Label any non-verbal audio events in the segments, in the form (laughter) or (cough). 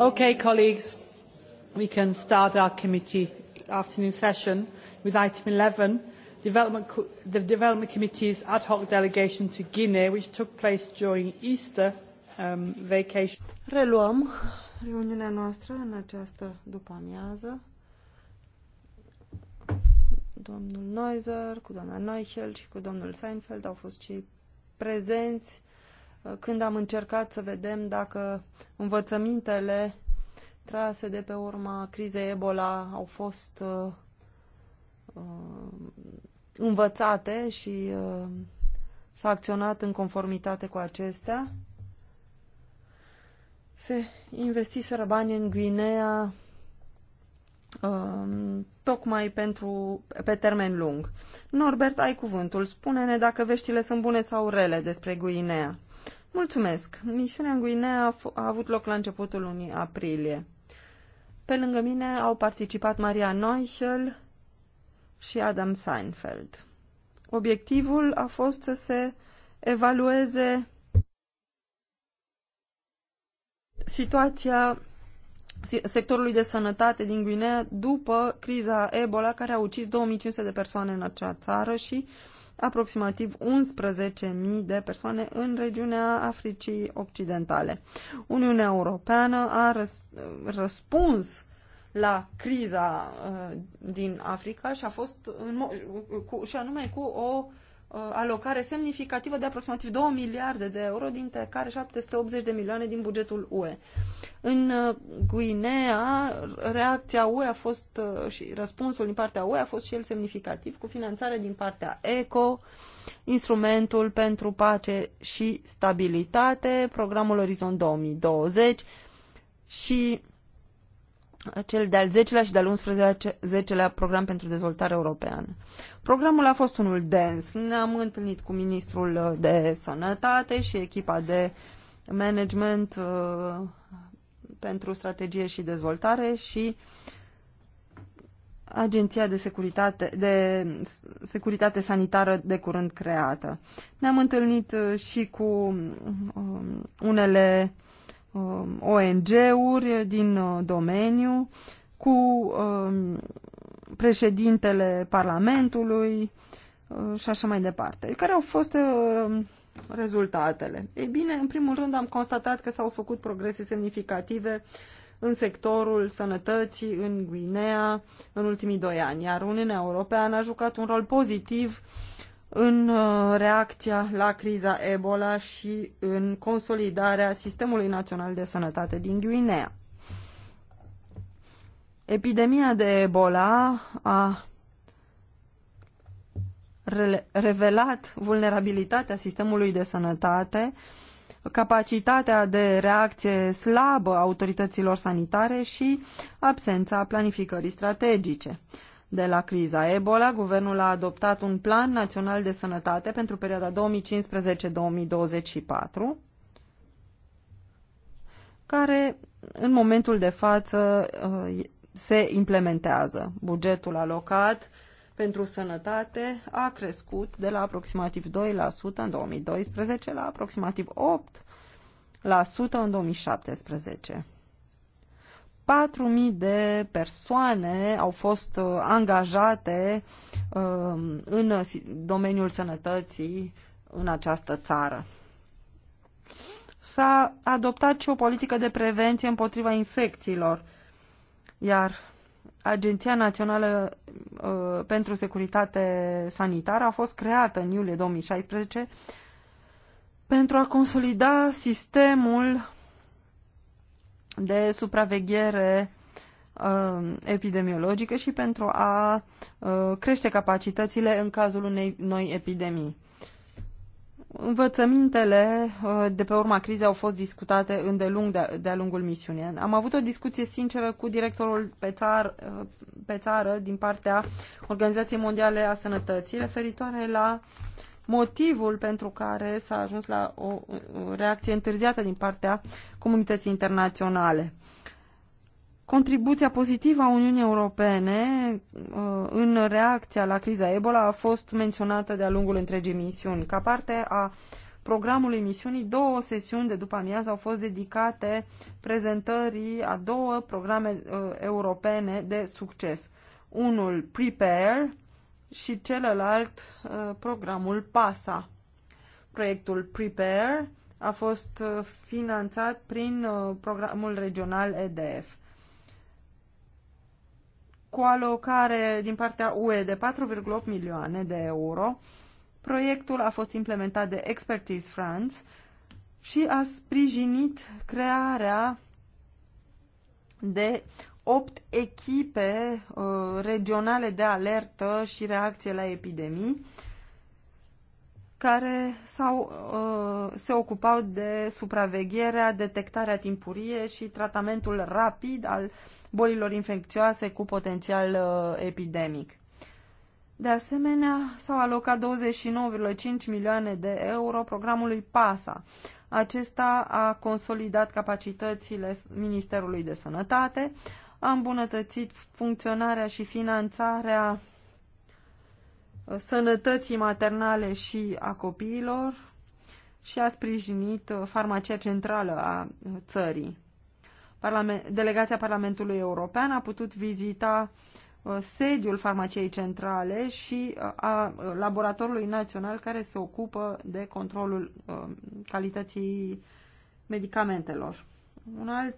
Okay, colleagues, we can start our committee afternoon session with item 11, development, the Development Committee's ad hoc delegation to Guinea, which took place during Easter um, vacation. Reluăm reuniunea noastră în această după-amiază. Domnul Neuser, cu doamna Neuchel și cu domnul Seinfeld au fost cei prezenți uh, când am încercat să vedem dacă învățămintele trase de pe urma crizei Ebola au fost uh, uh, învățate și uh, s-a acționat în conformitate cu acestea se investiseră bani în Guinea um, tocmai pentru, pe termen lung. Norbert, ai cuvântul. Spune-ne dacă veștile sunt bune sau rele despre Guinea. Mulțumesc. Misiunea în Guinea a, avut loc la începutul lunii aprilie. Pe lângă mine au participat Maria Neuchel și Adam Seinfeld. Obiectivul a fost să se evalueze situația sectorului de sănătate din Guinea după criza Ebola care a ucis 2500 de persoane în acea țară și aproximativ 11.000 de persoane în regiunea Africii Occidentale. Uniunea Europeană a răs răspuns la criza uh, din Africa și a fost în și anume cu o Uh, alocare semnificativă de aproximativ 2 miliarde de euro, dintre care 780 de milioane din bugetul UE. În uh, Guinea, reacția UE a fost uh, și răspunsul din partea UE a fost și el semnificativ, cu finanțare din partea ECO, instrumentul pentru pace și stabilitate, programul Orizont 2020 și cel de-al 10-lea și de-al 11-lea program pentru dezvoltare europeană. Programul a fost unul dens. Ne-am întâlnit cu ministrul de sănătate și echipa de management uh, pentru strategie și dezvoltare și Agenția de Securitate, de Securitate Sanitară de curând creată. Ne-am întâlnit uh, și cu um, unele Um, ONG-uri din uh, domeniu, cu um, președintele Parlamentului uh, și așa mai departe. Care au fost um, rezultatele? Ei bine, în primul rând am constatat că s-au făcut progrese semnificative în sectorul sănătății în Guinea în ultimii doi ani, iar Uniunea Europeană a jucat un rol pozitiv uh, în uh, reacția la criza Ebola și în consolidarea Sistemului Național de Sănătate din Guinea. Epidemia de Ebola a revelat vulnerabilitatea sistemului de sănătate, capacitatea de reacție slabă a autorităților sanitare și absența planificării strategice de la criza Ebola, guvernul a adoptat un plan național de sănătate pentru perioada 2015-2024, care în momentul de față uh, se implementează. Bugetul alocat pentru sănătate a crescut de la aproximativ 2% în 2012 la aproximativ 8% în 2017. 4.000 de persoane au fost uh, angajate um, în domeniul sănătății în această țară. S-a adoptat și o politică de prevenție împotriva infecțiilor, iar Agenția Națională uh, pentru Securitate Sanitară a fost creată în iulie 2016 pentru a consolida sistemul de supraveghere um, epidemiologică și pentru a uh, crește capacitățile în cazul unei noi epidemii. Învățămintele uh, de pe urma crizei au fost discutate îndelung de-a lungul misiunii. Am avut o discuție sinceră cu directorul pe, țar, uh, pe țară din partea Organizației Mondiale a Sănătății referitoare la motivul pentru care s-a ajuns la o reacție întârziată din partea comunității internaționale. Contribuția pozitivă a Uniunii Europene uh, în reacția la criza Ebola a fost menționată de-a lungul întregii misiuni. Ca parte a programului misiunii, două sesiuni de după amiază au fost dedicate prezentării a două programe uh, europene de succes. Unul Prepare, și celălalt uh, programul PASA. Proiectul Prepare a fost uh, finanțat prin uh, programul regional EDF cu alocare din partea UE de 4,8 milioane de euro. Proiectul a fost implementat de Expertise France și a sprijinit crearea de opt echipe uh, regionale de alertă și reacție la epidemii care sau uh, se ocupau de supravegherea, detectarea timpurie și tratamentul rapid al bolilor infecțioase cu potențial uh, epidemic. De asemenea, s-au alocat 29,5 milioane de euro programului PASA. Acesta a consolidat capacitățile Ministerului de Sănătate, a îmbunătățit funcționarea și finanțarea uh, sănătății maternale și a copiilor și a sprijinit uh, farmacia centrală a uh, țării. delegația Parlamentului European a putut vizita sediul farmaciei centrale și a laboratorului național care se ocupă de controlul calității medicamentelor. Un alt,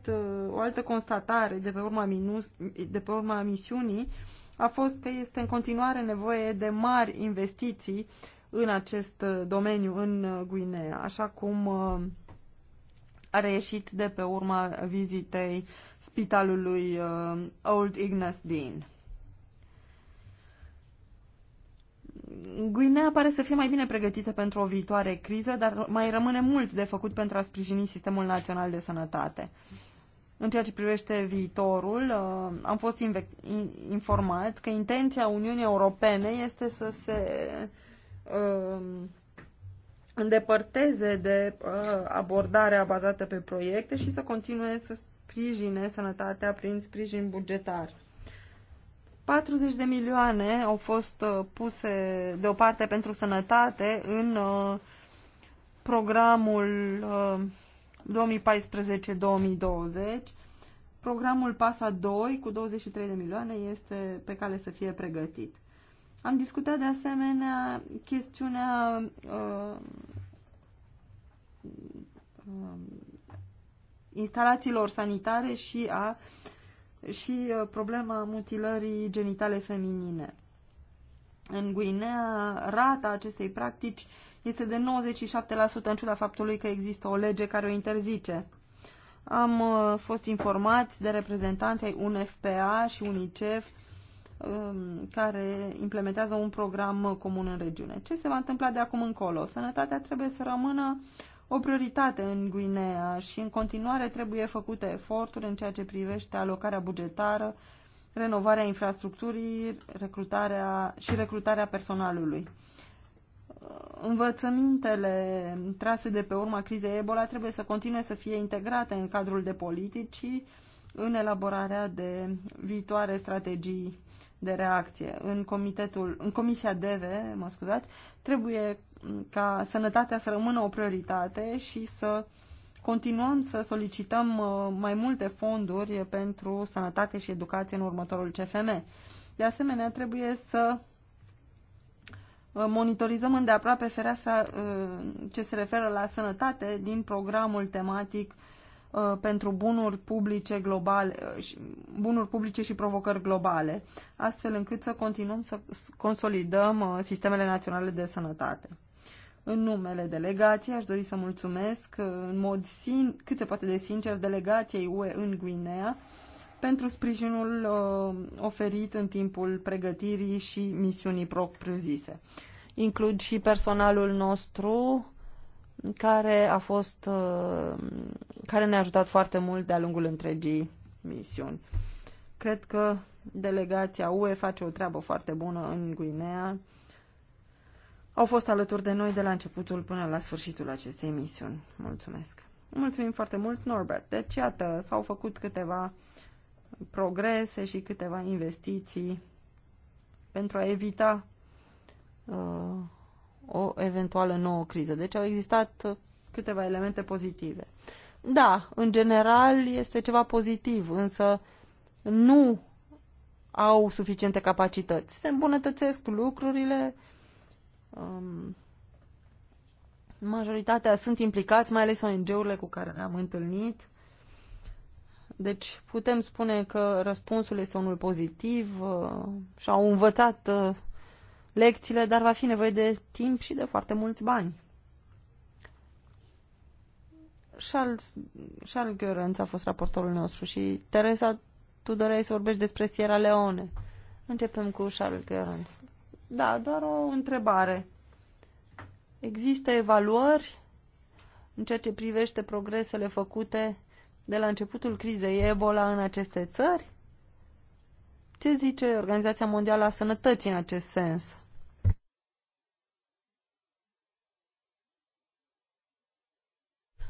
o altă constatare de pe, urma minus, de pe urma misiunii a fost că este în continuare nevoie de mari investiții în acest uh, domeniu, în uh, Guinea, așa cum uh, a reieșit de pe urma vizitei spitalului Old Ignace Dean. Guinea pare să fie mai bine pregătită pentru o viitoare criză, dar mai rămâne mult de făcut pentru a sprijini sistemul național de sănătate. În ceea ce privește viitorul, uh, am fost informat că intenția Uniunii Europene este să se uh, îndepărteze de uh, abordarea bazată pe proiecte și să continue să sprijine sănătatea prin sprijin bugetar. 40 de milioane au fost uh, puse deoparte pentru sănătate în uh, programul 2014-2020. Uh, programul PASA 2 cu 23 de milioane este pe cale să fie pregătit. Am discutat de asemenea chestiunea uh, uh, instalațiilor sanitare și a uh, și uh, problema mutilării genitale feminine. În Guinea, rata acestei practici este de 97% în ciuda faptului că există o lege care o interzice. Am uh, fost informați de reprezentanții UNFPA și UNICEF um, care implementează un program uh, comun în regiune. Ce se va întâmpla de acum încolo? Sănătatea trebuie să rămână o prioritate în Guinea și în continuare trebuie făcute eforturi în ceea ce privește alocarea bugetară, renovarea infrastructurii recrutarea și recrutarea personalului. Învățămintele trase de pe urma crizei Ebola trebuie să continue să fie integrate în cadrul de politici și în elaborarea de viitoare strategii de reacție. În, comitetul, în Comisia DV, mă scuzați, trebuie ca sănătatea să rămână o prioritate și să continuăm să solicităm uh, mai multe fonduri pentru sănătate și educație în următorul CFM. De asemenea, trebuie să uh, monitorizăm îndeaproape fereastra uh, ce se referă la sănătate din programul tematic pentru bunuri publice globale, bunuri publice și provocări globale, astfel încât să continuăm să consolidăm sistemele naționale de sănătate. În numele delegației aș dori să mulțumesc uh, în mod sin cât se poate de sincer delegației UE în Guinea pentru sprijinul uh, oferit în timpul pregătirii și misiunii propriu-zise. Includ și personalul nostru care a fost uh, care ne-a ajutat foarte mult de-a lungul întregii misiuni. Cred că delegația UE face o treabă foarte bună în Guinea au fost alături de noi de la începutul până la sfârșitul acestei emisiuni. Mulțumesc! Mulțumim foarte mult, Norbert! Deci, iată, s-au făcut câteva progrese și câteva investiții pentru a evita uh, o eventuală nouă criză. Deci au existat câteva elemente pozitive. Da, în general este ceva pozitiv, însă nu au suficiente capacități. Se îmbunătățesc lucrurile, um, majoritatea sunt implicați, mai ales ONG-urile cu care ne-am întâlnit. Deci putem spune că răspunsul este unul pozitiv uh, și au învățat uh, lecțiile, dar va fi nevoie de timp și de foarte mulți bani. Charles, Charles Gheorenț a fost raportorul nostru și Teresa, tu doreai să vorbești despre Sierra Leone. Începem cu Charles Gheorenț. Da, doar o întrebare. Există evaluări în ceea ce privește progresele făcute de la începutul crizei Ebola în aceste țări? Ce zice Organizația Mondială a Sănătății în acest sens?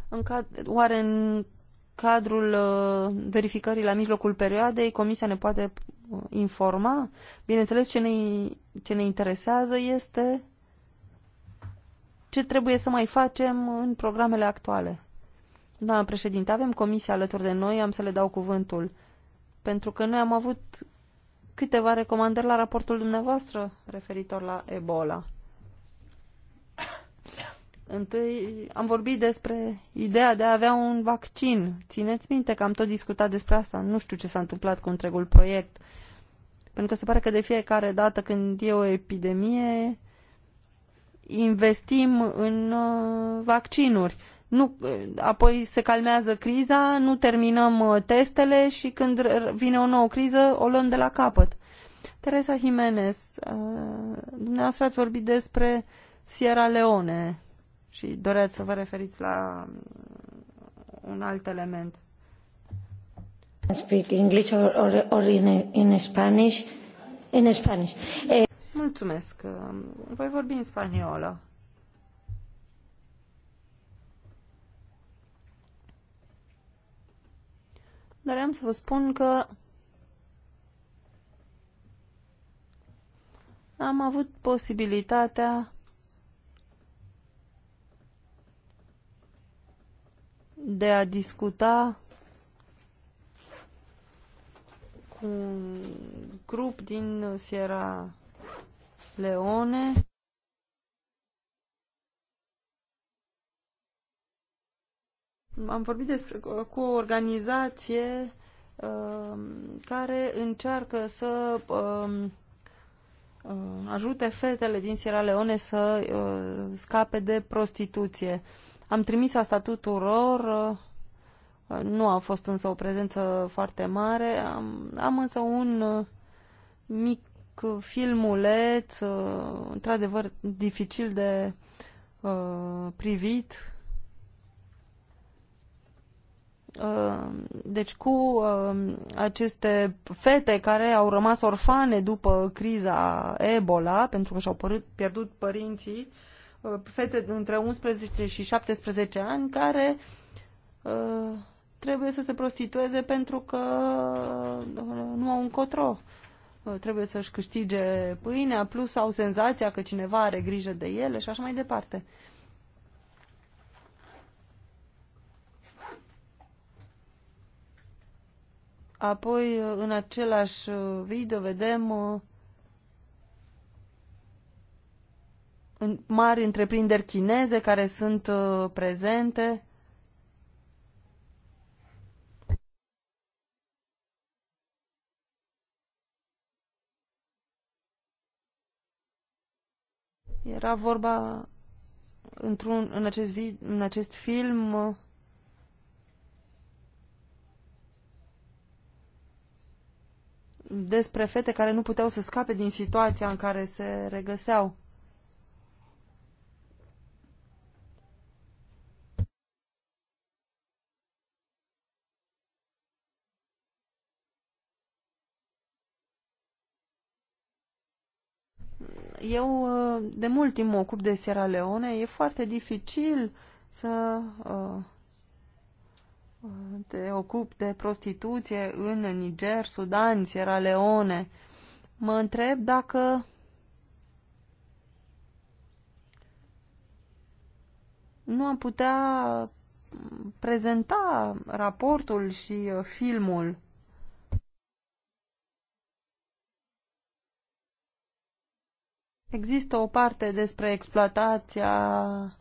În cad- oare în cadrul uh, verificării la mijlocul perioadei, Comisia ne poate informa. Bineînțeles, ce ne, ce ne interesează este ce trebuie să mai facem în programele actuale. Da, președinte, avem comisia alături de noi, am să le dau cuvântul, pentru că noi am avut câteva recomandări la raportul dumneavoastră referitor la Ebola. Întâi am vorbit despre ideea de a avea un vaccin. Țineți minte că am tot discutat despre asta. Nu știu ce s-a întâmplat cu întregul proiect. Uh, pentru că se pare că de fiecare dată când e o epidemie, investim în uh, vaccinuri. Nu, uh, apoi se calmează criza, nu terminăm uh, testele și când vine o nouă criză, o luăm de la capăt. Teresa Jimenez, dumneavoastră ați vorbit despre Sierra Leone și doreați să vă referiți la mm, un alt element. Speak English or, or, or in, in Spanish. In Spanish. Eh... Mulțumesc. Voi vorbi în spaniolă. Dar am să vă spun că am avut posibilitatea de a discuta un grup din Sierra Leone am vorbit despre, cu o organizație uh, care încearcă să uh, uh, ajute fetele din Sierra Leone să uh, scape de prostituție. Am trimis asta tuturor. Uh, nu a fost însă o prezență foarte mare. Am, am însă un uh, mic uh, filmuleț, uh, într-adevăr dificil de uh, privit. Uh, deci cu uh, aceste fete care au rămas orfane după criza Ebola, pentru că și-au pierdut părinții, fete între 11 și 17 ani care uh, trebuie să se prostitueze pentru că nu au încotro. Trebuie să-și câștige pâinea, plus au senzația că cineva are grijă de ele și așa mai departe. Apoi, în același video, vedem mari întreprinderi chineze care sunt uh, prezente Era vorba într-un, în, acest vi, în acest film despre fete care nu puteau să scape din situația în care se regăseau. Eu uh, de mult timp mă ocup de Sierra Leone, e foarte dificil să uh, uh, te ocup de prostituție în Niger, Sudan, Sierra Leone. Mă întreb dacă nu am putea prezenta raportul și filmul Există o parte despre exploatația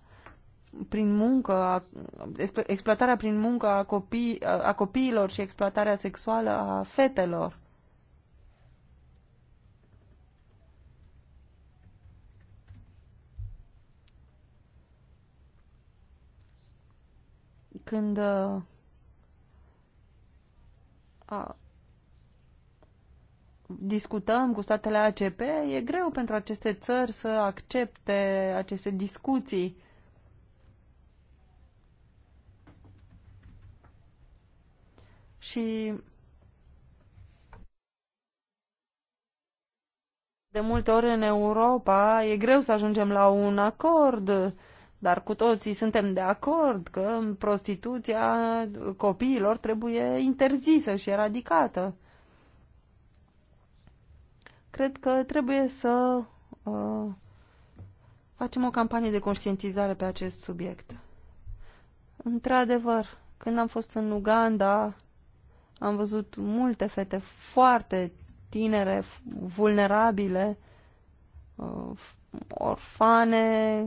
prin muncă, exploatarea prin muncă a, copii, a copiilor și exploatarea sexuală a fetelor. Când uh, a, discutăm cu statele ACP, e greu pentru aceste țări să accepte aceste discuții. Și de multe ori în Europa e greu să ajungem la un acord, dar cu toții suntem de acord că prostituția copiilor trebuie interzisă și eradicată. Cred că trebuie să uh, facem o campanie de conștientizare pe acest subiect. Într-adevăr, când am fost în Uganda, am văzut multe fete foarte tinere, vulnerabile, uh, orfane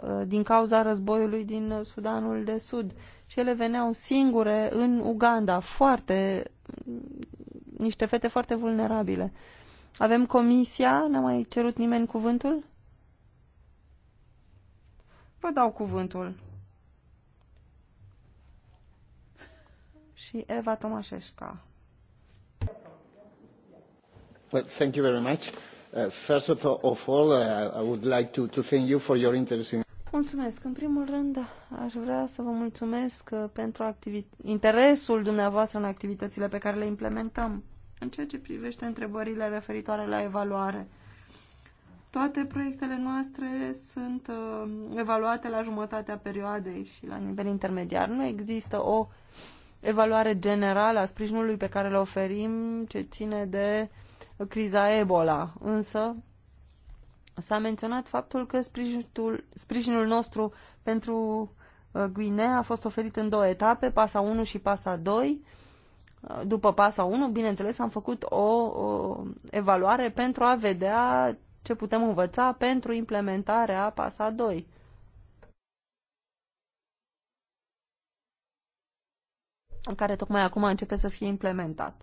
uh, din cauza războiului din Sudanul de Sud. Și ele veneau singure în Uganda, foarte, niște fete foarte vulnerabile. Avem comisia, n-a mai cerut nimeni cuvântul? Vă dau cuvântul. Și Eva Tomașesca. Well, thank you very much. Uh, first of all, uh, I would like to, to thank you for your interest in... Mulțumesc. În primul rând, aș vrea să vă mulțumesc uh, pentru interesul dumneavoastră în activitățile pe care le implementăm. În ceea ce privește întrebările referitoare la evaluare, toate proiectele noastre sunt uh, evaluate la jumătatea perioadei și la nivel intermediar. Nu există o evaluare generală a sprijinului pe care le oferim ce ține de criza Ebola. Însă s-a menționat faptul că sprijinul, sprijinul nostru pentru uh, Guinea a fost oferit în două etape, pasa 1 și pasa 2 după pasa 1, bineînțeles, am făcut o, o evaluare pentru a vedea ce putem învăța pentru implementarea pasa 2. în care tocmai acum începe să fie implementat.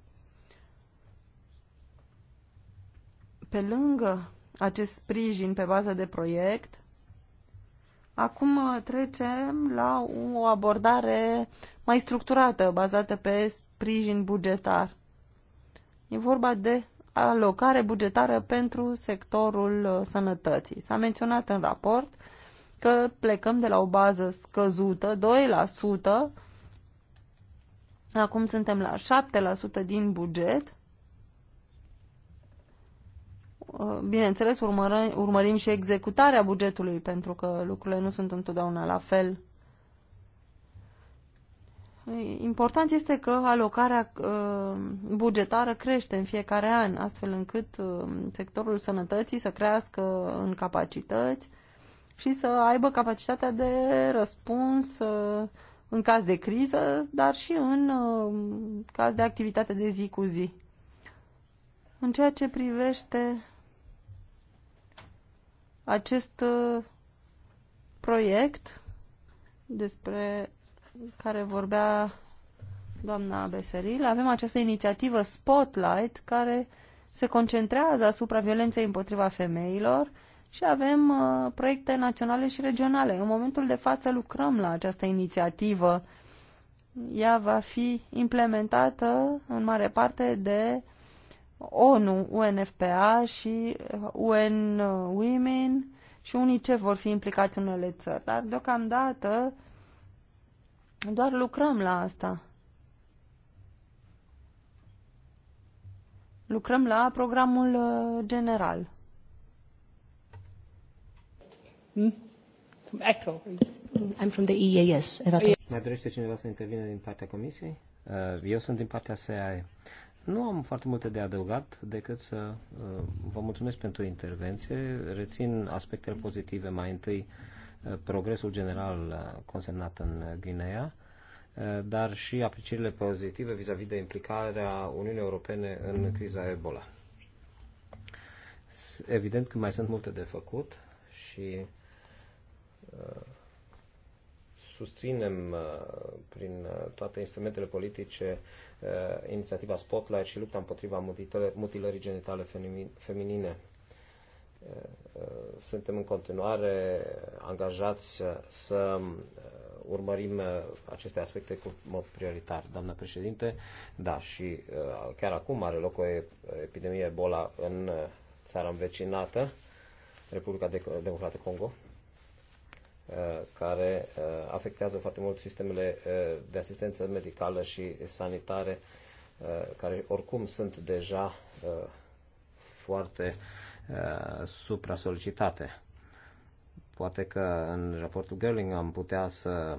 Pe lângă acest sprijin pe bază de proiect, Acum uh, trecem la o abordare mai structurată, bazată pe sprijin bugetar. E vorba de alocare bugetară pentru sectorul uh, sănătății. S-a menționat în raport că plecăm de la o bază scăzută, 2%, acum suntem la 7% din buget Uh, bineînțeles, urmări, urmărim și executarea bugetului, pentru că lucrurile nu sunt întotdeauna la fel. Important este că alocarea uh, bugetară crește în fiecare an, astfel încât uh, sectorul sănătății să crească în capacități și să aibă capacitatea de răspuns în caz de criză, dar și în caz de activitate de zi cu zi. În ceea ce privește acest uh, proiect despre care vorbea doamna Beseril, avem această inițiativă Spotlight care se concentrează asupra violenței împotriva femeilor și avem uh, proiecte naționale și regionale. În momentul de față lucrăm la această inițiativă. Ea va fi implementată în mare parte de ONU, UNFPA și UN Women și UNICEF ce vor fi implicați în unele țări. Dar deocamdată doar lucrăm la asta. Lucrăm la programul uh, general. Hmm? Echo. I'm from the EAS. Mai dorește cineva să intervine din partea comisiei? Uh, eu sunt din partea SAE. Nu am foarte multe de adăugat decât să uh, vă mulțumesc pentru intervenție. Rețin aspectele pozitive mai întâi uh, progresul general uh, consemnat în Guinea, dar și aprecierile pozitive vis-a-vis -vis de implicarea Uniunii Europene în criza Ebola. Evident că mai sunt multe de făcut și susținem uh, prin uh, toate instrumentele politice uh, inițiativa Spotlight și lupta împotriva mutilării genitale feminine. Suntem în continuare angajați să urmărim aceste aspecte cu mod prioritar, Doamna președinte. Da, și chiar acum are loc o epidemie Ebola în țara învecinată, Republica Democrată Congo Uh, care uh, afectează foarte mult sistemele uh, de asistență medicală și sanitare, care oricum sunt deja foarte supra-solicitate. Poate că în raportul Gerling am putea să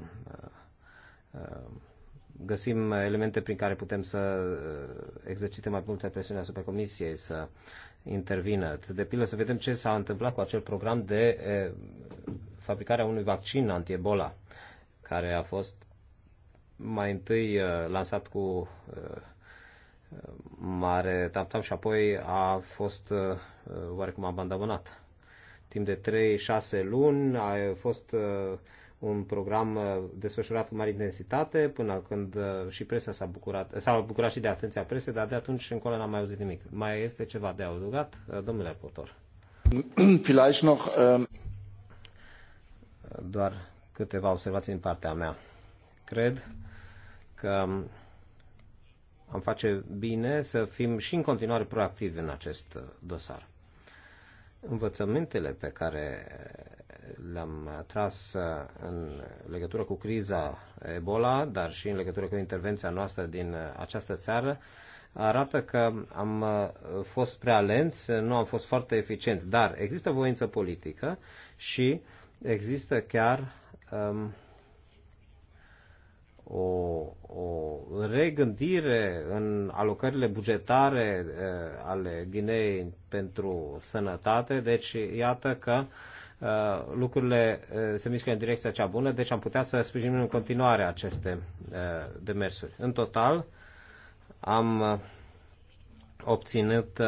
găsim elemente prin care putem să exercităm mai multă presiune asupra Comisiei să intervină. De pildă să vedem ce s-a întâmplat cu acel program de fabricarea unui vaccin anti-ebola, care a fost mai întâi uh, lansat cu uh, mare tap-tap și apoi a fost uh, oarecum abandonat. Timp de 3-6 luni a fost un program desfășurat cu mare intensitate până când și presa s-a bucurat, s-a bucurat și de atenția presei, dar de atunci încolo n-am mai auzit nimic. Mai este ceva de adăugat, domnule reporter? Vielleicht noch, ähm, doar câteva observații din partea mea. Cred că am face bine să fim și în continuare proactivi în acest dosar. Învățămintele pe care le-am tras în legătură cu criza Ebola, dar și în legătură cu intervenția noastră din această țară, arată că am fost prea lenți, nu am fost foarte eficienți, dar există voință politică și Există chiar um, o, o regândire în alocările bugetare uh, ale Guineei pentru sănătate, deci iată că uh, lucrurile uh, se mișcă în direcția cea bună, deci am putea să sprijinim în continuare aceste uh, demersuri. În total am uh, obținut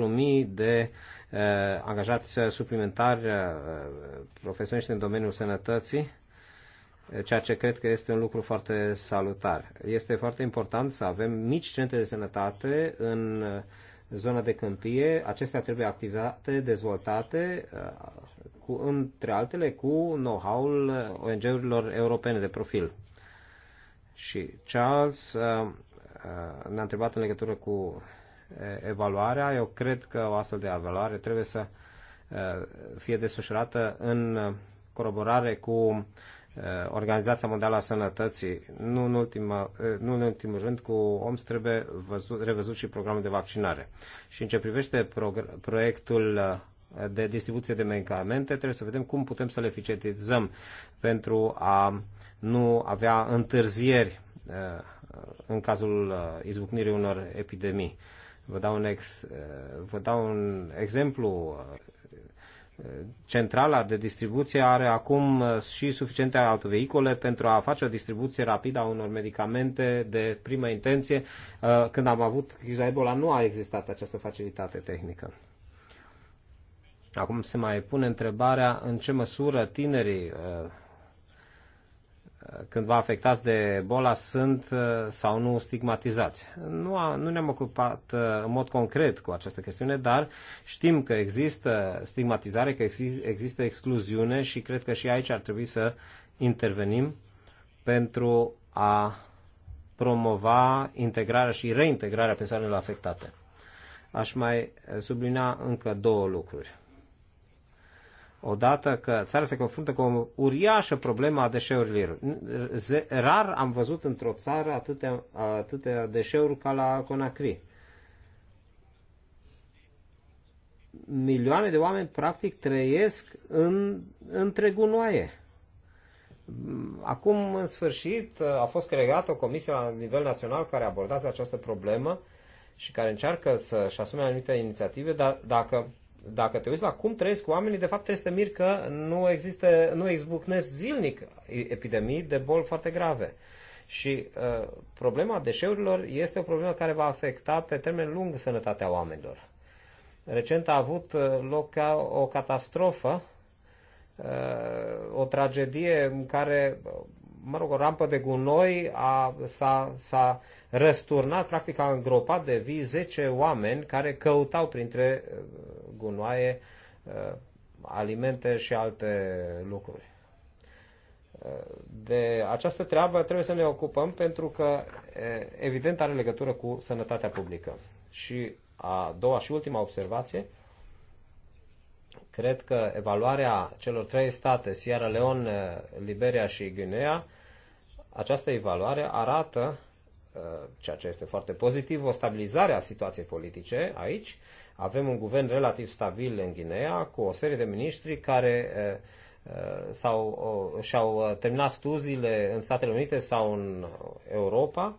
uh, 4.000 de uh, Uh, angajați suplimentari uh, profesioniști în domeniul sănătății, uh, ceea ce cred că este un lucru foarte salutar. Este foarte important să avem mici centre de sănătate în zona de câmpie. Acestea trebuie activate, dezvoltate, cu, între altele, cu know-how-ul ONG-urilor europene de profil. Și Charles ne-a întrebat în legătură cu evaluarea. Eu cred că o astfel de evaluare trebuie să uh, fie desfășurată în coroborare cu uh, Organizația Mondială a Sănătății, nu în, ultima, uh, nu în ultimul rând cu OMS, trebuie văzut, revăzut și programul de vaccinare. Și în ce privește proiectul de distribuție de medicamente, trebuie să vedem cum putem să le eficientizăm pentru a nu avea întârzieri în cazul izbucnirii unor epidemii. Vă dau un, ex, eh, vă dau un exemplu. Eh, eh, centrala de distribuție are acum și suficiente autovehicule pentru a face o distribuție rapidă a unor medicamente de primă intenție. Când am avut criza Ebola nu a existat această facilitate tehnică. Acum se mai pune întrebarea în ce măsură tinerii cândva afectați de boala sunt uh, sau nu stigmatizați. Nu, a, nu ne-am ocupat uh, în mod concret cu această chestiune, dar știm că există stigmatizare, că există excluziune și cred că și aici ar trebui să intervenim pentru a promova integrarea și reintegrarea persoanelor afectate. Aș mai uh, sublinia încă două lucruri odată că țara se confruntă cu o uriașă problemă a deșeurilor. Rar am văzut într-o țară atâtea, atâtea deșeuri ca la Conakry. Milioane de oameni practic trăiesc în, între gunoaie. Acum, în sfârșit, a fost creată o comisie la nivel național care abordează această problemă și care încearcă să-și asume anumite inițiative, dar dacă dacă te uiți la cum trăiesc oamenii, de fapt trebuie să te miri că nu există, nu izbucnesc zilnic epidemii de boli foarte grave. Și uh, problema deșeurilor este o problemă care va afecta pe termen lung sănătatea oamenilor. Recent a avut uh, loc o catastrofă, uh, o tragedie în care mă rog, o rampă de gunoi a, s-a, s-a răsturnat, practic a îngropat de vii 10 oameni care căutau printre uh, gunoaie uh, alimente și alte lucruri. De această treabă trebuie să ne ocupăm pentru că evident are legătură cu sănătatea publică. Și a doua și ultima observație, cred că evaluarea celor trei state, Sierra Leone, Liberia și Guinea, această evaluare arată, uh, ceea ce este foarte pozitiv, o stabilizare a situației politice aici. Avem un guvern relativ stabil în Guinea, cu o serie de miniștri care uh, uh, sau și-au terminat studiile în Statele Unite sau în Europa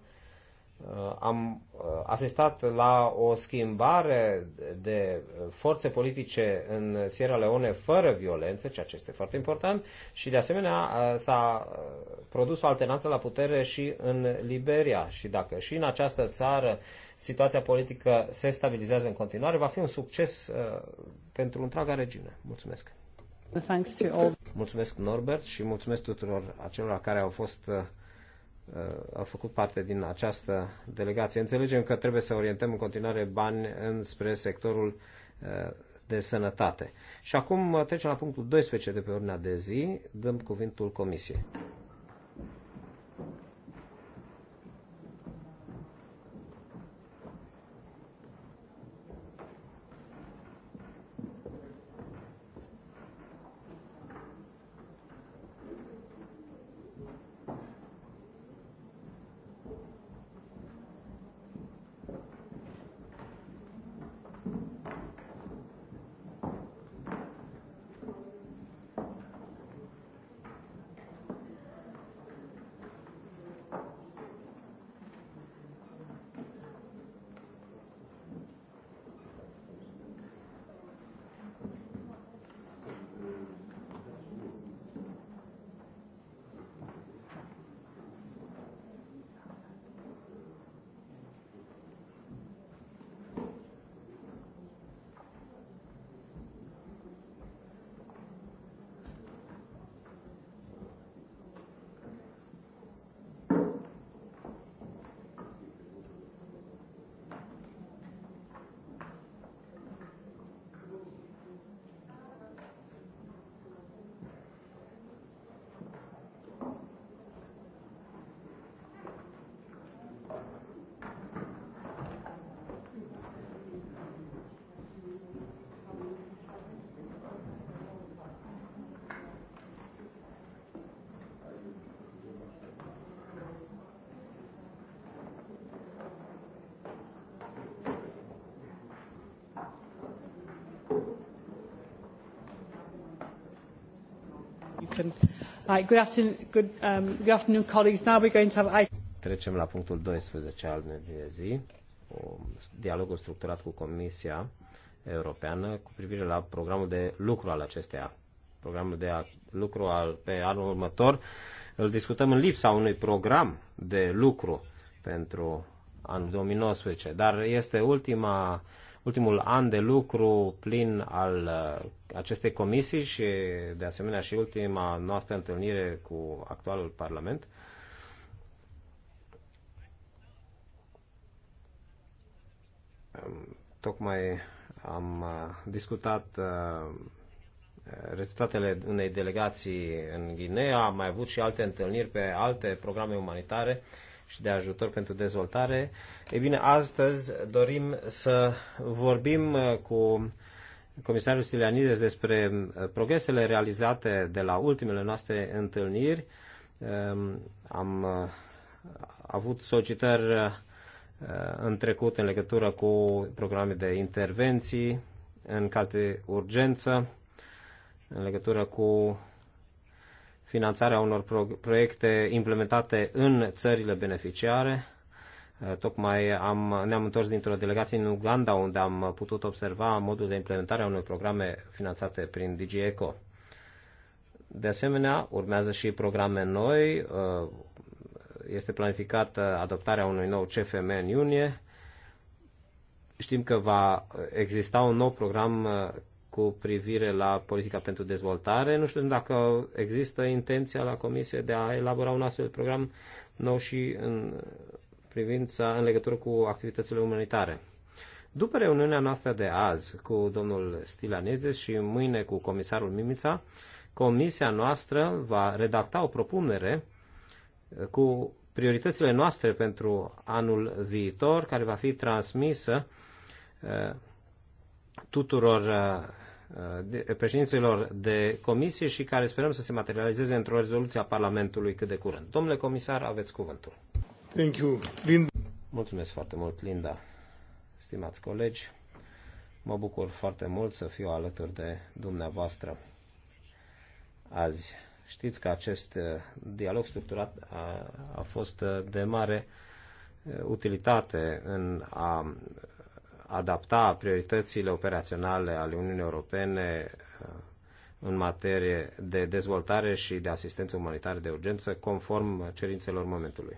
Uh, am uh, asistat la o schimbare de forțe politice în Sierra Leone fără violență, ceea ce este foarte important, și de asemenea uh, s-a produs o alternanță la putere și în Liberia. Și dacă și în această țară situația politică se stabilizează în continuare, va fi un succes pentru întreaga regiune. Mulțumesc! Mulțumesc Norbert și mulțumesc tuturor acelora care au fost a făcut parte din această delegație. Înțelegem că trebuie să orientăm în continuare bani înspre sectorul uh, de sănătate. Și acum uh, trecem la punctul 12 de pe ordinea de zi. Dăm cuvintul Comisiei. happened. Right, good, afternoon, good, um, good afternoon, colleagues. Now we're going to have... Trecem la punctul 12 al de zi, dialogul structurat cu Comisia Europeană cu privire la programul de lucru al acesteia. Programul de lucru al, pe anul următor îl discutăm în lipsa unui program de lucru pentru anul 2019, dar este ultima ultimul an de lucru plin al uh, acestei comisii și de asemenea și ultima noastră întâlnire cu actualul Parlament. Tocmai am uh, discutat uh, rezultatele unei delegații în Guinea, am mai avut și alte întâlniri pe alte programe umanitare și de ajutor pentru dezvoltare. E bine, astăzi dorim să vorbim uh, cu comisarul Stilianides despre uh, progresele realizate de la ultimele noastre întâlniri. Um, am uh, avut solicitări în trecut în legătură cu programe de intervenții în caz de urgență, în legătură cu finanțarea unor proiecte implementate în țările beneficiare. Uh, tocmai am, ne-am întors dintr-o delegație în Uganda unde am putut observa modul de implementare a unor programe finanțate prin DigiEco. De asemenea, urmează și programe noi. Uh, este planificată adoptarea unui nou CFM în iunie. Știm că va exista un nou program uh, cu privire la politica pentru dezvoltare. Nu știu dacă există intenția la Comisie de a elabora un astfel de program nou și în privința în legătură cu activitățile umanitare. După reuniunea noastră de azi cu domnul Stilanezes și mâine cu comisarul Mimița, comisia noastră va redacta o propunere cu prioritățile noastre pentru anul viitor, care va fi transmisă eh, tuturor eh, președinților de comisie și care sperăm să se materializeze într-o rezoluție a Parlamentului cât de curând. Domnule comisar, aveți cuvântul. Thank you, Linda. Mulțumesc foarte mult, Linda. Stimați colegi, mă bucur foarte mult să fiu alături de dumneavoastră azi. Știți că acest uh, dialog structurat a, a fost uh, de mare uh, utilitate în a adapta prioritățile operaționale ale Uniunii Europene uh, în materie de dezvoltare și de asistență umanitară de urgență conform cerințelor momentului.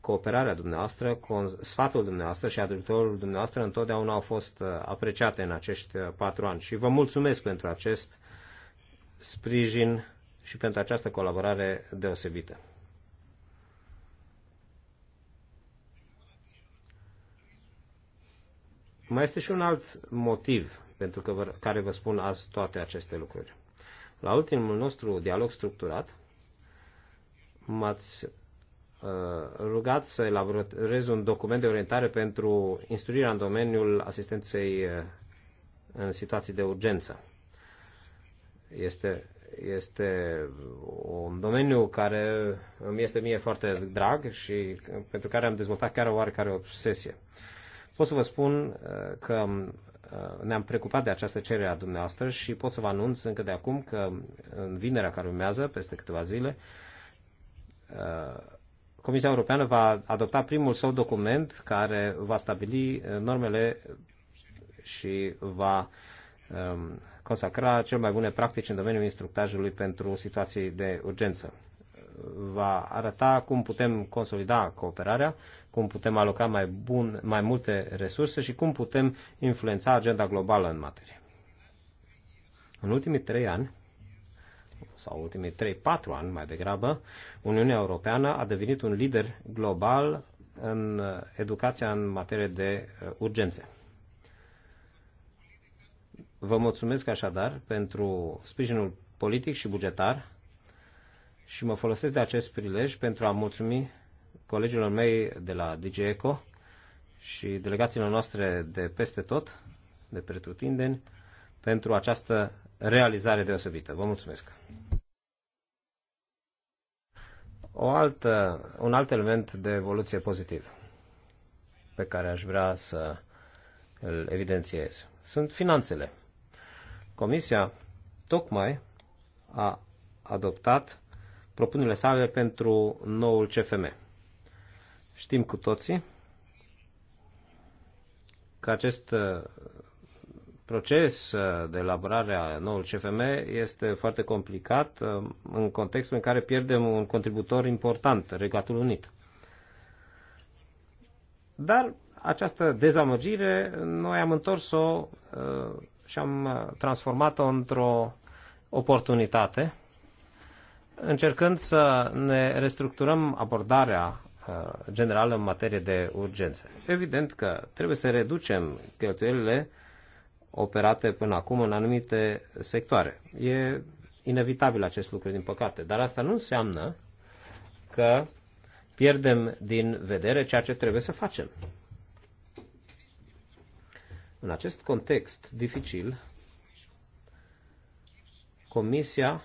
Cooperarea dumneavoastră, sfatul dumneavoastră și ajutorul dumneavoastră întotdeauna au fost uh, apreciate în acești uh, patru ani și vă mulțumesc pentru acest sprijin și pentru această colaborare deosebită. Mai este și un alt motiv pentru că vă, care vă spun azi toate aceste lucruri. La ultimul nostru dialog structurat, m-ați uh, rugat să elaborez un document de orientare pentru instruirea în domeniul asistenței uh, în situații de urgență. Este, este un domeniu care îmi este mie foarte drag și pentru care am dezvoltat chiar o oarecare obsesie. Uh, Pot să vă spun uh, că uh, ne-am preocupat de această cerere a dumneavoastră și pot să vă anunț încă de acum că în vinerea care urmează, peste câteva zile, uh, Comisia Europeană va adopta primul său document care va stabili normele și va um, consacra cel mai bune practici în domeniul instructajului pentru situații de urgență va arăta cum putem consolida cooperarea, cum putem aloca mai, bun, mai multe resurse și cum putem influența agenda globală în materie. În ultimii trei ani, sau ultimii 3-4 ani mai degrabă, Uniunea Europeană a devenit un lider global în educația în materie de uh, urgențe. Vă mulțumesc așadar pentru sprijinul politic și bugetar și mă folosesc de acest prilej pentru a mulțumi colegilor mei de la DGECO și delegațiile noastre de peste tot, de pretutindeni, pentru această realizare deosebită. Vă mulțumesc! O altă, un alt element de evoluție pozitiv pe care aș vrea să îl evidențiez sunt finanțele. Comisia tocmai a adoptat propunerile sale pentru noul CFM. Știm cu toții că acest uh, proces uh, de elaborare a noului CFM este foarte complicat uh, în contextul în care pierdem un contributor important, Regatul Unit. Dar această dezamăgire noi am întors-o și am transformat-o într-o oportunitate încercând să ne restructurăm abordarea uh, generală în materie de urgențe. Evident că trebuie să reducem cheltuielile operate până acum în anumite sectoare. E inevitabil acest lucru, din păcate, dar asta nu înseamnă că pierdem din vedere ceea ce trebuie să facem. În acest context dificil, Comisia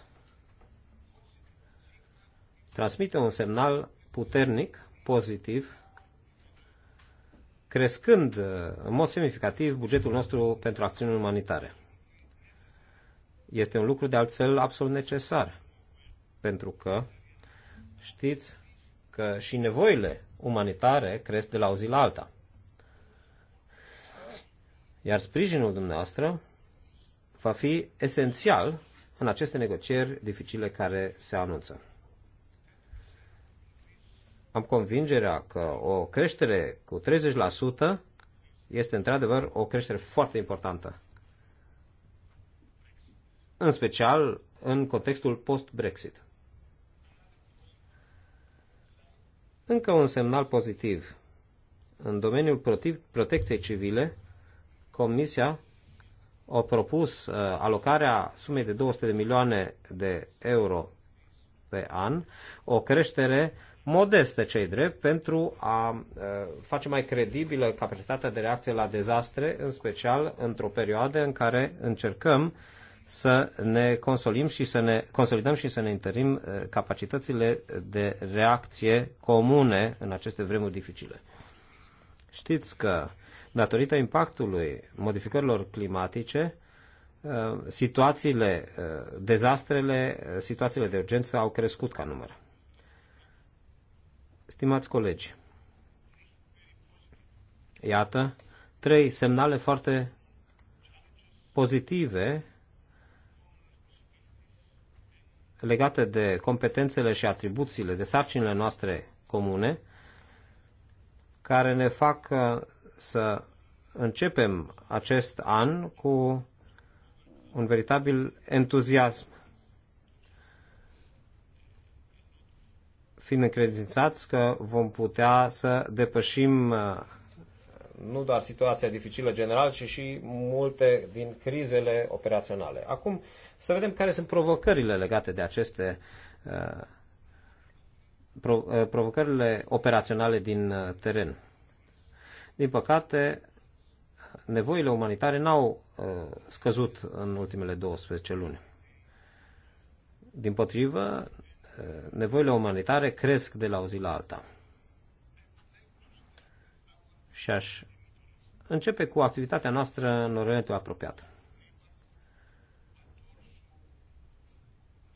transmite un semnal puternic, pozitiv, crescând uh, în mod semnificativ bugetul nostru pentru acțiuni umanitare. Este un lucru de altfel absolut necesar, pentru că știți că și nevoile umanitare cresc de la o zi la alta. Iar sprijinul dumneavoastră va fi esențial în aceste negocieri dificile care se anunță am convingerea că o creștere cu 30% este într-adevăr o creștere foarte importantă. În special în contextul post-Brexit. Încă un semnal pozitiv. În domeniul prote protecției civile, Comisia a propus uh, alocarea sumei de 200 de milioane de euro pe an, o creștere uh, modeste, cei drept, pentru a face mai credibilă capacitatea de reacție la dezastre, în special într-o perioadă în care încercăm să ne consolim și să ne consolidăm și să ne întărim capacitățile de reacție comune în aceste vremuri dificile. Știți că, datorită impactului modificărilor climatice, situațiile, dezastrele, situațiile de urgență au crescut ca număr. Stimați colegi, iată trei semnale foarte pozitive legate de competențele și atribuțiile, de sarcinile noastre comune, care ne fac uh, să începem acest an cu un veritabil entuziasm. fiind încredințați că vom putea să depășim uh, nu doar situația dificilă general, ci și multe din crizele operaționale. Acum să vedem care sunt provocările legate de aceste uh, uh, provocările operaționale din teren. Din păcate, nevoile umanitare n-au scăzut în ultimele 12 luni. Din potrivă, nevoile umanitare cresc de la o zi la alta. Și aș începe cu activitatea noastră în Orientul apropiat.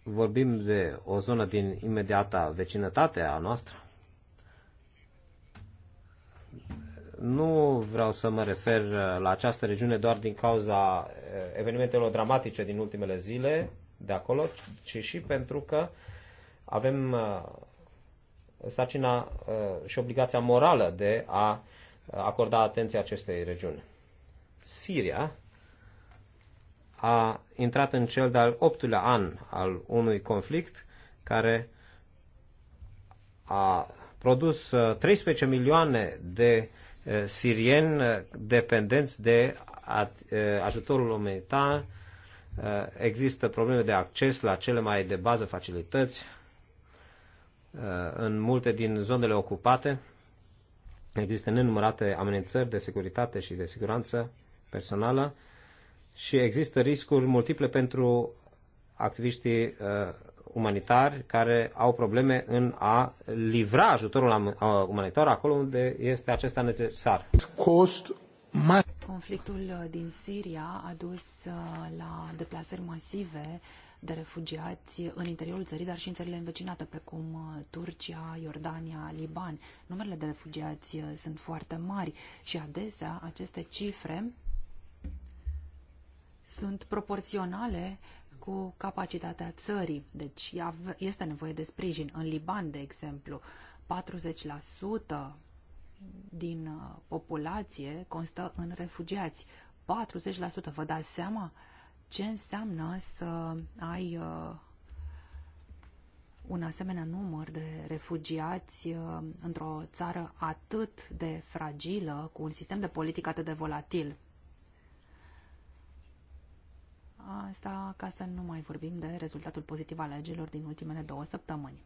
Vorbim de o zonă din imediata vecinătate a noastră. Nu vreau să mă refer la această regiune doar din cauza eh, evenimentelor dramatice din ultimele zile de acolo, ci și pentru că uh, avem uh, sarcina uh, și obligația morală de a uh, acorda atenție acestei regiuni. Siria a intrat în cel de-al optulea an al unui conflict care a produs 13 milioane de sirieni dependenți de ajutorul umanitar. Există probleme de acces la cele mai de bază facilități, Uh, în multe din zonele ocupate. Există nenumărate amenințări de securitate și de siguranță personală și există riscuri multiple pentru activiștii uh, umanitari care au probleme în a livra ajutorul uh, umanitar acolo unde este acesta necesar. Cost Conflictul uh, din Siria a dus la deplasări masive de refugiați în interiorul țării, dar și în țările învecinate, precum uh, Turcia, Iordania, Liban. Numerele de refugiați uh, sunt foarte mari și adesea aceste cifre sunt proporționale cu capacitatea țării. Deci este nevoie de sprijin. În Liban, de exemplu, 40% din uh, populație constă în refugiați. 40%, vă dați seama? ce înseamnă să ai uh, un asemenea număr de refugiați uh, într-o țară atât de fragilă, cu un sistem de politică atât de volatil. Asta ca să nu mai vorbim de rezultatul pozitiv al legilor din ultimele două săptămâni.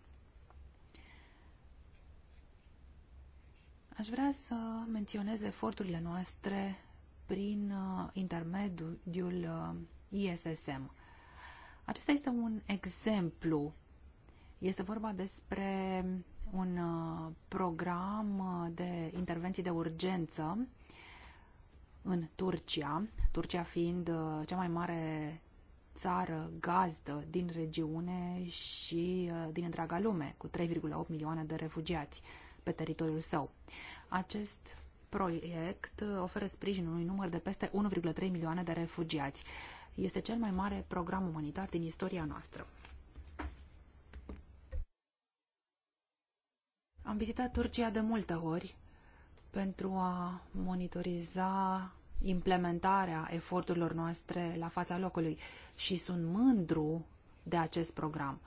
Aș vrea să menționez eforturile noastre prin uh, intermediul ISSM. Acesta este un exemplu. Este vorba despre un uh, program uh, de intervenții de urgență în Turcia, Turcia fiind uh, cea mai mare țară gazdă din regiune și din întreaga lume, cu 3,8 milioane de refugiați pe teritoriul său. Acest proiect oferă sprijinul unui număr de peste 1,3 milioane de refugiați. Este cel mai mare program umanitar din istoria noastră. Am vizitat Turcia de multe ori pentru a monitoriza implementarea eforturilor noastre la fața locului și sunt mândru de acest program.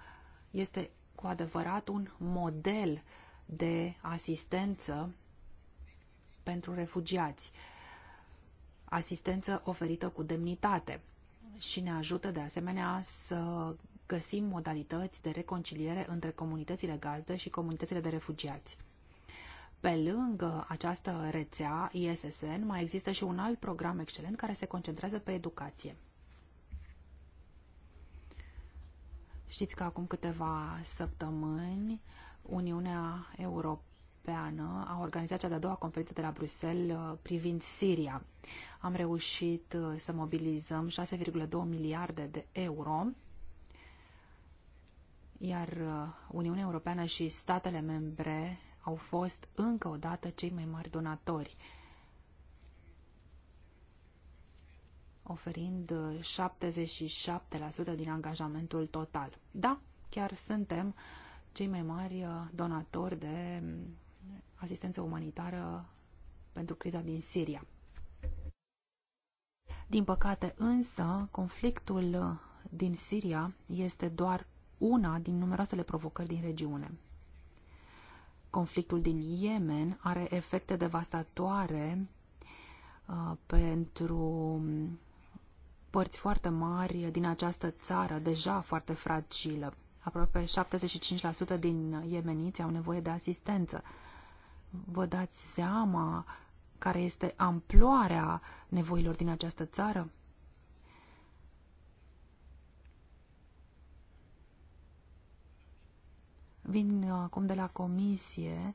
Este cu adevărat un model de asistență pentru refugiați, asistență oferită cu demnitate și ne ajută de asemenea să găsim modalități de reconciliere între comunitățile gazdă și comunitățile de refugiați. Pe lângă această rețea ISSN, mai există și un alt program excelent care se concentrează pe educație. Știți că acum câteva săptămâni Uniunea Europeană Europeană a organizat cea de-a doua conferință de la Bruxelles uh, privind Siria. Am reușit uh, să mobilizăm 6,2 miliarde de euro, iar uh, Uniunea Europeană și statele membre au fost încă o dată cei mai mari donatori, oferind 77% din angajamentul total. Da, chiar suntem cei mai mari donatori de asistență umanitară pentru criza din Siria. Din păcate însă, conflictul din Siria este doar una din numeroasele provocări din regiune. Conflictul din Yemen are efecte devastatoare uh, pentru um, părți foarte mari din această țară, deja foarte fragilă. Aproape 75% din yemeniți au nevoie de asistență vă dați seama care este amploarea nevoilor din această țară? Vin acum de la comisie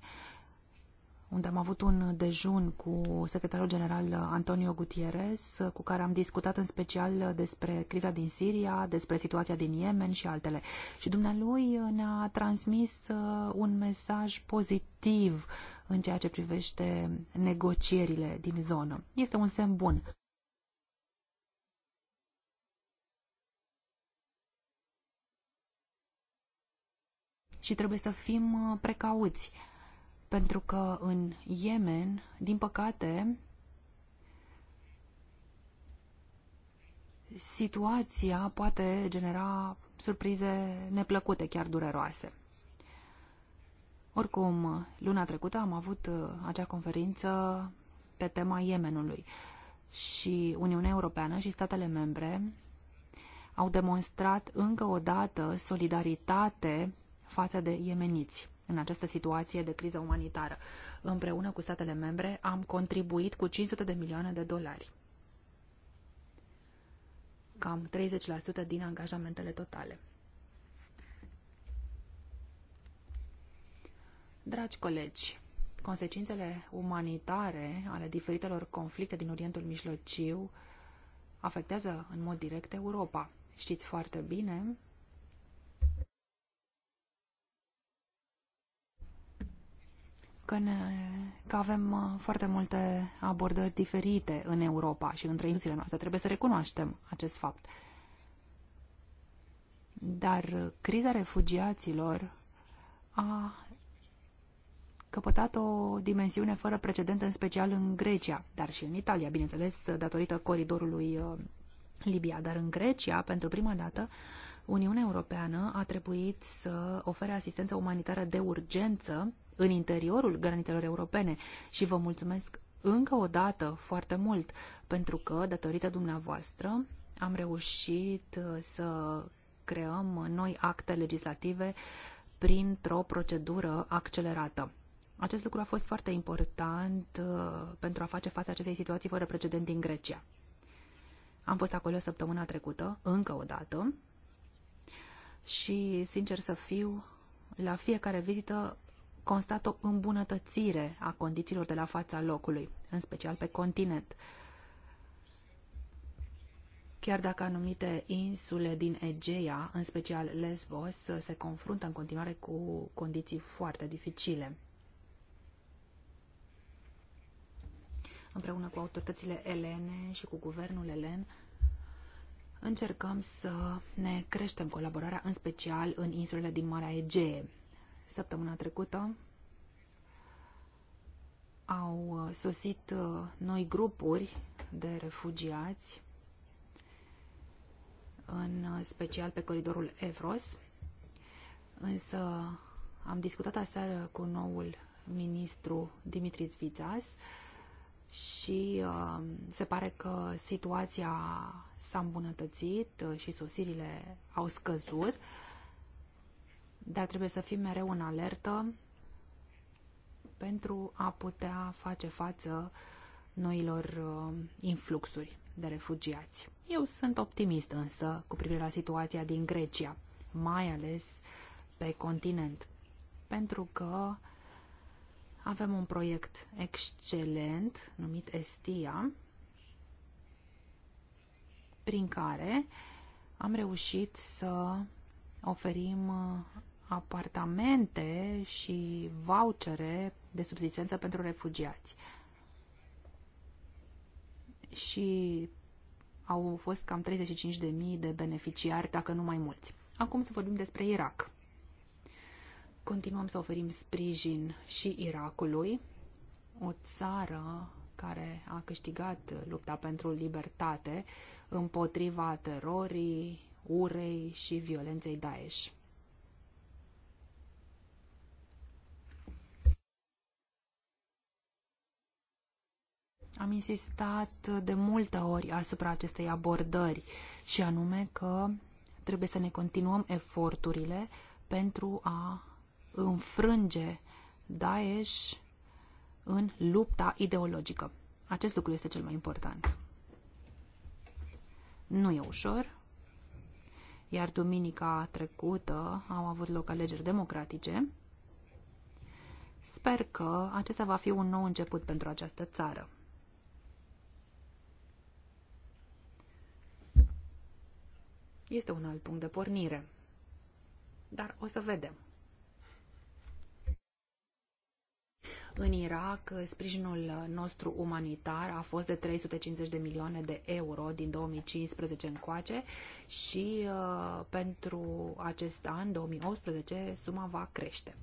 unde am avut un dejun cu secretarul general Antonio Gutierrez, cu care am discutat în special despre criza din Siria, despre situația din Yemen și altele. Și dumnealui ne-a transmis uh, un mesaj pozitiv în ceea ce privește negocierile din zonă. Este un semn bun. Și trebuie să fim uh, precauți pentru că în Yemen, din păcate, situația poate genera surprize neplăcute, chiar dureroase. Oricum, luna trecută am avut uh, acea conferință pe tema Yemenului și Uniunea Europeană și statele membre au demonstrat încă o dată solidaritate față de iemeniți în această situație de criză umanitară. Împreună cu statele membre am contribuit cu 500 de milioane de dolari. Cam 30% din angajamentele totale. Dragi colegi, consecințele umanitare ale diferitelor conflicte din Orientul Mijlociu afectează în mod direct Europa. Știți foarte bine că, ne, că avem uh, foarte multe abordări diferite în Europa și între instituțiile noastre. Trebuie să recunoaștem acest fapt. Dar criza refugiaților a căpătat o dimensiune fără precedent, în special în Grecia, dar și în Italia, bineînțeles, datorită coridorului uh, Libia. Dar în Grecia, pentru prima dată, Uniunea Europeană a trebuit să ofere asistență umanitară de urgență în interiorul granițelor europene și vă mulțumesc încă o dată foarte mult pentru că, datorită dumneavoastră, am reușit uh, să creăm noi acte legislative printr-o procedură accelerată. Acest lucru a fost foarte important uh, pentru a face față acestei situații fără precedent din Grecia. Am fost acolo săptămâna trecută, încă o dată, și, sincer să fiu, la fiecare vizită constat o îmbunătățire a condițiilor de la fața locului, în special pe continent. Chiar dacă anumite insule din Egeia, în special Lesbos, se confruntă în continuare cu condiții foarte dificile. Împreună cu autoritățile elene și cu guvernul elen, încercăm să ne creștem colaborarea, în special în insulele din Marea Egee săptămâna trecută au uh, sosit uh, noi grupuri de refugiați, în uh, special pe coridorul Evros, însă am discutat aseară cu noul ministru Dimitris Vizas și uh, se pare că situația s-a îmbunătățit și sosirile au scăzut. Uh, dar trebuie să fim mereu în alertă pentru a putea face față noilor uh, influxuri de refugiați. Eu sunt optimist însă cu privire la situația din Grecia, mai ales pe continent, pentru că avem un proiect excelent numit Estia, prin care am reușit să oferim uh, apartamente și vouchere de subsistență pentru refugiați. Și au fost cam 35.000 de beneficiari, dacă nu mai mulți. Acum să vorbim despre Irak. Continuăm să oferim sprijin și Irakului, o țară care a câștigat lupta pentru libertate împotriva terorii, urei și violenței Daesh. Am insistat de multe ori asupra acestei abordări și anume că trebuie să ne continuăm eforturile pentru a înfrânge Daesh în lupta ideologică. Acest lucru este cel mai important. Nu e ușor, iar duminica trecută au avut loc alegeri democratice. Sper că acesta va fi un nou început pentru această țară. Este un alt punct de pornire. Dar o să vedem. În Irak, sprijinul nostru umanitar a fost de 350 de milioane de euro din 2015 încoace și uh, pentru acest an, 2018, suma va crește.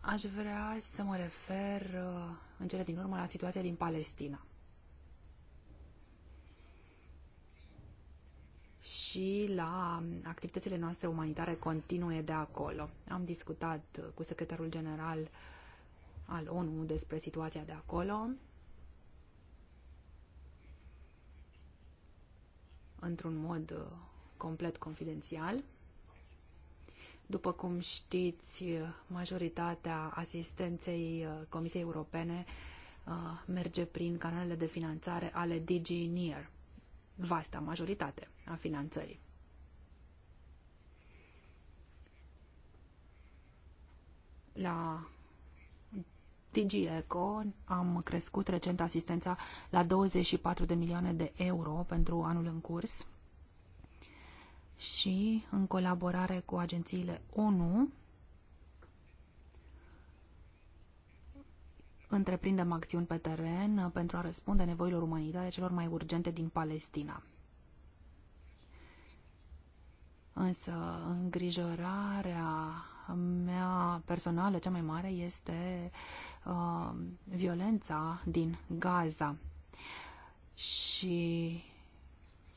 Aș vrea să mă refer uh, în cele din urmă la situația din Palestina. și la activitățile noastre umanitare continue de acolo. Am discutat cu secretarul general al ONU despre situația de acolo. într-un mod uh, complet confidențial. După cum știți, majoritatea asistenței uh, Comisiei Europene uh, merge prin canalele de finanțare ale DigiNear, vasta majoritate a finanțării. La DigiEco am crescut recent asistența la 24 de milioane de euro pentru anul în curs și în colaborare cu agențiile ONU întreprindem acțiuni pe teren pentru a răspunde nevoilor umanitare celor mai urgente din Palestina. Însă îngrijorarea mea personală cea mai mare este uh, violența din Gaza și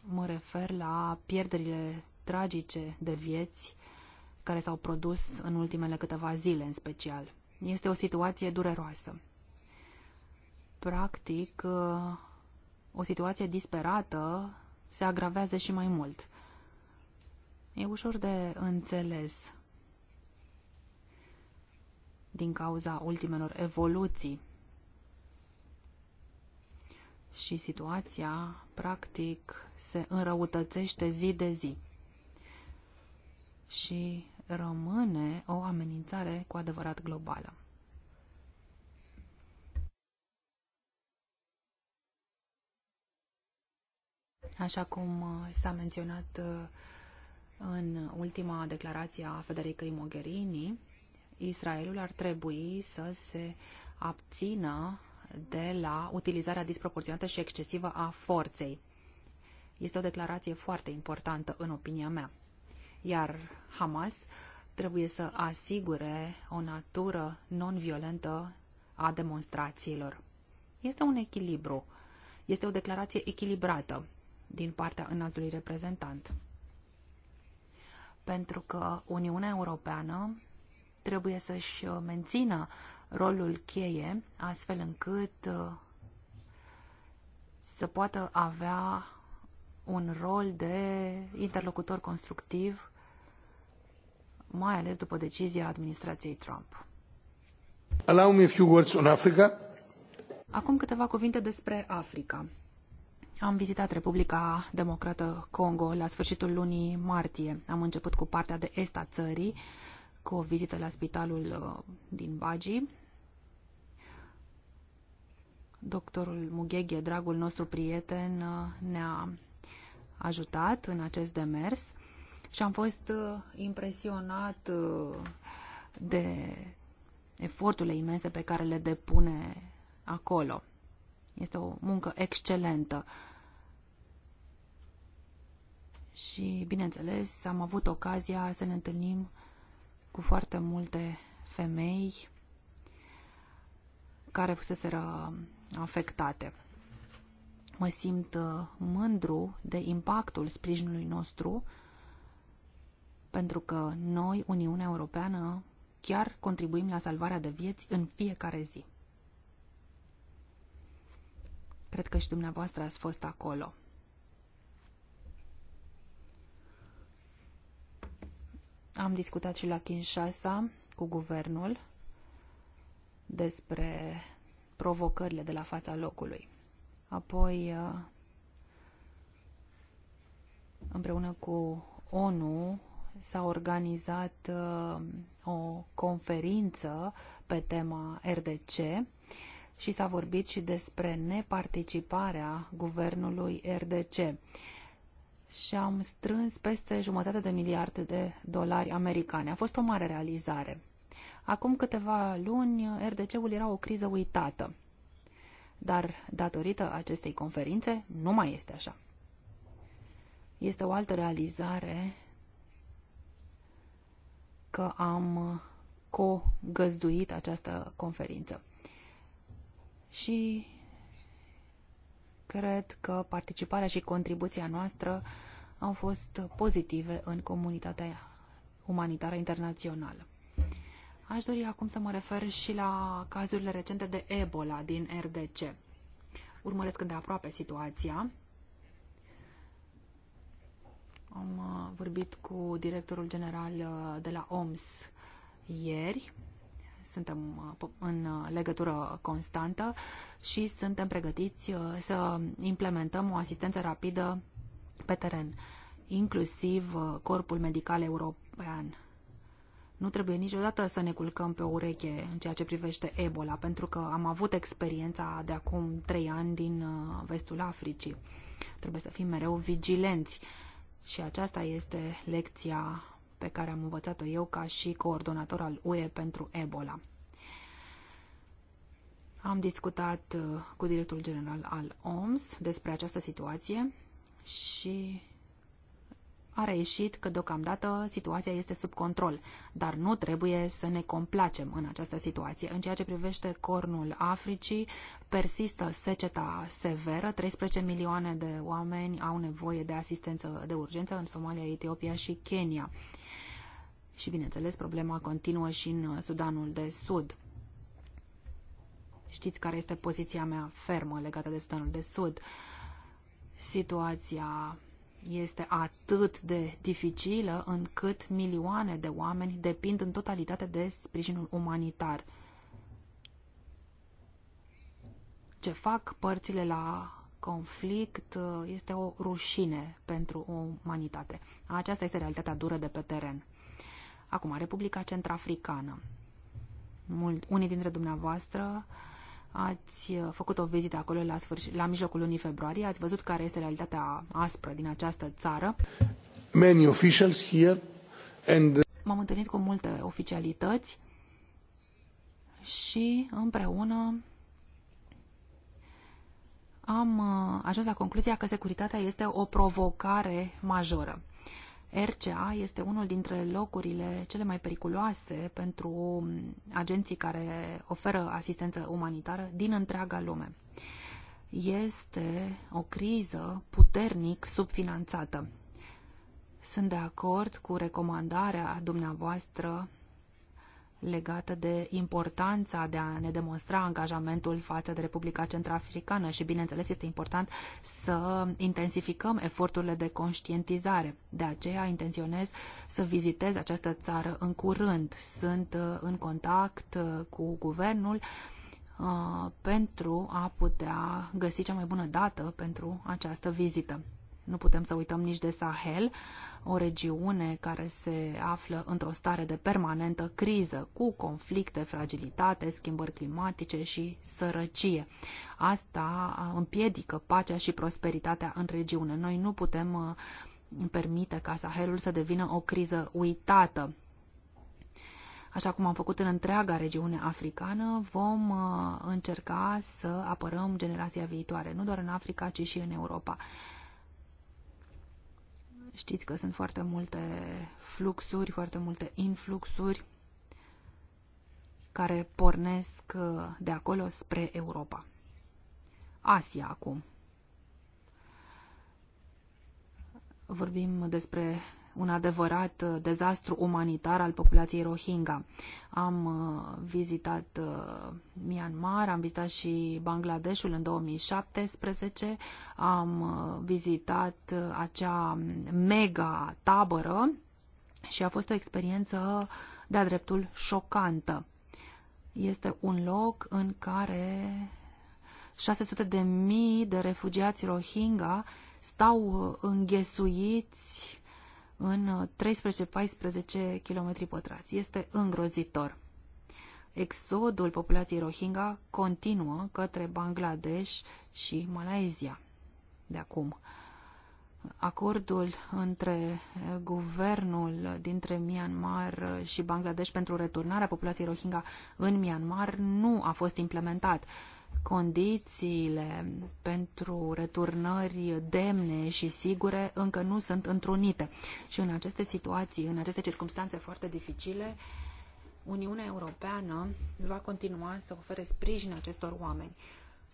mă refer la pierderile tragice de vieți care s-au produs în ultimele câteva zile în special. Este o situație dureroasă. Practic, o situație disperată se agravează și mai mult. E ușor de înțeles din cauza ultimelor evoluții și situația, practic, se înrăutățește zi de zi și rămâne o amenințare cu adevărat globală. Așa cum s-a menționat uh, în ultima declarație a Federicăi Mogherini, Israelul ar trebui să se abțină de la utilizarea disproporționată și excesivă a forței. Este o declarație foarte importantă, în opinia mea iar Hamas trebuie să asigure o natură non-violentă a demonstrațiilor. Este un echilibru. Este o declarație echilibrată din partea înaltului reprezentant. Pentru că Uniunea Europeană trebuie să-și mențină rolul cheie astfel încât uh, să poată avea un rol de interlocutor constructiv mai ales după decizia administrației Trump. Allow me a few words on Africa. Acum câteva cuvinte despre Africa. Am vizitat Republica Democrată Congo la sfârșitul lunii martie. Am început cu partea de est a țării, cu o vizită la spitalul uh, din Bagi. Doctorul Mugheghe, dragul nostru prieten, uh, ne-a ajutat în acest demers și am fost uh, impresionat uh, de eforturile imense pe care le depune acolo. Este o muncă excelentă. Și, bineînțeles, am avut ocazia să ne întâlnim cu foarte multe femei care fuseseră afectate. Mă simt uh, mândru de impactul sprijinului nostru pentru că noi, Uniunea Europeană, chiar contribuim la salvarea de vieți în fiecare zi. Cred că și dumneavoastră ați fost acolo. Am discutat și la Kinshasa cu guvernul despre provocările de la fața locului. Apoi, uh, împreună cu ONU, s-a organizat uh, o conferință pe tema RDC și s-a vorbit și despre neparticiparea guvernului RDC și am strâns peste jumătate de miliarde de dolari americane. A fost o mare realizare. Acum câteva luni, RDC-ul era o criză uitată. Dar, datorită acestei conferințe, nu mai este așa. Este o altă realizare că am uh, co-găzduit această conferință. Și cred că participarea și contribuția noastră au fost pozitive în comunitatea umanitară internațională. Aș dori acum să mă refer și la cazurile recente de Ebola din RDC. Urmăresc de aproape situația am uh, vorbit cu directorul general uh, de la OMS ieri. Suntem uh, în legătură constantă și suntem pregătiți să implementăm o asistență rapidă pe teren, inclusiv Corpul Medical European. Nu trebuie niciodată să ne culcăm pe o ureche în ceea ce privește Ebola, pentru că am avut experiența de acum trei ani din vestul Africii. Trebuie să fim mereu vigilenți și aceasta este lecția pe care am învățat-o eu ca și coordonator al UE pentru Ebola. Am discutat uh, cu directorul general al OMS despre această situație și a reieșit că deocamdată situația este sub control, dar nu trebuie să ne complacem în această situație. În ceea ce privește cornul Africii, persistă seceta severă, 13 milioane de oameni au nevoie de asistență de urgență în Somalia, Etiopia și Kenya. Și, bineînțeles, problema continuă și în Sudanul de Sud. Știți care este poziția mea fermă legată de Sudanul de Sud. Situația este atât de dificilă încât milioane de oameni depind în totalitate de sprijinul umanitar. Ce fac părțile la conflict uh, este o rușine pentru umanitate. Aceasta este realitatea dură de pe teren. Acum, Republica Centrafricană. Mult, unii dintre dumneavoastră uh, Ați uh, făcut o vizită acolo la, sfârși, la mijlocul lunii februarie, ați văzut care este realitatea aspră din această țară. Many officials here and... M-am întâlnit cu multe oficialități și împreună am uh, ajuns la concluzia că securitatea este o provocare majoră. RCA este unul dintre locurile cele mai periculoase pentru agenții care oferă asistență umanitară din întreaga lume. Este o criză puternic subfinanțată. Sunt de acord cu recomandarea dumneavoastră legată de importanța de a ne demonstra angajamentul față de Republica Centrafricană și, bineînțeles, este important să intensificăm eforturile de conștientizare. De aceea intenționez să vizitez această țară în curând. Sunt uh, în contact uh, cu guvernul uh, pentru a putea găsi cea mai bună dată pentru această vizită. Nu putem să uităm nici de Sahel, o regiune care se află într-o stare de permanentă criză, cu conflicte, fragilitate, schimbări climatice și sărăcie. Asta împiedică pacea și prosperitatea în regiune. Noi nu putem uh, permite ca Sahelul să devină o criză uitată așa cum am făcut în întreaga regiune africană, vom uh, încerca să apărăm generația viitoare, nu doar în Africa, ci și în Europa. Știți că sunt foarte multe fluxuri, foarte multe influxuri care pornesc uh, de acolo spre Europa. Asia acum. Vorbim despre un adevărat uh, dezastru umanitar al populației Rohingya. Am uh, vizitat uh, Myanmar, am vizitat și Bangladeshul în 2017, am vizitat acea mega tabără și a fost o experiență de-a dreptul șocantă. Este un loc în care 600 de mii de refugiați Rohingya stau înghesuiți în 13-14 uh, km pătrați. Este îngrozitor. Exodul populației Rohingya continuă către Bangladesh și Malaysia De acum, acordul între guvernul dintre Myanmar și Bangladesh pentru returnarea populației Rohingya în Myanmar nu a fost implementat condițiile pentru returnări demne și sigure încă nu sunt întrunite. Și în aceste situații, în aceste circunstanțe foarte dificile, Uniunea Europeană va continua să ofere sprijin acestor oameni.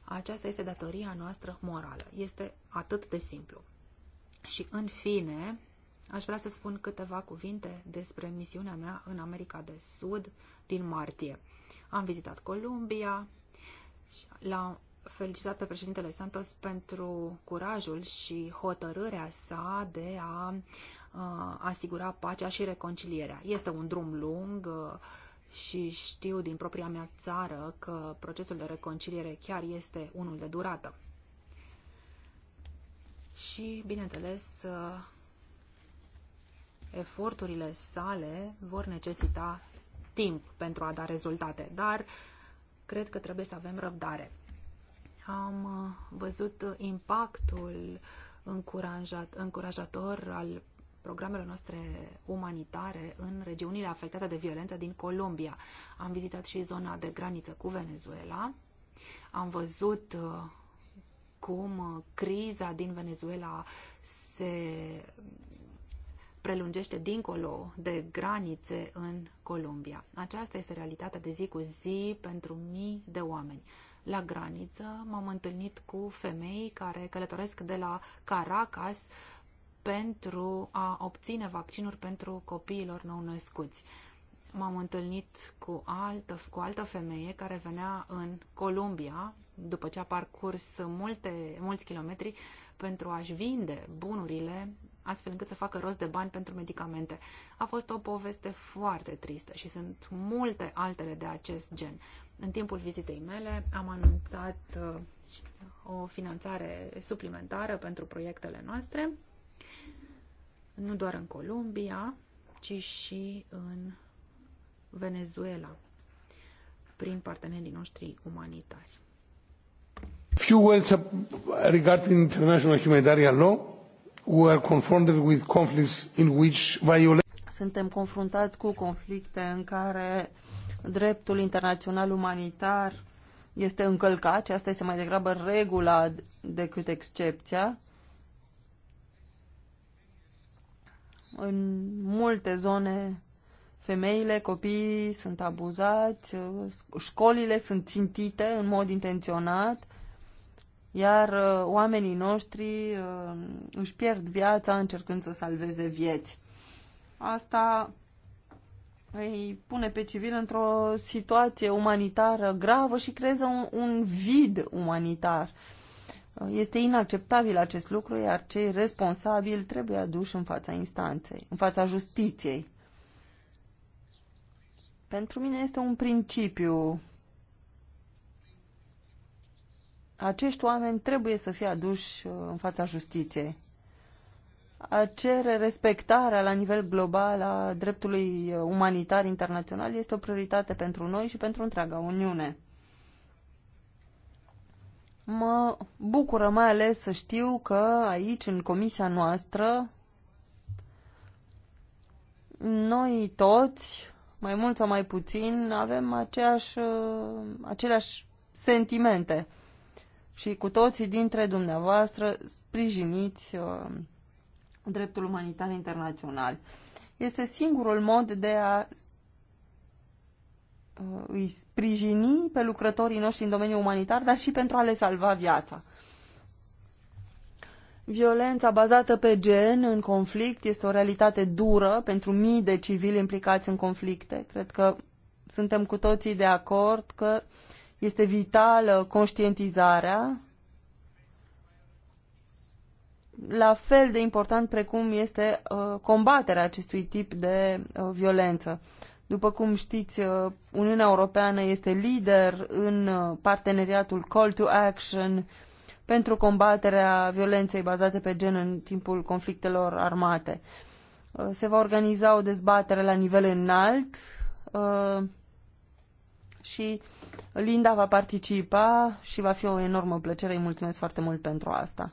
Aceasta este datoria noastră morală. Este atât de simplu. Și în fine, aș vrea să spun câteva cuvinte despre misiunea mea în America de Sud din martie. Am vizitat Columbia, L-a felicitat pe președintele Santos pentru curajul și hotărârea sa de a asigura pacea și reconcilierea. Este un drum lung uh, și știu din propria mea țară că procesul de reconciliere chiar este unul de durată. Și, bineînțeles, uh, eforturile sale vor necesita timp pentru a da rezultate, dar uh, cred că trebuie să avem răbdare. Am uh, văzut impactul încurajat, încurajator al programelor noastre umanitare în regiunile afectate de violență din Columbia. Am vizitat și zona de graniță cu Venezuela. Am văzut uh, cum uh, criza din Venezuela se prelungește dincolo de granițe în Columbia. Aceasta este realitatea de zi cu zi pentru mii de oameni. La graniță m-am întâlnit cu femei care călătoresc de la Caracas pentru a obține vaccinuri pentru copiilor nou-născuți. M-am întâlnit cu altă, cu altă femeie care venea în Columbia după ce a parcurs multe, mulți kilometri pentru a-și vinde bunurile astfel încât să facă rost de bani pentru medicamente. A fost o poveste foarte tristă și sunt multe altele de acest gen. În timpul vizitei mele am anunțat uh, o finanțare suplimentară pentru proiectele noastre, nu doar în Columbia, ci și în Venezuela, prin partenerii noștri umanitari. Few words regarding international humanitarian law suntem confruntați cu conflicte în care dreptul internațional umanitar este încălcat și asta este mai degrabă regula decât excepția. În multe zone femeile, copiii sunt abuzați, școlile sunt țintite în mod intenționat iar uh, oamenii noștri uh, își pierd viața încercând să salveze vieți. Asta îi pune pe civil într-o situație umanitară gravă și creează un, un vid umanitar. Uh, este inacceptabil acest lucru, iar cei responsabili trebuie aduși în fața instanței, în fața justiției. Pentru mine este un principiu acești oameni trebuie să fie aduși uh, în fața justiției. A cere respectarea la nivel global a dreptului uh, umanitar internațional este o prioritate pentru noi și pentru întreaga Uniune. Mă bucură mai ales să știu că aici, în comisia noastră, noi toți, mai mult sau mai puțin, avem aceeași, uh, aceleași sentimente și cu toții dintre dumneavoastră sprijiniți uh, dreptul umanitar internațional. Este singurul mod de a uh, îi sprijini pe lucrătorii noștri în domeniul umanitar, dar și pentru a le salva viața. Violența bazată pe gen în conflict este o realitate dură pentru mii de civili implicați în conflicte. Cred că suntem cu toții de acord că uh, este vitală conștientizarea, la fel de important precum este uh, combaterea acestui tip de uh, violență. După cum știți, uh, Uniunea Europeană este lider în uh, parteneriatul Call to Action pentru combaterea violenței bazate pe gen în timpul conflictelor armate. Uh, se va organiza o dezbatere la nivel înalt uh, și uh, Linda va participa și va fi o enormă plăcere. Îi mulțumesc foarte mult pentru asta.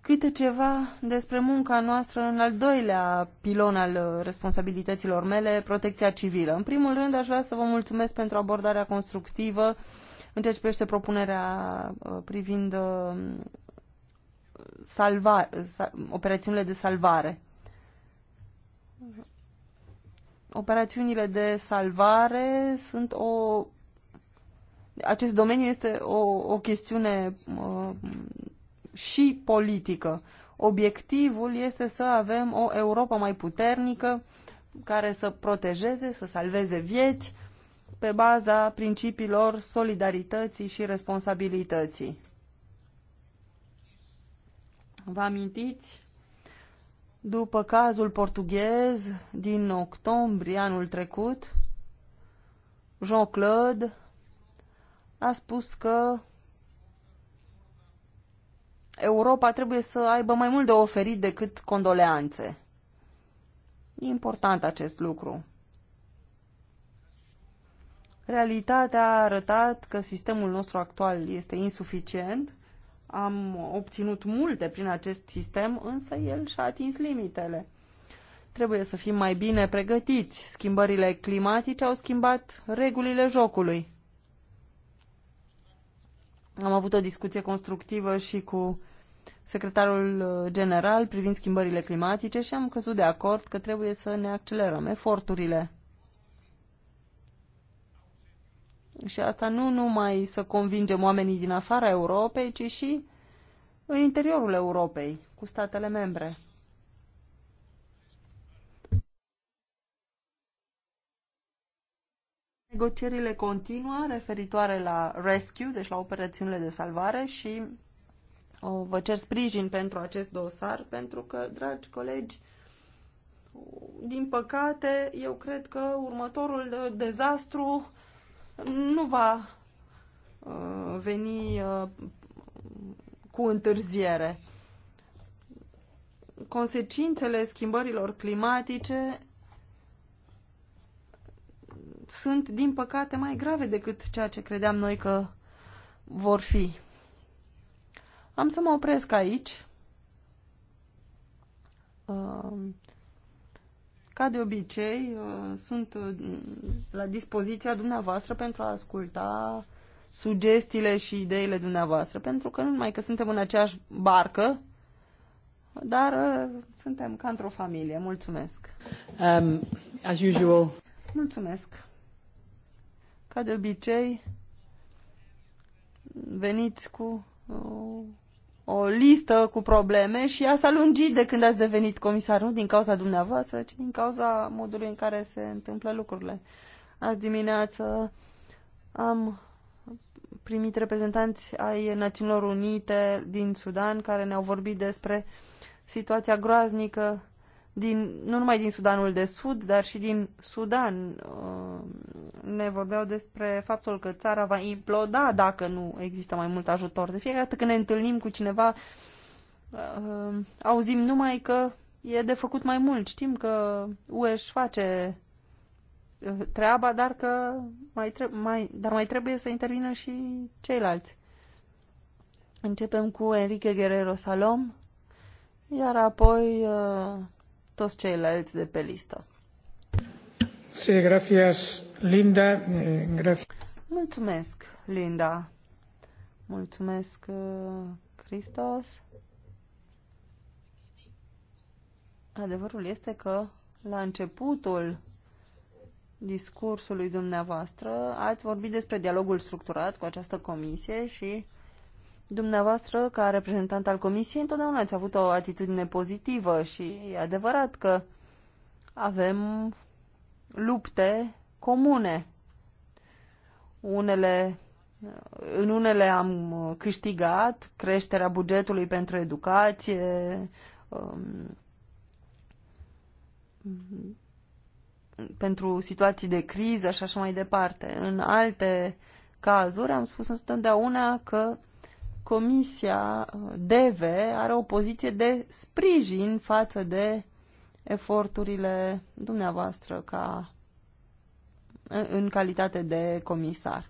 Câte ceva despre munca noastră în al doilea pilon al uh, responsabilităților mele, protecția civilă. În primul rând, aș vrea să vă mulțumesc pentru abordarea constructivă în ceea ce privește propunerea uh, privind uh, salva, operațiunile de salvare operațiunile de salvare sunt o... Acest domeniu este o, o chestiune uh, și politică. Obiectivul este să avem o Europa mai puternică, care să protejeze, să salveze vieți, pe baza principiilor solidarității și responsabilității. Vă amintiți după cazul portughez din octombrie anul trecut, Jean-Claude a spus că Europa trebuie să aibă mai mult de oferit decât condoleanțe. E important acest lucru. Realitatea a arătat că sistemul nostru actual este insuficient am obținut multe prin acest sistem, însă el și-a atins limitele. Trebuie să fim mai bine pregătiți. Schimbările climatice au schimbat regulile jocului. Am avut o discuție constructivă și cu secretarul general privind schimbările climatice și am căzut de acord că trebuie să ne accelerăm eforturile. Și asta nu numai să convingem oamenii din afara Europei, ci și în interiorul Europei, cu statele membre. Negocierile continuă referitoare la rescue, deci la operațiunile de salvare și o, vă cer sprijin pentru acest dosar, pentru că, dragi colegi, din păcate, eu cred că următorul uh, dezastru nu va uh, veni uh, cu întârziere. Consecințele schimbărilor climatice sunt, din păcate, mai grave decât ceea ce credeam noi că vor fi. Am să mă opresc aici. Uh, ca de obicei, uh, sunt uh, la dispoziția dumneavoastră pentru a asculta sugestiile și ideile dumneavoastră, pentru că nu numai că suntem în aceeași barcă, dar uh, suntem ca într-o familie. Mulțumesc! Um, as usual. Mulțumesc! Ca de obicei, veniți cu uh, o listă cu probleme și ea s-a lungit de când ați devenit comisar, nu din cauza dumneavoastră, ci din cauza modului în care se întâmplă lucrurile. Azi dimineață am primit reprezentanți ai Națiunilor Unite din Sudan care ne-au vorbit despre situația groaznică din, nu numai din Sudanul de Sud, dar și din Sudan. Uh, ne vorbeau despre faptul că țara va imploda dacă nu există mai mult ajutor. De fiecare dată când ne întâlnim cu cineva, uh, auzim numai că e de făcut mai mult. Știm că UE își face uh, treaba, dar că mai, tre- mai, dar mai trebuie să intervină și ceilalți. Începem cu Enrique Guerrero Salom, iar apoi uh, toți ceilalți de pe listă. Sí, gracias, Linda. Eh, gracias. Mulțumesc, Linda. Mulțumesc, eh, Cristos. Adevărul este că la începutul discursului dumneavoastră ați vorbit despre dialogul structurat cu această comisie și Dumneavoastră, ca reprezentant al Comisiei, întotdeauna ați avut o atitudine pozitivă și e adevărat că avem lupte comune. Unele, în unele am câștigat creșterea bugetului pentru educație, um, pentru situații de criză și așa mai departe. În alte cazuri am spus întotdeauna că Comisia uh, DV are o poziție de sprijin față de eforturile dumneavoastră ca uh, în calitate de comisar.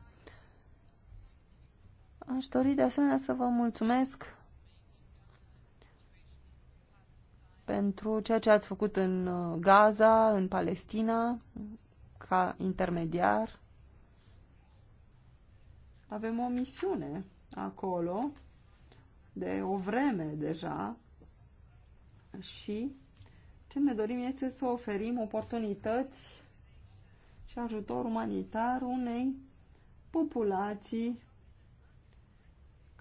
Aș dori de asemenea să vă mulțumesc pentru ceea ce ați făcut în uh, Gaza, în Palestina, ca intermediar. Avem o misiune acolo de o vreme deja și ce ne dorim este să oferim oportunități și ajutor umanitar unei populații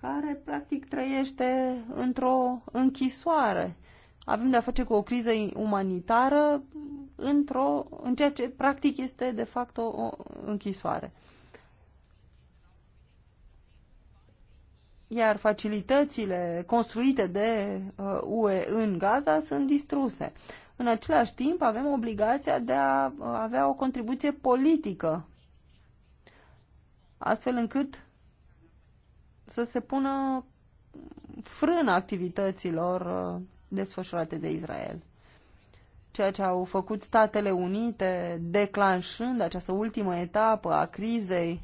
care practic trăiește într-o închisoare. Avem de-a face cu o criză umanitară într-o, în ceea ce practic este de fapt o închisoare. iar facilitățile construite de UE uh, în Gaza sunt distruse. În același timp, avem obligația de a uh, avea o contribuție politică, astfel încât să se pună frână activităților uh, desfășurate de Israel. Ceea ce au făcut Statele Unite, declanșând această ultimă etapă a crizei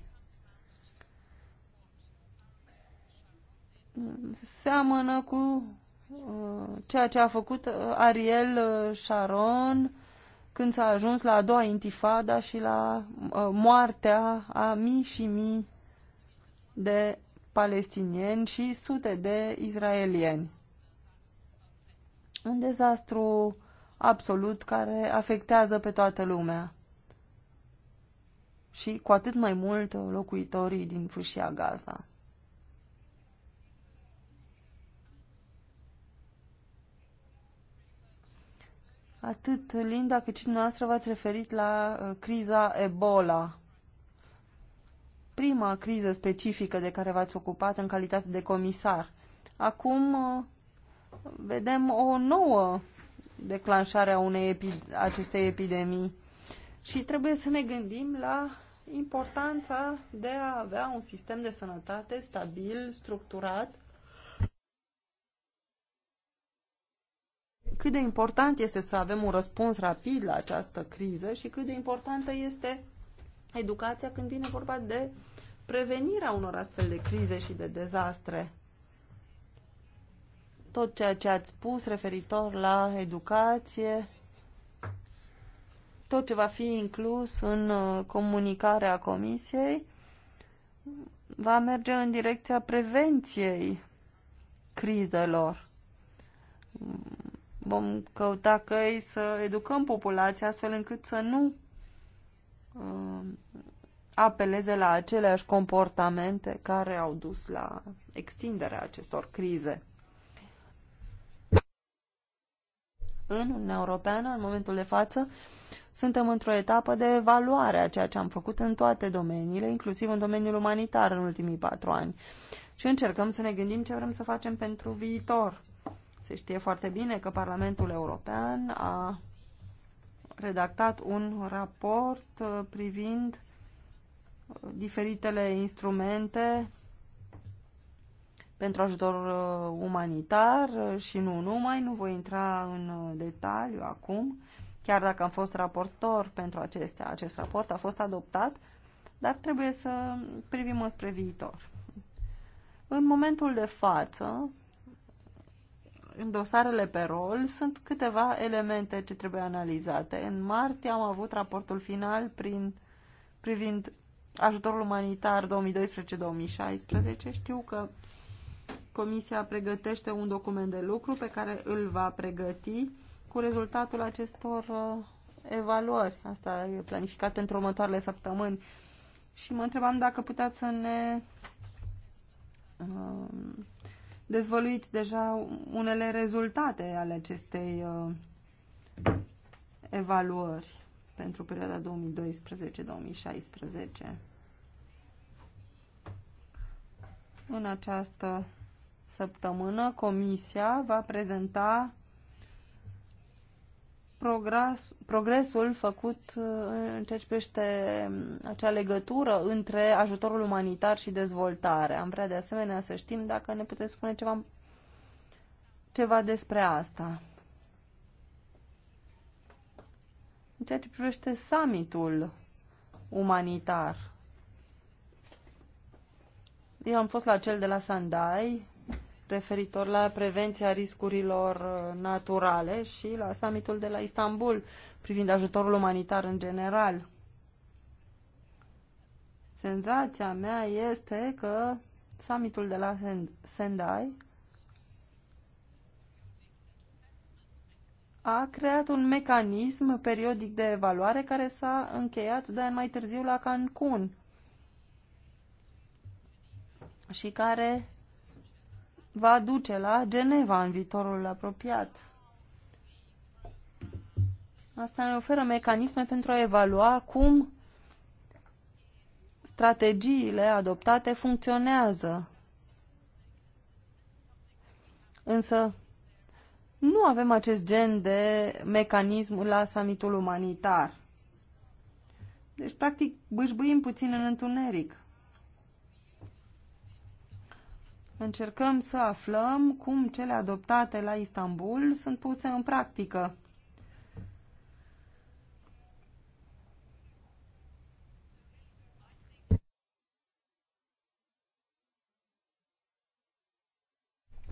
seamănă cu uh, ceea ce a făcut uh, Ariel uh, Sharon când s-a ajuns la a doua intifada și la moartea a mii și mii de palestinieni și sute de israelieni. Un dezastru absolut care afectează pe toată lumea și cu atât mai mult locuitorii din fâșia Gaza. Atât Linda cât și dumneavoastră v-ați referit la uh, criza Ebola. Prima criză specifică de care v-ați ocupat în calitate de comisar. Acum uh, vedem o nouă declanșare a unei epi- acestei epidemii și trebuie să ne gândim la importanța de a avea un sistem de sănătate stabil, structurat, cât de important este să avem un răspuns rapid la această criză și cât de importantă este educația când vine vorba de prevenirea unor astfel de crize și de dezastre. Tot ceea ce ați spus referitor la educație, tot ce va fi inclus în uh, comunicarea Comisiei, va merge în direcția prevenției crizelor vom căuta căi să educăm populația astfel încât să nu uh, apeleze la aceleași comportamente care au dus la extinderea acestor crize. În Uniunea Europeană, în momentul de față, suntem într-o etapă de evaluare a ceea ce am făcut în toate domeniile, inclusiv în domeniul umanitar în ultimii patru ani. Și încercăm să ne gândim ce vrem să facem pentru viitor. Se știe foarte bine că Parlamentul European a redactat un raport uh, privind uh, diferitele instrumente pentru ajutor uh, umanitar și nu numai, nu voi intra în detaliu acum, chiar dacă am fost raportor pentru acestea. Acest raport a fost adoptat, dar trebuie să privim înspre viitor. În momentul de față, în dosarele pe rol sunt câteva elemente ce trebuie analizate. În martie am avut raportul final prin, privind ajutorul umanitar 2012-2016. Știu că Comisia pregătește un document de lucru pe care îl va pregăti cu rezultatul acestor uh, evaluări. Asta e planificat pentru următoarele săptămâni. Și mă întrebam dacă puteți să ne uh, dezvăluit deja unele rezultate ale acestei uh, evaluări pentru perioada 2012-2016. În această săptămână, Comisia va prezenta progres, progresul făcut uh, în ceea ce privește um, acea legătură între ajutorul umanitar și dezvoltare. Am vrea de asemenea să știm dacă ne puteți spune ceva, ceva despre asta. În ceea ce privește summitul umanitar, eu am fost la cel de la Sandai referitor la prevenția riscurilor uh, naturale și la summitul de la Istanbul privind ajutorul umanitar în general. Senzația mea este că summitul de la Sendai a creat un mecanism periodic de evaluare care s-a încheiat de ani mai târziu la Cancun și care va duce la Geneva în viitorul apropiat. Asta ne oferă mecanisme pentru a evalua cum strategiile adoptate funcționează. Însă nu avem acest gen de mecanism la summitul umanitar. Deci, practic, bâșbâim puțin în întuneric. Încercăm să aflăm cum cele adoptate la Istanbul sunt puse în practică.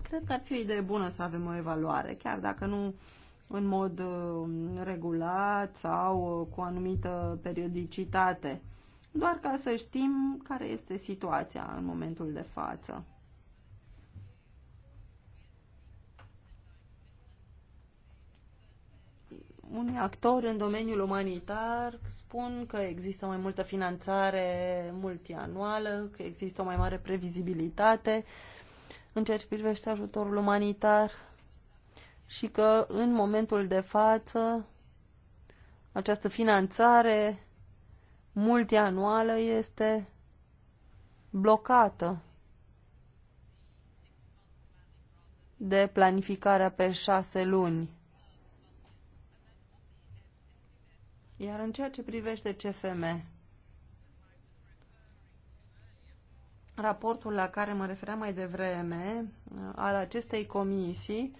Cred că ar fi o idee bună să avem o evaluare, chiar dacă nu în mod uh, regulat sau uh, cu anumită periodicitate, doar ca să știm care este situația în momentul de față. unii actori în domeniul umanitar spun că există mai multă finanțare multianuală, că există o mai mare previzibilitate în ceea ce privește ajutorul umanitar și că în momentul de față această finanțare multianuală este blocată de planificarea pe șase luni Iar în ceea ce privește CFM, raportul la care mă refeream mai devreme uh, al acestei comisii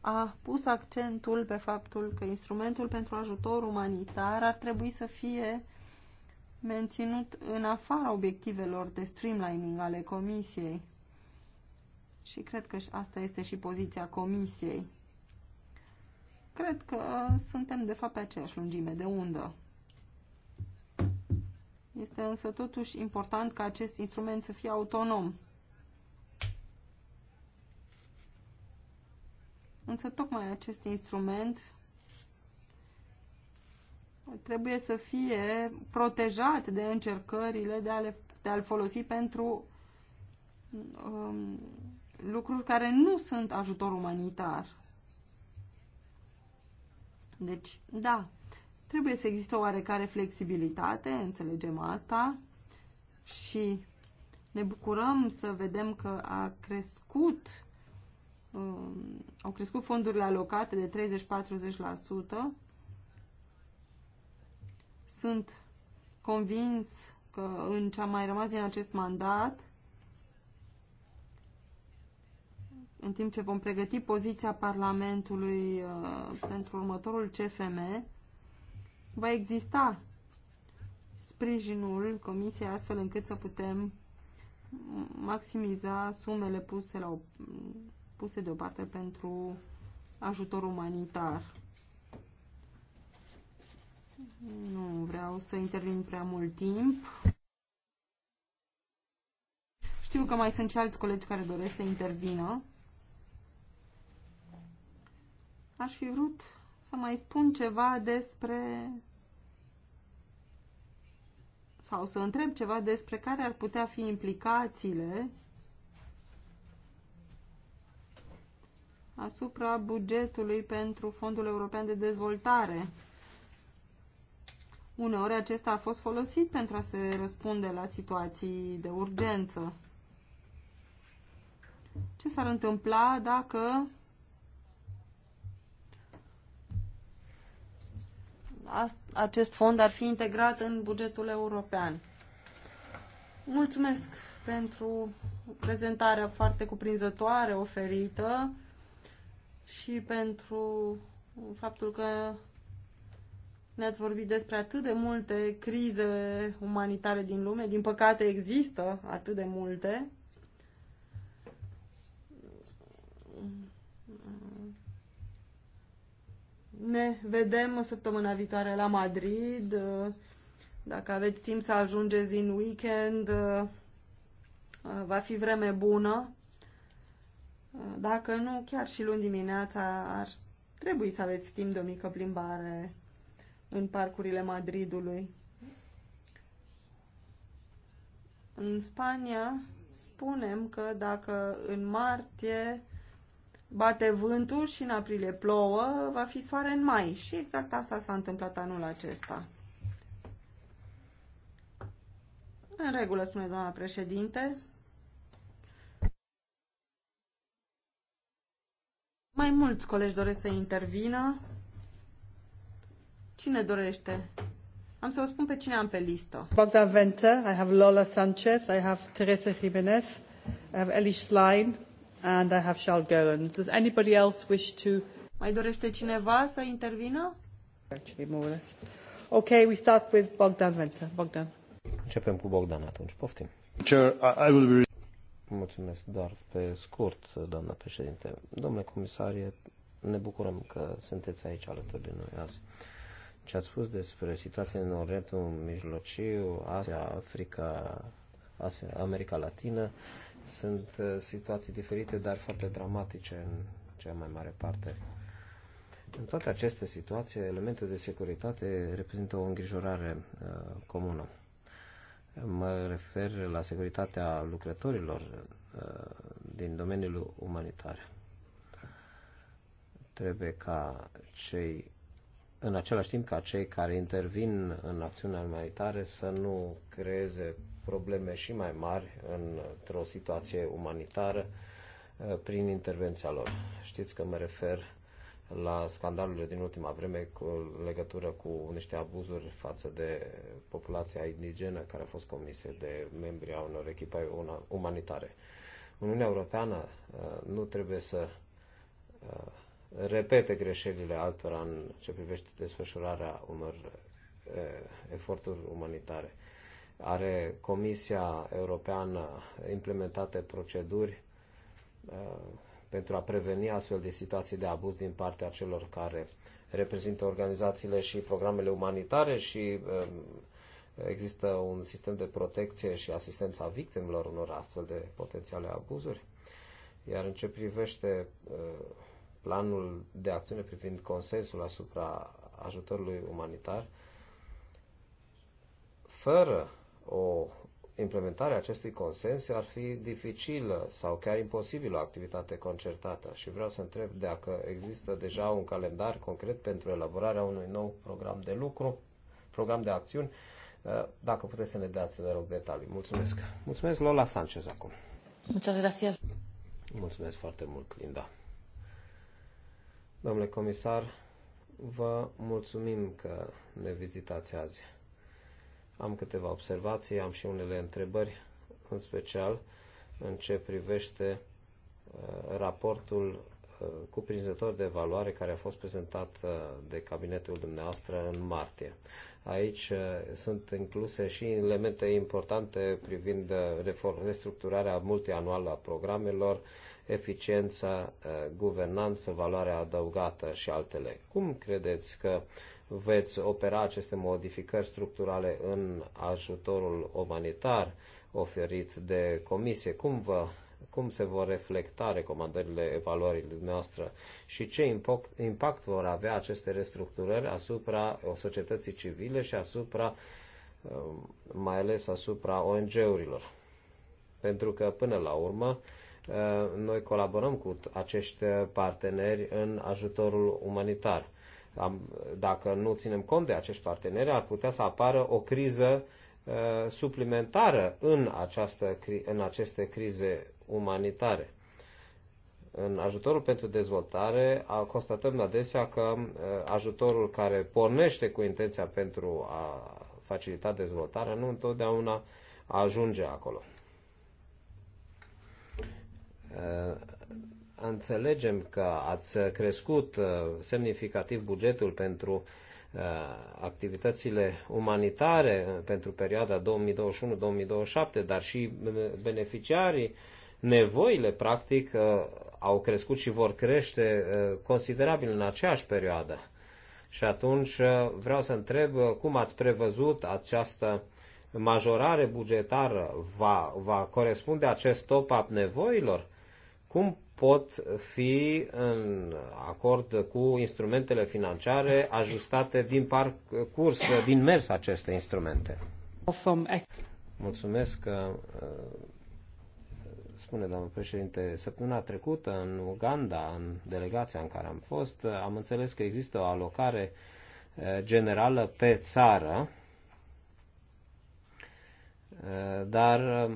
a pus accentul pe faptul că instrumentul pentru ajutor umanitar ar trebui să fie menținut în afara obiectivelor de streamlining ale comisiei. Și cred că asta este și poziția comisiei. Cred că suntem, de fapt, pe aceeași lungime de undă. Este însă totuși important ca acest instrument să fie autonom. Însă tocmai acest instrument trebuie să fie protejat de încercările de, a l de a-l folosi pentru um, lucruri care nu sunt ajutor umanitar. Deci, da, trebuie să existe o oarecare flexibilitate, înțelegem asta și ne bucurăm să vedem că a crescut um, au crescut fondurile alocate de 30-40%. Sunt convins că în ce a mai rămas din acest mandat în timp ce vom pregăti poziția Parlamentului uh, pentru următorul CFM, va exista sprijinul Comisiei astfel încât să putem maximiza sumele puse, la, puse deoparte pentru ajutor umanitar. Nu vreau să intervin prea mult timp. Știu că mai sunt și alți colegi care doresc să intervină. Aș fi vrut să mai spun ceva despre sau să întreb ceva despre care ar putea fi implicațiile asupra bugetului pentru Fondul European de Dezvoltare. Uneori acesta a fost folosit pentru a se răspunde la situații de urgență. Ce s-ar întâmpla dacă acest fond ar fi integrat în bugetul european. Mulțumesc pentru prezentarea foarte cuprinzătoare oferită și pentru faptul că ne-ați vorbit despre atât de multe crize umanitare din lume. Din păcate există atât de multe. Ne vedem săptămâna viitoare la Madrid. Dacă aveți timp să ajungeți în weekend, va fi vreme bună. Dacă nu, chiar și luni dimineața ar trebui să aveți timp de o mică plimbare în parcurile Madridului. În Spania spunem că dacă în martie bate vântul și în aprilie plouă, va fi soare în mai. Și exact asta s-a întâmplat anul acesta. În regulă, spune doamna președinte. Mai mulți colegi doresc să intervină. Cine dorește? Am să vă spun pe cine am pe listă. Bogdan Venter, I have Lola Sanchez, I have Teresa Jimenez, I have Elish Schlein, and I have Charles Goins. Does anybody else wish to... Mai dorește cineva să intervină? Actually, more or less. Okay, we start with Bogdan Venta. Bogdan. Începem cu Bogdan atunci. Poftim. Chair, I will be... Mulțumesc doar pe scurt, doamna președinte. Domnule comisarie, ne bucurăm că sunteți aici alături de noi azi. Ce ați spus despre situația în Orientul Mijlociu, Asia, Africa, Asia, America Latină, sunt uh, situații diferite, dar foarte dramatice în cea mai mare parte. În toate aceste situații, elementul de securitate reprezintă o îngrijorare uh, comună. Mă refer la securitatea lucrătorilor uh, din domeniul umanitar. Trebuie ca cei, în același timp ca cei care intervin în acțiunea umanitară să nu creeze probleme și mai mari într-o situație umanitară uh, prin intervenția lor. Știți că mă refer la scandalurile din ultima vreme cu legătură cu niște abuzuri față de populația indigenă care a fost comise de membri a unor echipe umanitare. Uniunea Europeană uh, nu trebuie să uh, repete greșelile altora în ce privește desfășurarea unor eforturi umanitare. Are Comisia Europeană implementate proceduri uh, pentru a preveni astfel de situații de abuz din partea celor care reprezintă organizațiile și programele umanitare și um, există un sistem de protecție și asistență a victimelor unor astfel de potențiale abuzuri. Iar în ce privește uh, planul de acțiune privind consensul asupra ajutorului umanitar, fără o implementare a acestui consens ar fi dificilă sau chiar imposibilă o activitate concertată și vreau să întreb dacă există deja un calendar concret pentru elaborarea unui nou program de lucru, program de acțiuni, uh, dacă puteți să ne dați, vă rog, detalii. Mulțumesc. Mulțumesc, Lola Sanchez, acum. Muchas gracias. Mulțumesc foarte mult, Linda. Domnule comisar, vă mulțumim că ne vizitați azi. Am câteva observații, am și unele întrebări, în special în ce privește uh, raportul uh, cuprinzător de evaluare care a fost prezentat uh, de cabinetul dumneavoastră în martie. Aici sunt incluse și elemente importante privind restructurarea multianuală a programelor, eficiența, guvernanță, valoarea adăugată și altele. Cum credeți că veți opera aceste modificări structurale în ajutorul umanitar oferit de comisie? Cum, vă, cum se vor reflecta recomandările evaluării noastre și ce impact, vor avea aceste restructurări asupra societății civile și asupra, um, mai ales asupra ONG-urilor? Pentru că, până la urmă, uh, noi colaborăm cu acești parteneri în ajutorul umanitar dacă nu ținem cont de acești parteneri, ar putea să apară o criză uh, suplimentară în, această, în aceste crize umanitare. În ajutorul pentru dezvoltare constatăm adesea că uh, ajutorul care pornește cu intenția pentru a facilita dezvoltarea nu întotdeauna ajunge acolo. Uh, înțelegem că ați crescut uh, semnificativ bugetul pentru uh, activitățile umanitare uh, pentru perioada 2021-2027, dar și beneficiarii, nevoile practic au crescut și vor crește considerabil în aceeași perioadă. Și atunci vreau să întreb cum ați prevăzut această majorare bugetară va, va corespunde acest top-up nevoilor? Cum pot fi în acord cu instrumentele financiare ajustate din parcurs, din mers aceste instrumente. Mulțumesc că, uh, spune doamnă președinte, săptămâna trecută în Uganda, în delegația în care am fost, uh, am înțeles că există o alocare uh, generală pe țară dar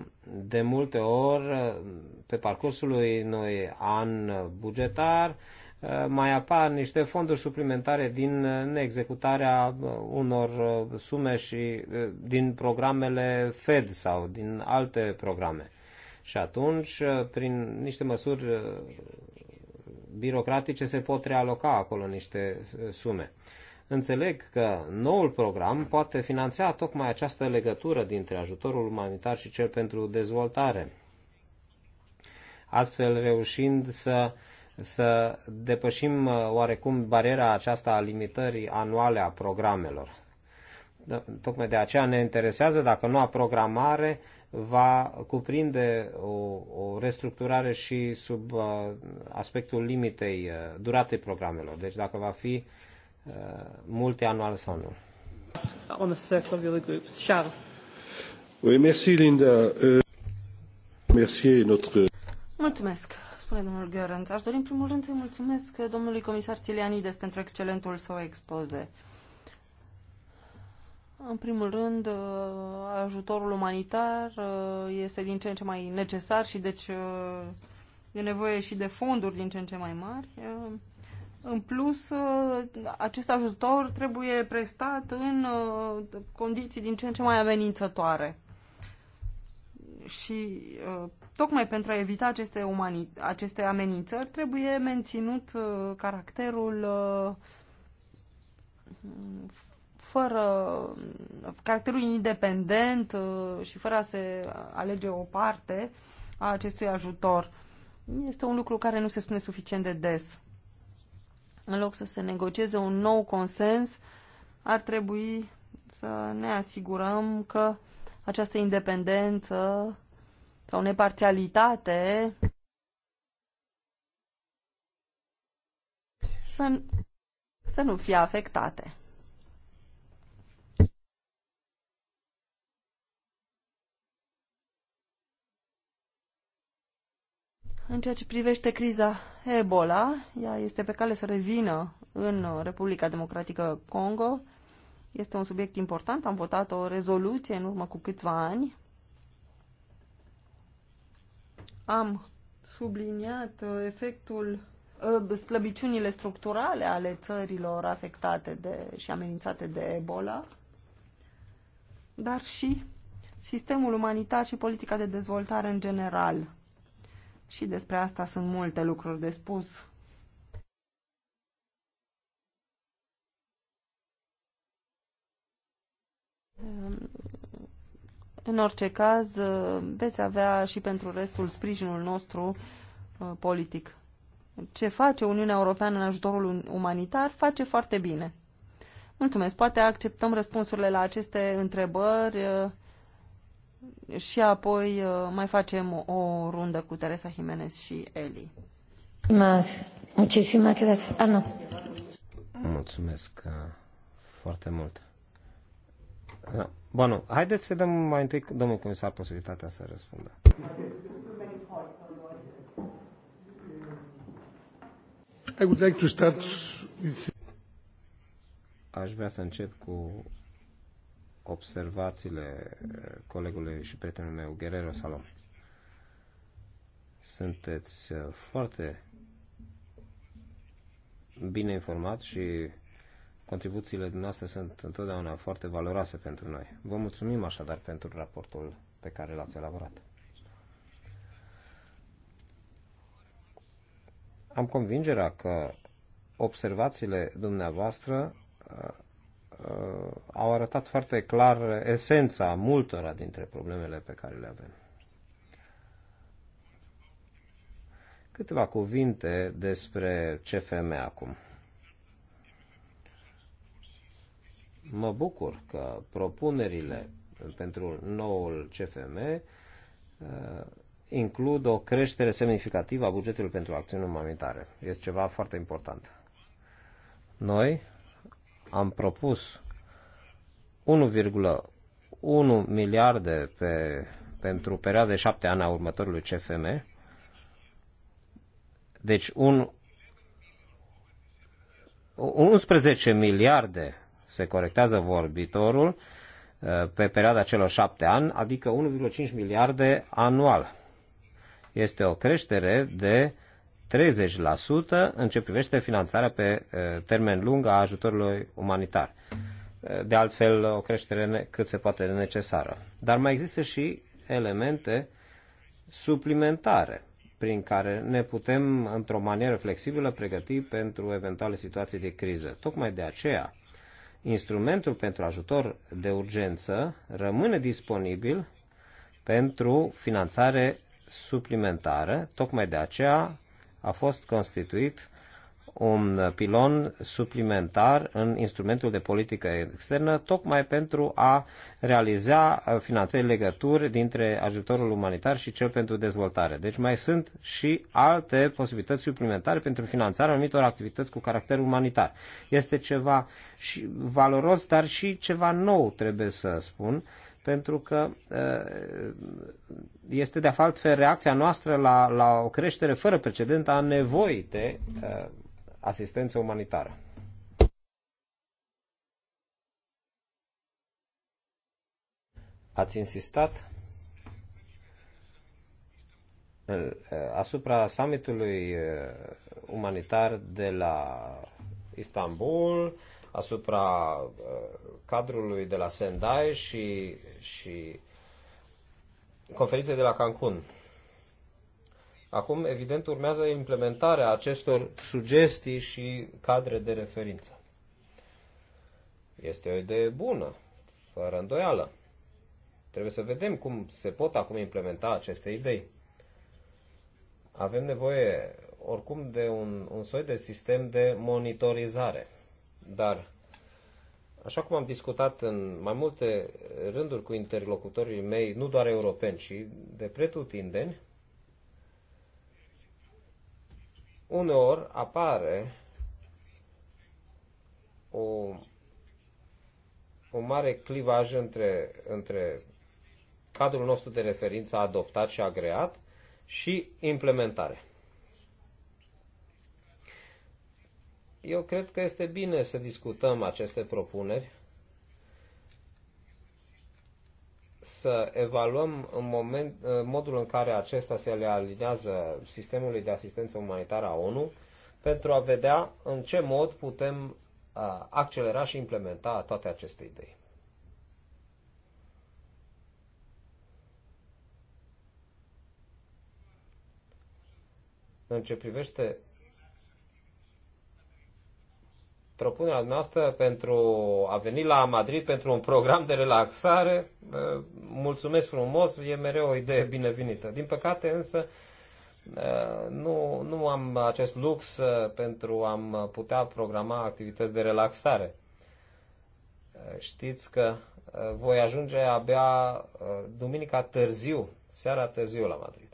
de multe ori pe parcursul unui an bugetar mai apar niște fonduri suplimentare din neexecutarea unor sume și din programele Fed sau din alte programe. Și atunci, prin niște măsuri birocratice, se pot realoca acolo niște sume. Înțeleg că noul program poate finanța tocmai această legătură dintre ajutorul umanitar și cel pentru dezvoltare, astfel reușind să, să depășim uh, oarecum bariera aceasta a limitării anuale a programelor. Da, tocmai de aceea ne interesează dacă noua programare va cuprinde o, o restructurare și sub uh, aspectul limitei uh, duratei programelor. Deci dacă va fi uh, Uh, multianual sau nu. On the circle of the other groups. Charles. Oui, merci Linda. Uh, merci notre... Mulțumesc, spune domnul Gheorent. Aș dori în primul rând să-i mulțumesc domnului comisar Tilianides pentru excelentul său expoze. În primul rând, uh, ajutorul umanitar uh, este din ce în ce mai necesar și deci e nevoie și de fonduri din ce în ce mai mari. În plus, uh, acest ajutor trebuie prestat în uh, condiții din ce în ce mai amenințătoare. Și uh, tocmai pentru a evita aceste, umani- aceste amenințări, trebuie menținut caracterul fără caracterul independent și fără a se alege o parte a acestui ajutor. Este un lucru care nu se spune suficient de des în loc să se negocieze un nou consens, ar trebui să ne asigurăm că această independență sau neparțialitate să, să nu fie afectate. În ceea ce privește criza Ebola. Ea este pe cale să revină în Republica Democratică Congo. Este un subiect important. Am votat o rezoluție în urmă cu câțiva ani. Am subliniat uh, efectul uh, slăbiciunile structurale ale țărilor afectate de, și amenințate de Ebola, dar și sistemul umanitar și politica de dezvoltare în general și despre asta sunt multe lucruri de spus. În orice caz, veți avea și pentru restul sprijinul nostru uh, politic. Ce face Uniunea Europeană în ajutorul umanitar, face foarte bine. Mulțumesc. Poate acceptăm răspunsurile la aceste întrebări uh, și apoi uh, mai facem o, rundă cu Teresa Jimenez și Eli. Muchísimas Ah, Mulțumesc uh, foarte mult. Da. Bă, nu. Haideți să dăm mai întâi domnul comisar posibilitatea să răspundă. I would like to start with... Aș vrea să încep cu observațiile colegului și prietenul meu, Guerrero Salom. Sunteți uh, foarte bine informat și contribuțiile dumneavoastră sunt întotdeauna foarte valoroase pentru noi. Vă mulțumim așadar pentru raportul pe care l-ați elaborat. Am convingerea că observațiile dumneavoastră uh, Uh, au arătat foarte clar esența multora dintre problemele pe care le avem. Câteva cuvinte despre CFM acum. Mă bucur că propunerile pentru noul CFM uh, includ o creștere semnificativă a bugetului pentru acțiuni umanitare. Este ceva foarte important. Noi am propus 1,1 miliarde pe, pentru perioada de șapte ani a următorului CFM, deci un, 11 miliarde se corectează vorbitorul pe perioada celor șapte ani, adică 1,5 miliarde anual. Este o creștere de 30% în ce privește finanțarea pe termen lung a ajutorului umanitar. De altfel, o creștere cât se poate de necesară. Dar mai există și elemente suplimentare prin care ne putem, într-o manieră flexibilă, pregăti pentru eventuale situații de criză. Tocmai de aceea, instrumentul pentru ajutor de urgență rămâne disponibil pentru finanțare suplimentară. Tocmai de aceea a fost constituit un pilon suplimentar în instrumentul de politică externă, tocmai pentru a realiza uh, finanțări legături dintre ajutorul umanitar și cel pentru dezvoltare. Deci mai sunt și alte posibilități suplimentare pentru finanțarea anumitor activități cu caracter umanitar. Este ceva și valoros, dar și ceva nou, trebuie să spun, pentru că este de altfel reacția noastră la, la o creștere fără precedent a nevoii de asistență umanitară. Ați insistat asupra summitului umanitar de la Istanbul, asupra uh, cadrului de la Sendai și, și conferinței de la Cancun. Acum, evident, urmează implementarea acestor sugestii și cadre de referință. Este o idee bună, fără îndoială. Trebuie să vedem cum se pot acum implementa aceste idei. Avem nevoie, oricum, de un, un soi de sistem de monitorizare. Dar, așa cum am discutat în mai multe rânduri cu interlocutorii mei, nu doar europeni, ci de pretutindeni, uneori apare o, o mare clivaj între, între cadrul nostru de referință adoptat și agreat și implementare. eu cred că este bine să discutăm aceste propuneri, să evaluăm în moment, modul în care acesta se le alinează sistemului de asistență umanitară a ONU pentru a vedea în ce mod putem accelera și implementa toate aceste idei. În ce privește propunerea noastră pentru a veni la Madrid pentru un program de relaxare, mulțumesc frumos, e mereu o idee binevenită. Din păcate însă eh, nu, nu am acest lux eh, pentru a putea programa activități de relaxare. Eh, știți că voi ajunge abia duminica târziu, seara târziu la Madrid.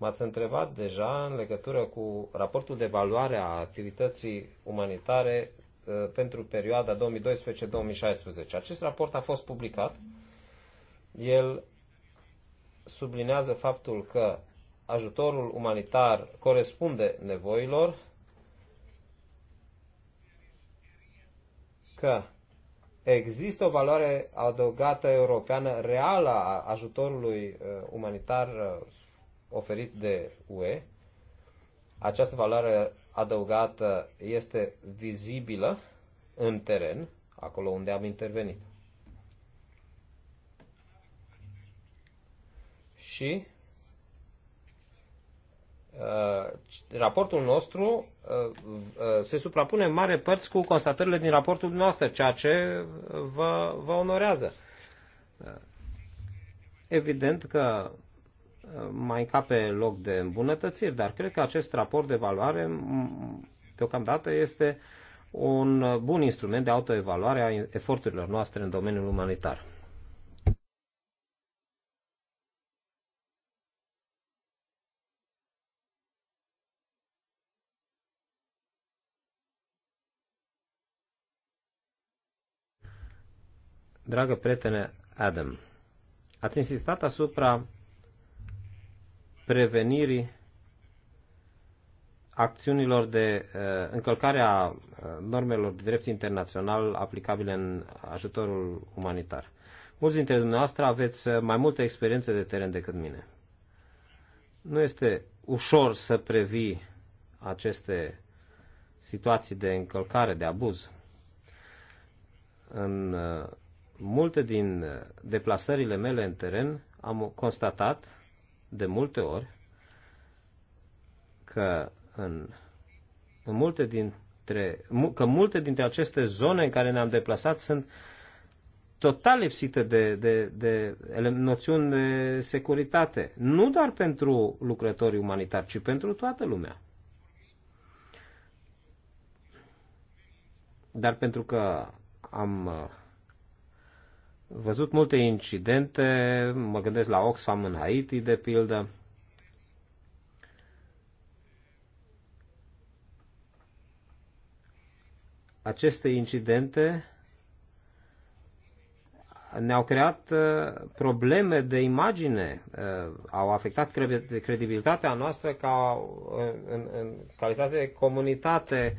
M-ați întrebat deja în legătură cu raportul de valoare a activității umanitare uh, pentru perioada 2012-2016. Acest raport a fost publicat. El sublinează faptul că ajutorul umanitar corespunde nevoilor, că există o valoare adăugată europeană reală a ajutorului uh, umanitar uh, oferit de UE. Această valoare adăugată este vizibilă în teren, acolo unde am intervenit. Și Uh, raportul nostru uh, uh, se suprapune în mare părți cu constatările din raportul noastră, ceea ce vă, vă onorează. Uh, evident că mai pe loc de îmbunătățiri, dar cred că acest raport de valoare deocamdată este un bun instrument de autoevaluare a eforturilor noastre în domeniul umanitar. Dragă prietene Adam, ați insistat asupra prevenirii acțiunilor de uh, încălcare a uh, normelor de drept internațional aplicabile în ajutorul umanitar. Mulți dintre dumneavoastră aveți uh, mai multă experiență de teren decât mine. Nu este ușor să previi aceste situații de încălcare, de abuz. În uh, multe din deplasările mele în teren am constatat de multe ori că în, în multe dintre, că multe dintre aceste zone în care ne-am deplasat sunt total lipsite de, de, de, de noțiuni de securitate. Nu doar pentru lucrătorii umanitari, ci pentru toată lumea. Dar pentru că am uh, văzut multe incidente, mă gândesc la Oxfam în Haiti, de pildă. Aceste incidente ne-au creat uh, probleme de imagine, uh, au afectat credibilitatea noastră ca uh, în, în calitate de comunitate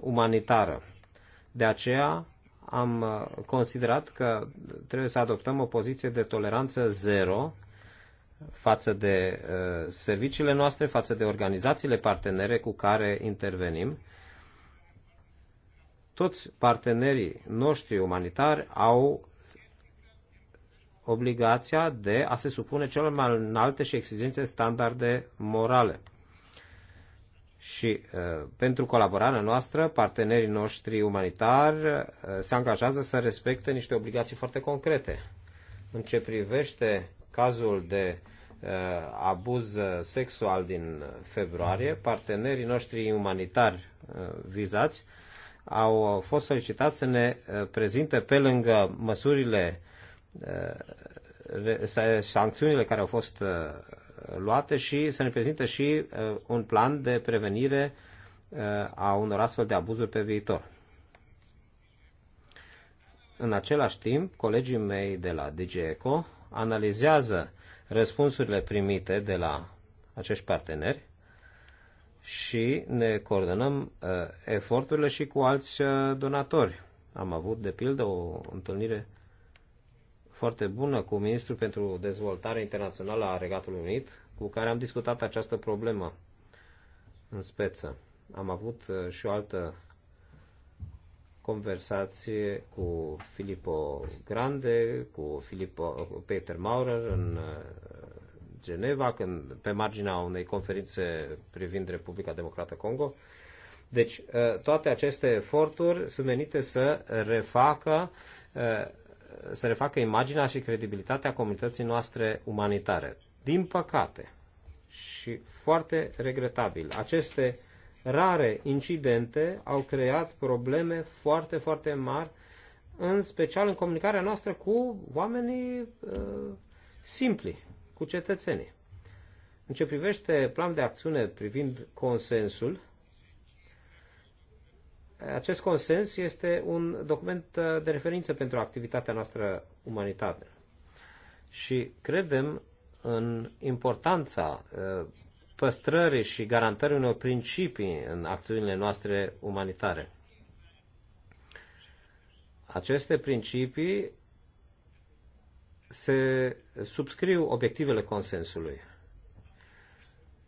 umanitară. De aceea, am uh, considerat că trebuie să adoptăm o poziție de toleranță zero față de uh, serviciile noastre, față de organizațiile partenere cu care intervenim. Toți partenerii noștri umanitari au obligația de a se supune celor mai înalte și exigențe standarde morale și uh, pentru colaborarea noastră, partenerii noștri umanitari uh, se angajează să respecte niște obligații foarte concrete. În ce privește cazul de uh, abuz sexual din februarie, partenerii noștri umanitari vizați au fost solicitați să ne prezinte pe lângă măsurile sancțiunile care au fost luate și să ne prezinte și uh, un plan de prevenire uh, a unor astfel de abuzuri pe viitor. În același timp, colegii mei de la DGECO analizează răspunsurile primite de la acești parteneri și ne coordonăm uh, eforturile și cu alți uh, donatori. Am avut, de pildă, o întâlnire foarte bună cu Ministrul pentru Dezvoltare Internațională a Regatului Unit, cu care am discutat această problemă în speță. Am avut uh, și o altă conversație cu Filippo Grande, cu Filippo, uh, Peter Maurer în uh, Geneva, când, pe marginea unei conferințe privind Republica Democrată Congo. Deci, toate aceste eforturi sunt menite să refacă să refacă imaginea și credibilitatea comunității noastre umanitare. Din păcate și foarte regretabil, aceste rare incidente au creat probleme foarte, foarte mari, în special în comunicarea noastră cu oamenii uh, simpli, cu cetățenii. În ce privește plan de acțiune privind consensul, acest consens este un document uh, de referință pentru activitatea noastră umanitate. Și credem în importanța uh, păstrării și garantării unor principii în acțiunile noastre umanitare. Aceste principii se subscriu obiectivele consensului.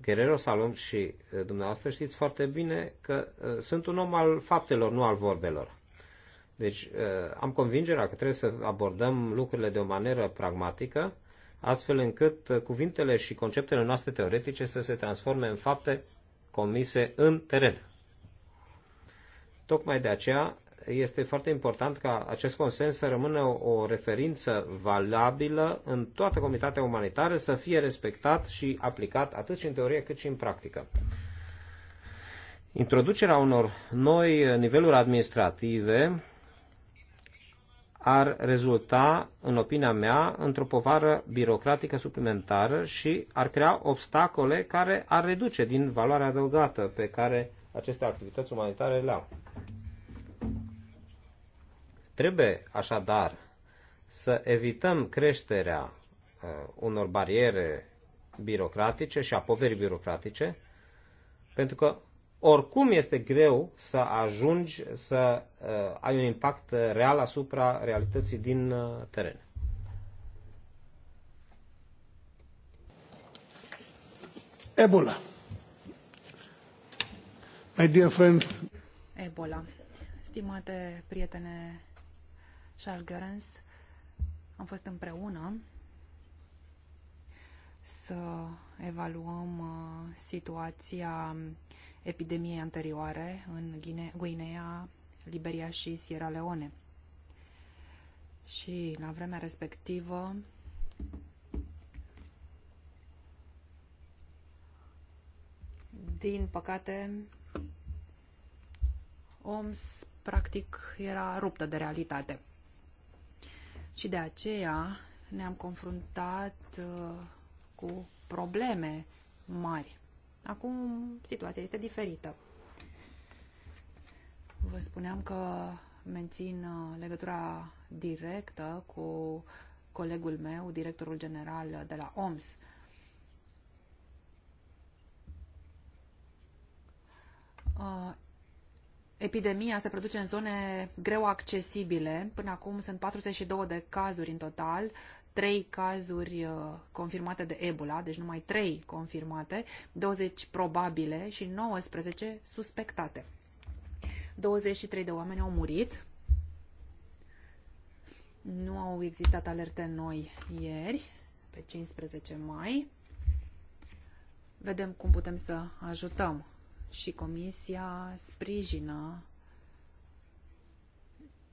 Guerrero Salom și eh, dumneavoastră știți foarte bine că eh, sunt un om al faptelor, nu al vorbelor. Deci eh, am convingerea că trebuie să abordăm lucrurile de o manieră pragmatică, astfel încât cuvintele și conceptele noastre teoretice să se transforme în fapte comise în teren. Tocmai de aceea este foarte important ca acest consens să rămână o referință valabilă în toată comunitatea umanitară, să fie respectat și aplicat atât și în teorie cât și în practică. Introducerea unor noi niveluri administrative ar rezulta, în opinia mea, într-o povară birocratică suplimentară și ar crea obstacole care ar reduce din valoarea adăugată pe care aceste activități umanitare le au. Trebuie așadar să evităm creșterea uh, unor bariere birocratice și a poverii birocratice, pentru că oricum este greu să ajungi să uh, ai un impact real asupra realității din uh, teren. Ebola. My dear friend. Ebola. Stimate prietene Charles Gerens am fost împreună să evaluăm uh, situația epidemiei anterioare în Guinea, Liberia și Sierra Leone. Și la vremea respectivă din păcate OMS practic era ruptă de realitate și de aceea ne-am confruntat uh, cu probleme mari. Acum situația este diferită. Vă spuneam că mențin uh, legătura directă cu colegul meu, directorul general de la OMS. Uh, Epidemia se produce în zone greu accesibile. Până acum sunt 42 de cazuri în total, 3 cazuri uh, confirmate de Ebola, deci numai 3 confirmate, 20 probabile și 19 suspectate. 23 de oameni au murit. Nu au existat alerte noi ieri, pe 15 mai. Vedem cum putem să ajutăm și Comisia sprijină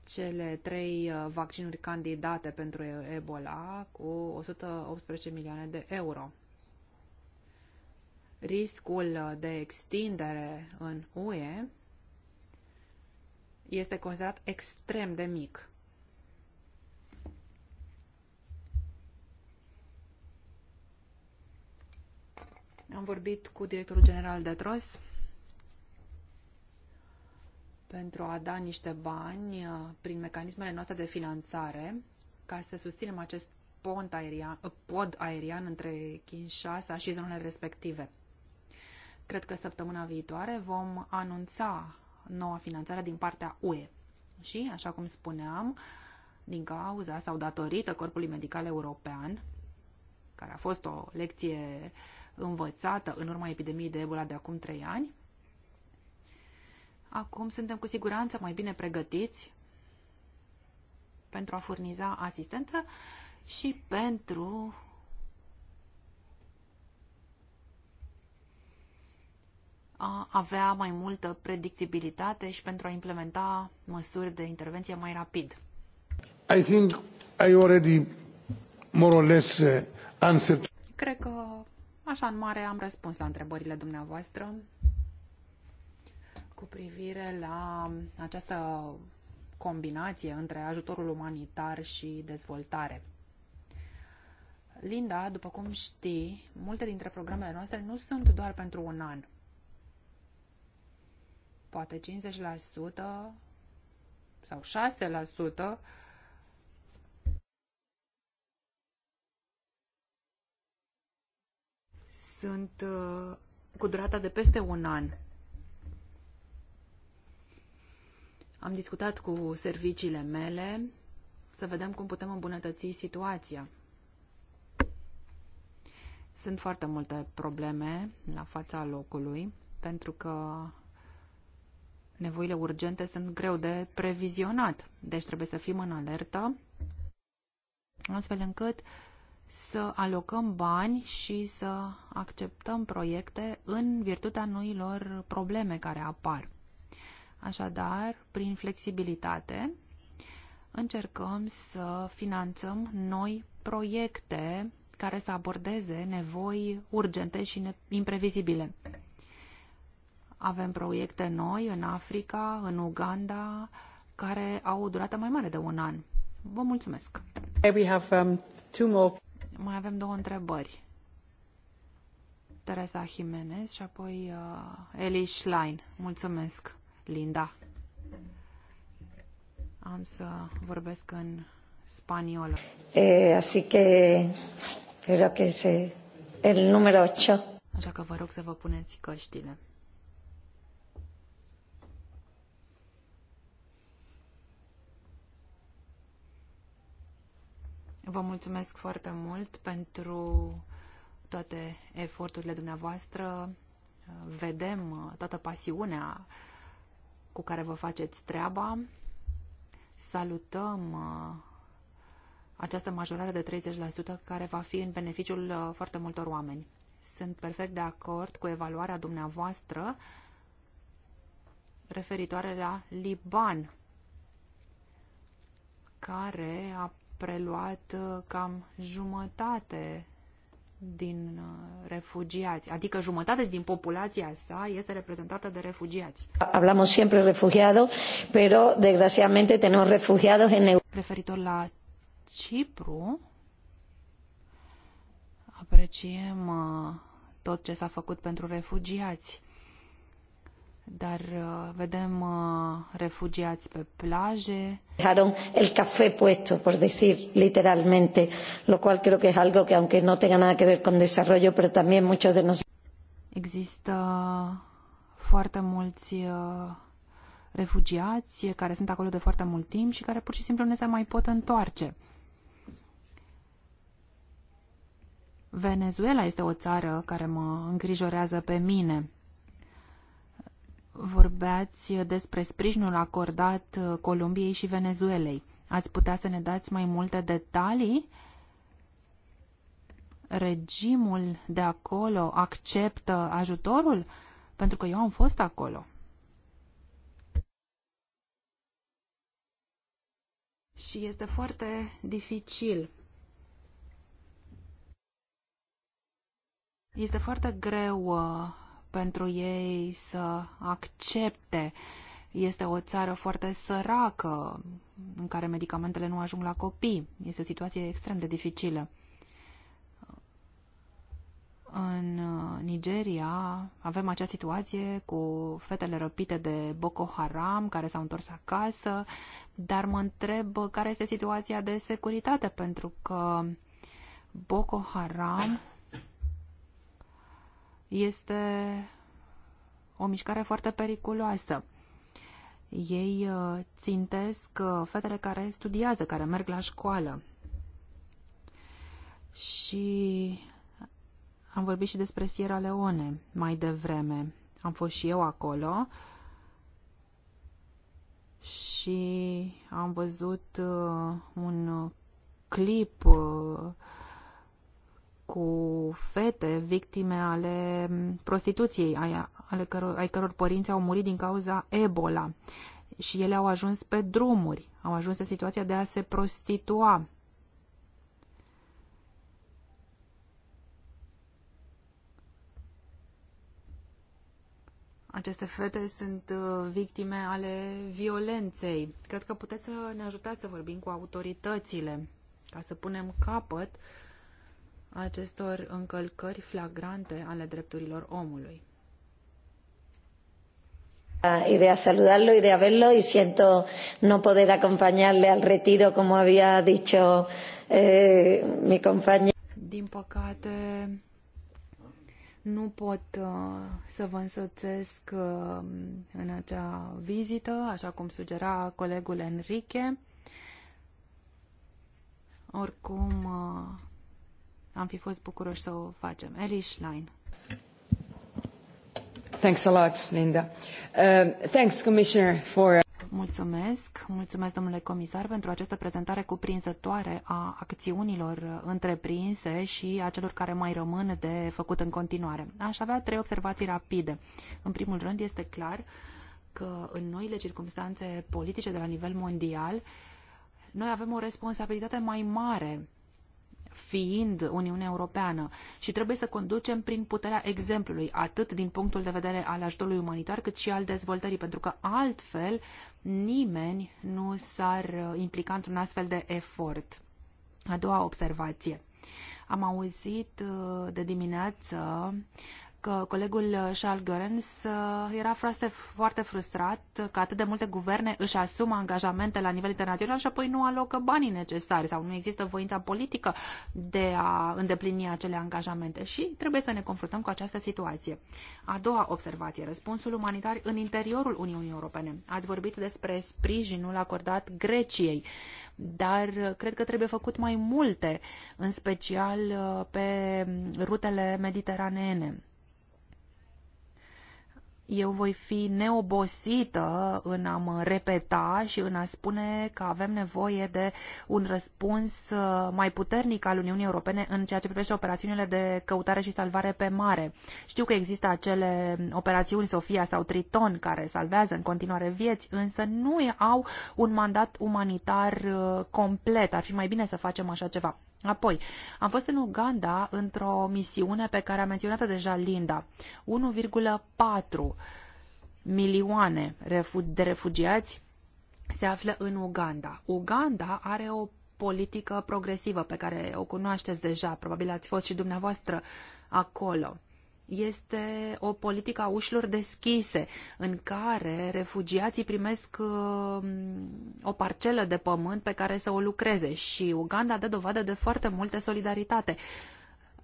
cele trei uh, vaccinuri candidate pentru Ebola cu 118 milioane de euro. Riscul de extindere în UE este considerat extrem de mic. Am vorbit cu directorul general de TROS pentru a da niște bani uh, prin mecanismele noastre de finanțare ca să susținem acest pont aerian, uh, pod aerian între Kinshasa și zonele respective. Cred că săptămâna viitoare vom anunța noua finanțare din partea UE. Și, așa cum spuneam, din cauza sau datorită Corpului Medical European, care a fost o lecție învățată în urma epidemiei de Ebola de acum trei ani, Acum suntem cu siguranță mai bine pregătiți pentru a furniza asistență și pentru a avea mai multă predictibilitate și pentru a implementa măsuri de intervenție mai rapid. I think I already more or less uh, answered. Cred că așa în mare am răspuns la întrebările dumneavoastră cu privire la această combinație între ajutorul umanitar și dezvoltare. Linda, după cum știi, multe dintre programele noastre nu sunt doar pentru un an. Poate 50% sau 6% sunt uh, cu durata de peste un an. Am discutat cu serviciile mele să vedem cum putem îmbunătăți situația. Sunt foarte multe probleme la fața locului pentru că nevoile urgente sunt greu de previzionat. Deci trebuie să fim în alertă astfel încât să alocăm bani și să acceptăm proiecte în virtutea noilor probleme care apar. Așadar, prin flexibilitate, încercăm să finanțăm noi proiecte care să abordeze nevoi urgente și imprevizibile. Avem proiecte noi în Africa, în Uganda, care au o durată mai mare de un an. Vă mulțumesc! We have, um, two more. Mai avem două întrebări. Teresa Jimenez și apoi uh, Eli Schlein. Mulțumesc! Linda. Am să vorbesc în spaniolă. E, así que creo que se eh, el número 8. Așa că vă rog să vă puneți căștile. Vă mulțumesc foarte mult pentru toate eforturile dumneavoastră. Vedem uh, toată pasiunea cu care vă faceți treaba. Salutăm uh, această majorare de 30% care va fi în beneficiul uh, foarte multor oameni. Sunt perfect de acord cu evaluarea dumneavoastră referitoare la Liban, care a preluat uh, cam jumătate din uh, refugiați, adică jumătate din populația sa este reprezentată de refugiați. Hablamos siempre refugiados, pero desgraciadamente tenemos refugiados en Europa. Referitor la Cipru, apreciem uh, tot ce s-a făcut pentru refugiați. Dar uh, vedem refugiați pe plaje, dejaron el café puesto, por decir literalmente, lo cual creo que es algo que aunque no tenga nada que ver con desarrollo, pero también muchos de nosotros. Există foarte mulți uh, refugiați care sunt acolo de foarte mult timp și care pur și simplu nu se mai pot întoarce. Venezuela este o țară care mă îngrijorează pe mine vorbeați despre sprijinul acordat Columbiei și Venezuelei. Ați putea să ne dați mai multe detalii? Regimul de acolo acceptă ajutorul? Pentru că eu am fost acolo. Și este foarte dificil. Este foarte greu uh, pentru ei să accepte. Este o țară foarte săracă în care medicamentele nu ajung la copii. Este o situație extrem de dificilă. În Nigeria avem acea situație cu fetele răpite de Boko Haram care s-au întors acasă, dar mă întreb care este situația de securitate pentru că Boko Haram este o mișcare foarte periculoasă. Ei uh, țintesc uh, fetele care studiază, care merg la școală. Și am vorbit și despre Sierra Leone mai devreme. Am fost și eu acolo și am văzut uh, un clip cu fete victime ale prostituției, ai, ale căror, ai căror părinți au murit din cauza Ebola. Și ele au ajuns pe drumuri, au ajuns în situația de a se prostitua. Aceste fete sunt uh, victime ale violenței. Cred că puteți să ne ajutați să vorbim cu autoritățile ca să punem capăt uh, acestor încălcări flagrante ale drepturilor omului. Ah, iré a saludarlo, iré a verlo y siento no poder acompañarle al retiro como había dicho eh, mi compañero. Din păcate, nu pot uh, să vă însoțesc uh, în acea vizită, așa cum sugera colegul Enrique. Oricum, uh, am fi fost bucuroși să o facem. Eli Schlein. Thanks a lot, Linda. Uh, thanks, Commissioner, for... Uh, mulțumesc, mulțumesc domnule comisar pentru această prezentare cuprinzătoare a acțiunilor întreprinse și a celor care mai rămân de făcut în continuare. Aș avea trei observații rapide. În primul rând, este clar că în noile circunstanțe politice de la nivel mondial, noi avem o responsabilitate mai mare fiind Uniunea Europeană și trebuie să conducem prin puterea exemplului, atât din punctul de vedere al ajutorului umanitar, cât și al dezvoltării, pentru că altfel nimeni nu s-ar uh, implica într-un astfel de efort. A doua observație. Am auzit uh, de dimineață că colegul Charles Görens uh, era foarte, foarte frustrat că atât de multe guverne își asumă angajamente la nivel internațional și apoi nu alocă banii necesari sau nu există voința politică de a îndeplini acele angajamente și trebuie să ne confruntăm cu această situație. A doua observație, răspunsul umanitar în interiorul Uniunii Europene. Ați vorbit despre sprijinul acordat Greciei dar cred că trebuie făcut mai multe, în special uh, pe rutele mediteraneene eu voi fi neobosită în a mă repeta și în a spune că avem nevoie de un răspuns uh, mai puternic al Uniunii Europene în ceea ce privește operațiunile de căutare și salvare pe mare. Știu că există acele operațiuni Sofia sau Triton care salvează în continuare vieți, însă nu au un mandat umanitar uh, complet. Ar fi mai bine să facem așa ceva. Apoi, am fost în Uganda într-o misiune pe care a menționat-o deja Linda. 1,4 milioane de refugiați se află în Uganda. Uganda are o politică progresivă pe care o cunoașteți deja, probabil ați fost și dumneavoastră acolo este o politică a ușilor deschise, în care refugiații primesc uh, o parcelă de pământ pe care să o lucreze și Uganda dă dovadă de foarte multă solidaritate.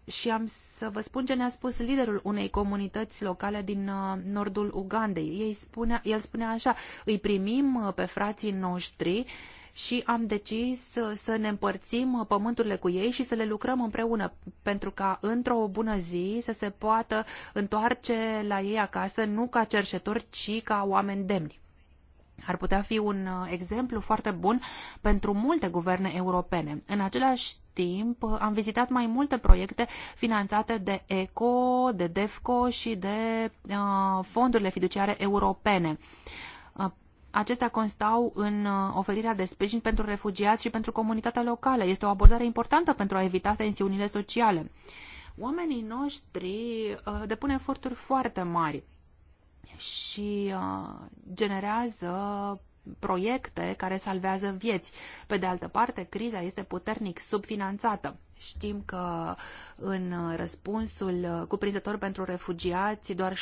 Și am să vă spun ce ne-a spus liderul unei comunități locale din uh, nordul Ugandei. Ei spunea, el spunea așa, îi primim uh, pe frații noștri uh, și am decis să ne împărțim pământurile cu ei și să le lucrăm împreună pentru ca într-o bună zi să se poată întoarce la ei acasă, nu ca cerșetori, ci ca oameni demni. Ar putea fi un exemplu foarte bun pentru multe guverne europene. În același timp, am vizitat mai multe proiecte finanțate de ECO, de DEFCO și de uh, fondurile fiduciare europene Acestea constau în uh, oferirea de sprijin pentru refugiați și pentru comunitatea locală. Este o abordare importantă pentru a evita tensiunile sociale. Oamenii noștri uh, depun eforturi foarte mari și uh, generează proiecte care salvează vieți. Pe de altă parte, criza este puternic subfinanțată. Știm că în răspunsul cuprinzător pentru refugiați, doar 6%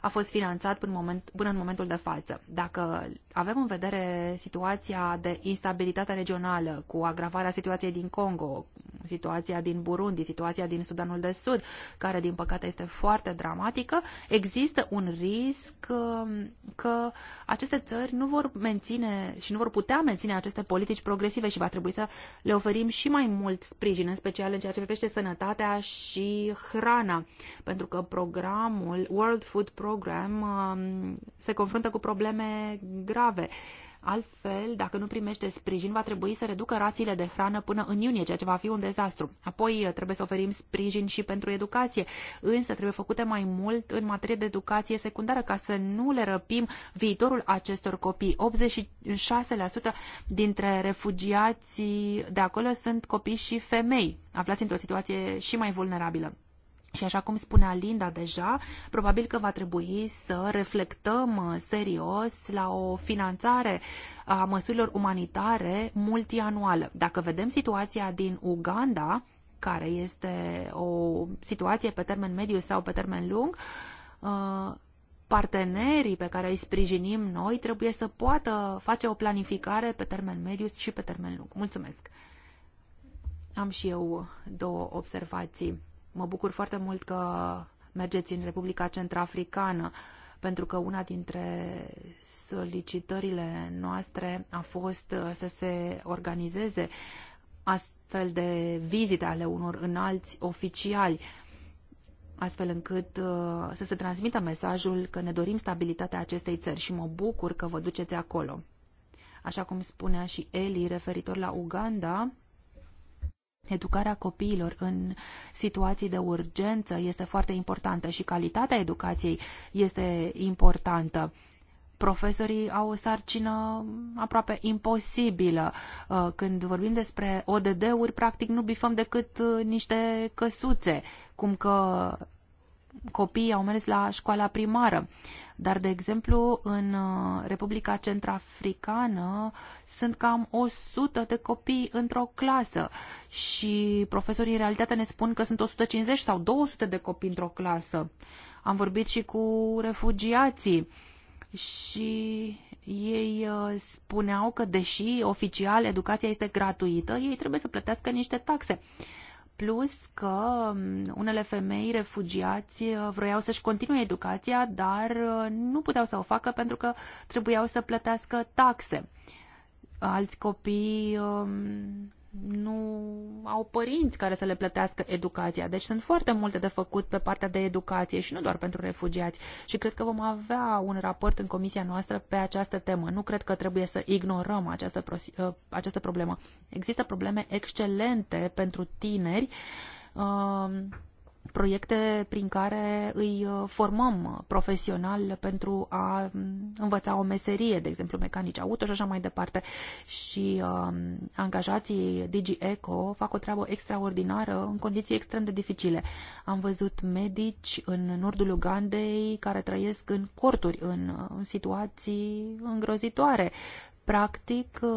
a fost finanțat până, moment, până în momentul de față. Dacă avem în vedere situația de instabilitate regională, cu agravarea situației din Congo, situația din Burundi, situația din Sudanul de Sud, care din păcate este foarte dramatică, există un risc um, că aceste țări nu vor menține și nu vor putea menține aceste politici progresive și va trebui să le oferim și mai mult sprijin, în special în ceea ce privește sănătatea și hrana, pentru că programul World Food Program um, se confruntă cu probleme grave. Altfel, dacă nu primește sprijin, va trebui să reducă rațiile de hrană până în iunie, ceea ce va fi un dezastru. Apoi eh, trebuie să oferim sprijin și pentru educație, însă trebuie făcute mai mult în materie de educație secundară ca să nu le răpim viitorul acestor copii. 86% dintre refugiații de acolo sunt copii și femei, aflați într-o situație și mai vulnerabilă. Și așa cum spunea Linda deja, probabil că va trebui să reflectăm uh, serios la o finanțare a măsurilor umanitare multianuală. Dacă vedem situația din Uganda, care este o situație pe termen mediu sau pe termen lung, uh, partenerii pe care îi sprijinim noi trebuie să poată face o planificare pe termen mediu și pe termen lung. Mulțumesc! Am și eu două observații Mă bucur foarte mult că mergeți în Republica Centrafricană, pentru că una dintre solicitările noastre a fost uh, să se organizeze astfel de vizite ale unor înalți oficiali, astfel încât uh, să se transmită mesajul că ne dorim stabilitatea acestei țări și mă bucur că vă duceți acolo. Așa cum spunea și Eli referitor la Uganda, Educarea copiilor în situații de urgență este foarte importantă și calitatea educației este importantă. Profesorii au o sarcină aproape imposibilă. Uh, când vorbim despre ODD-uri, practic nu bifăm decât uh, niște căsuțe, cum că copiii au mers la școala primară. Dar, de exemplu, în uh, Republica Centrafricană sunt cam 100 de copii într-o clasă și profesorii în realitate ne spun că sunt 150 sau 200 de copii într-o clasă. Am vorbit și cu refugiații și ei uh, spuneau că deși oficial educația este gratuită, ei trebuie să plătească niște taxe plus că um, unele femei refugiați uh, vroiau să-și continue educația, dar uh, nu puteau să o facă pentru că trebuiau să plătească taxe. Alți copii um, nu au părinți care să le plătească educația. Deci sunt foarte multe de făcut pe partea de educație și nu doar pentru refugiați. Și cred că vom avea un raport în comisia noastră pe această temă. Nu cred că trebuie să ignorăm această, ă, această problemă. Există probleme excelente pentru tineri proiecte prin care îi uh, formăm profesional pentru a mm, învăța o meserie, de exemplu mecanici auto și așa mai departe. Și uh, angajații DigiEco fac o treabă extraordinară în condiții extrem de dificile. Am văzut medici în nordul Ugandei care trăiesc în corturi, în, uh, în situații îngrozitoare Practic, uh,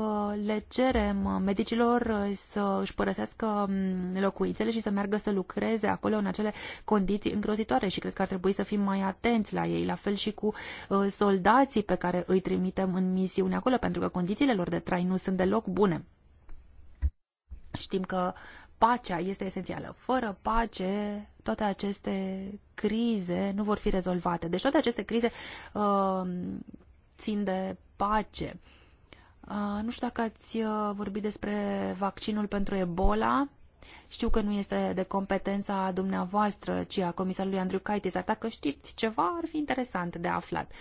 le cerem uh, medicilor uh, să își părăsească mm, locuințele și să meargă să lucreze acolo în acele condiții îngrozitoare și cred că ar trebui să fim mai atenți la ei, la fel și cu soldații pe care îi trimitem în misiune acolo, pentru că condițiile lor de trai nu sunt deloc bune. Știm că pacea este esențială. Fără pace, toate aceste crize nu vor fi rezolvate. Deci toate aceste crize uh, țin de pace. Nu știu dacă ați vorbit despre vaccinul pentru Ebola. Știu că nu este de competența dumneavoastră, ci a comisarului Andrew Caitis, dar dacă știți ceva, ar fi interesant de aflat.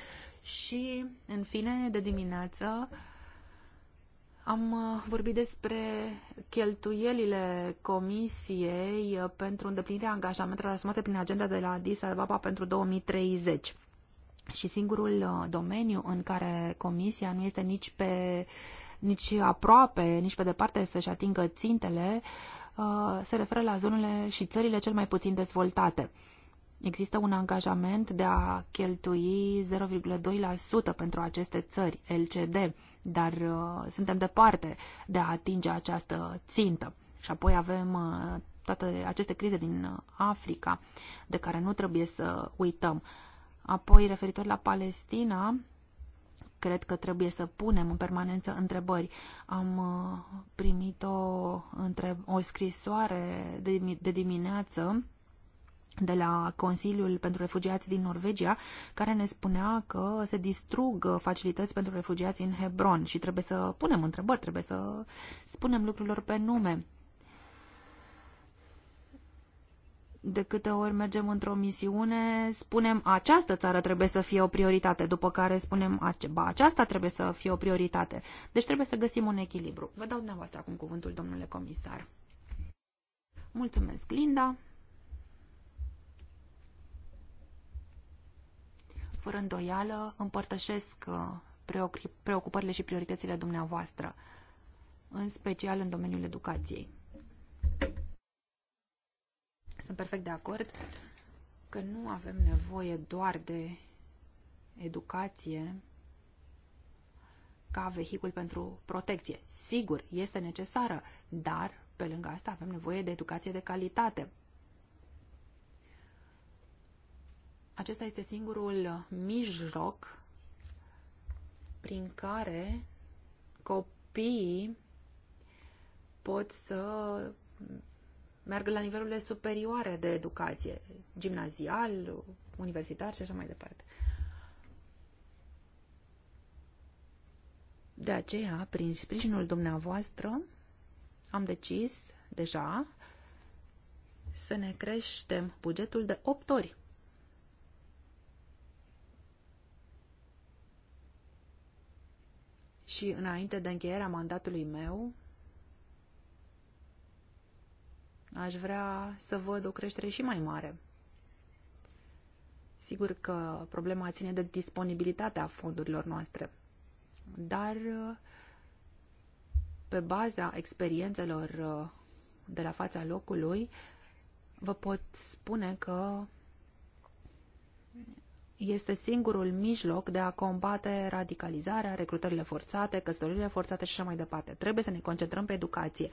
Și, în fine, de dimineață am vorbit despre cheltuielile Comisiei pentru îndeplinirea angajamentelor asumate prin agenda de la Addis Ababa pentru 2030 și singurul uh, domeniu în care Comisia nu este nici pe nici aproape, nici pe departe să-și atingă țintele, uh, se referă la zonele și țările cel mai puțin dezvoltate. Există un angajament de a cheltui 0,2% pentru aceste țări LCD, dar uh, suntem departe de a atinge această țintă. Și apoi avem toate aceste crize din Africa, de care nu trebuie să uităm. Apoi, referitor la Palestina, cred că trebuie să punem în permanență întrebări. Am uh, primit o, o scrisoare de, de dimineață de la Consiliul pentru Refugiați din Norvegia, care ne spunea că se distrug facilități pentru refugiați în Hebron și trebuie să punem întrebări, trebuie să spunem lucrurilor pe nume. de câte ori mergem într-o misiune, spunem această țară trebuie să fie o prioritate, după care spunem ba, aceasta trebuie să fie o prioritate. Deci trebuie să găsim un echilibru. Vă dau dumneavoastră acum cuvântul, domnule comisar. Mulțumesc, Linda. Fără îndoială, împărtășesc uh, preocupările și prioritățile dumneavoastră, în special în domeniul educației. Sunt perfect de acord că nu avem nevoie doar de educație ca vehicul pentru protecție. Sigur, este necesară, dar pe lângă asta avem nevoie de educație de calitate. Acesta este singurul mijloc prin care copiii pot să meargă la nivelurile superioare de educație, gimnazial, universitar și așa mai departe. De aceea, prin sprijinul dumneavoastră, am decis deja să ne creștem bugetul de 8 ori. Și înainte de încheierea mandatului meu, Aș vrea să văd o creștere și mai mare. Sigur că problema ține de disponibilitatea fondurilor noastre, dar pe baza experiențelor de la fața locului, vă pot spune că este singurul mijloc de a combate radicalizarea, recrutările forțate, căsătorile forțate și așa mai departe. Trebuie să ne concentrăm pe educație.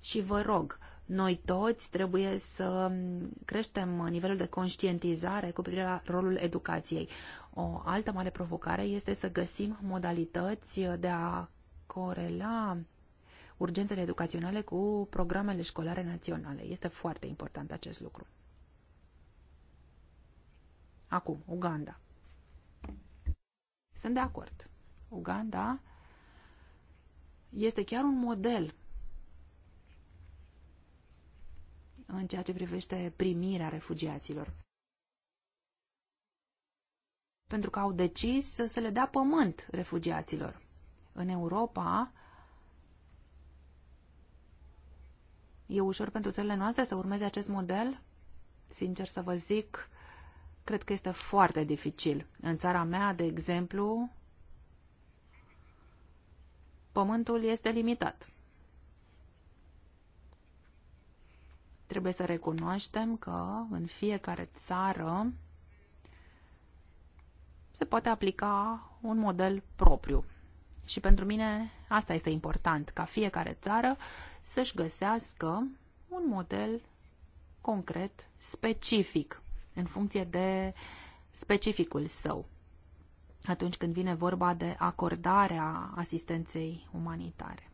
Și vă rog, uh, noi toți trebuie să creștem nivelul de conștientizare cu privire la rolul educației. O altă mare provocare este să găsim modalități de a corela urgențele educaționale cu programele școlare naționale. Este foarte important acest lucru. Acum, Uganda. Sunt de acord. Uganda este chiar un model în ceea ce privește primirea refugiaților. Pentru că au decis să se le dea pământ refugiaților. În Europa e ușor pentru țările noastre să urmeze acest model? Sincer să vă zic, cred că este foarte dificil. În țara mea, de exemplu, pământul este limitat. Trebuie să recunoaștem că în fiecare țară se poate aplica un model propriu. Și pentru mine asta este important, ca fiecare țară să-și găsească un model concret, specific, în funcție de specificul său, atunci când vine vorba de acordarea asistenței umanitare.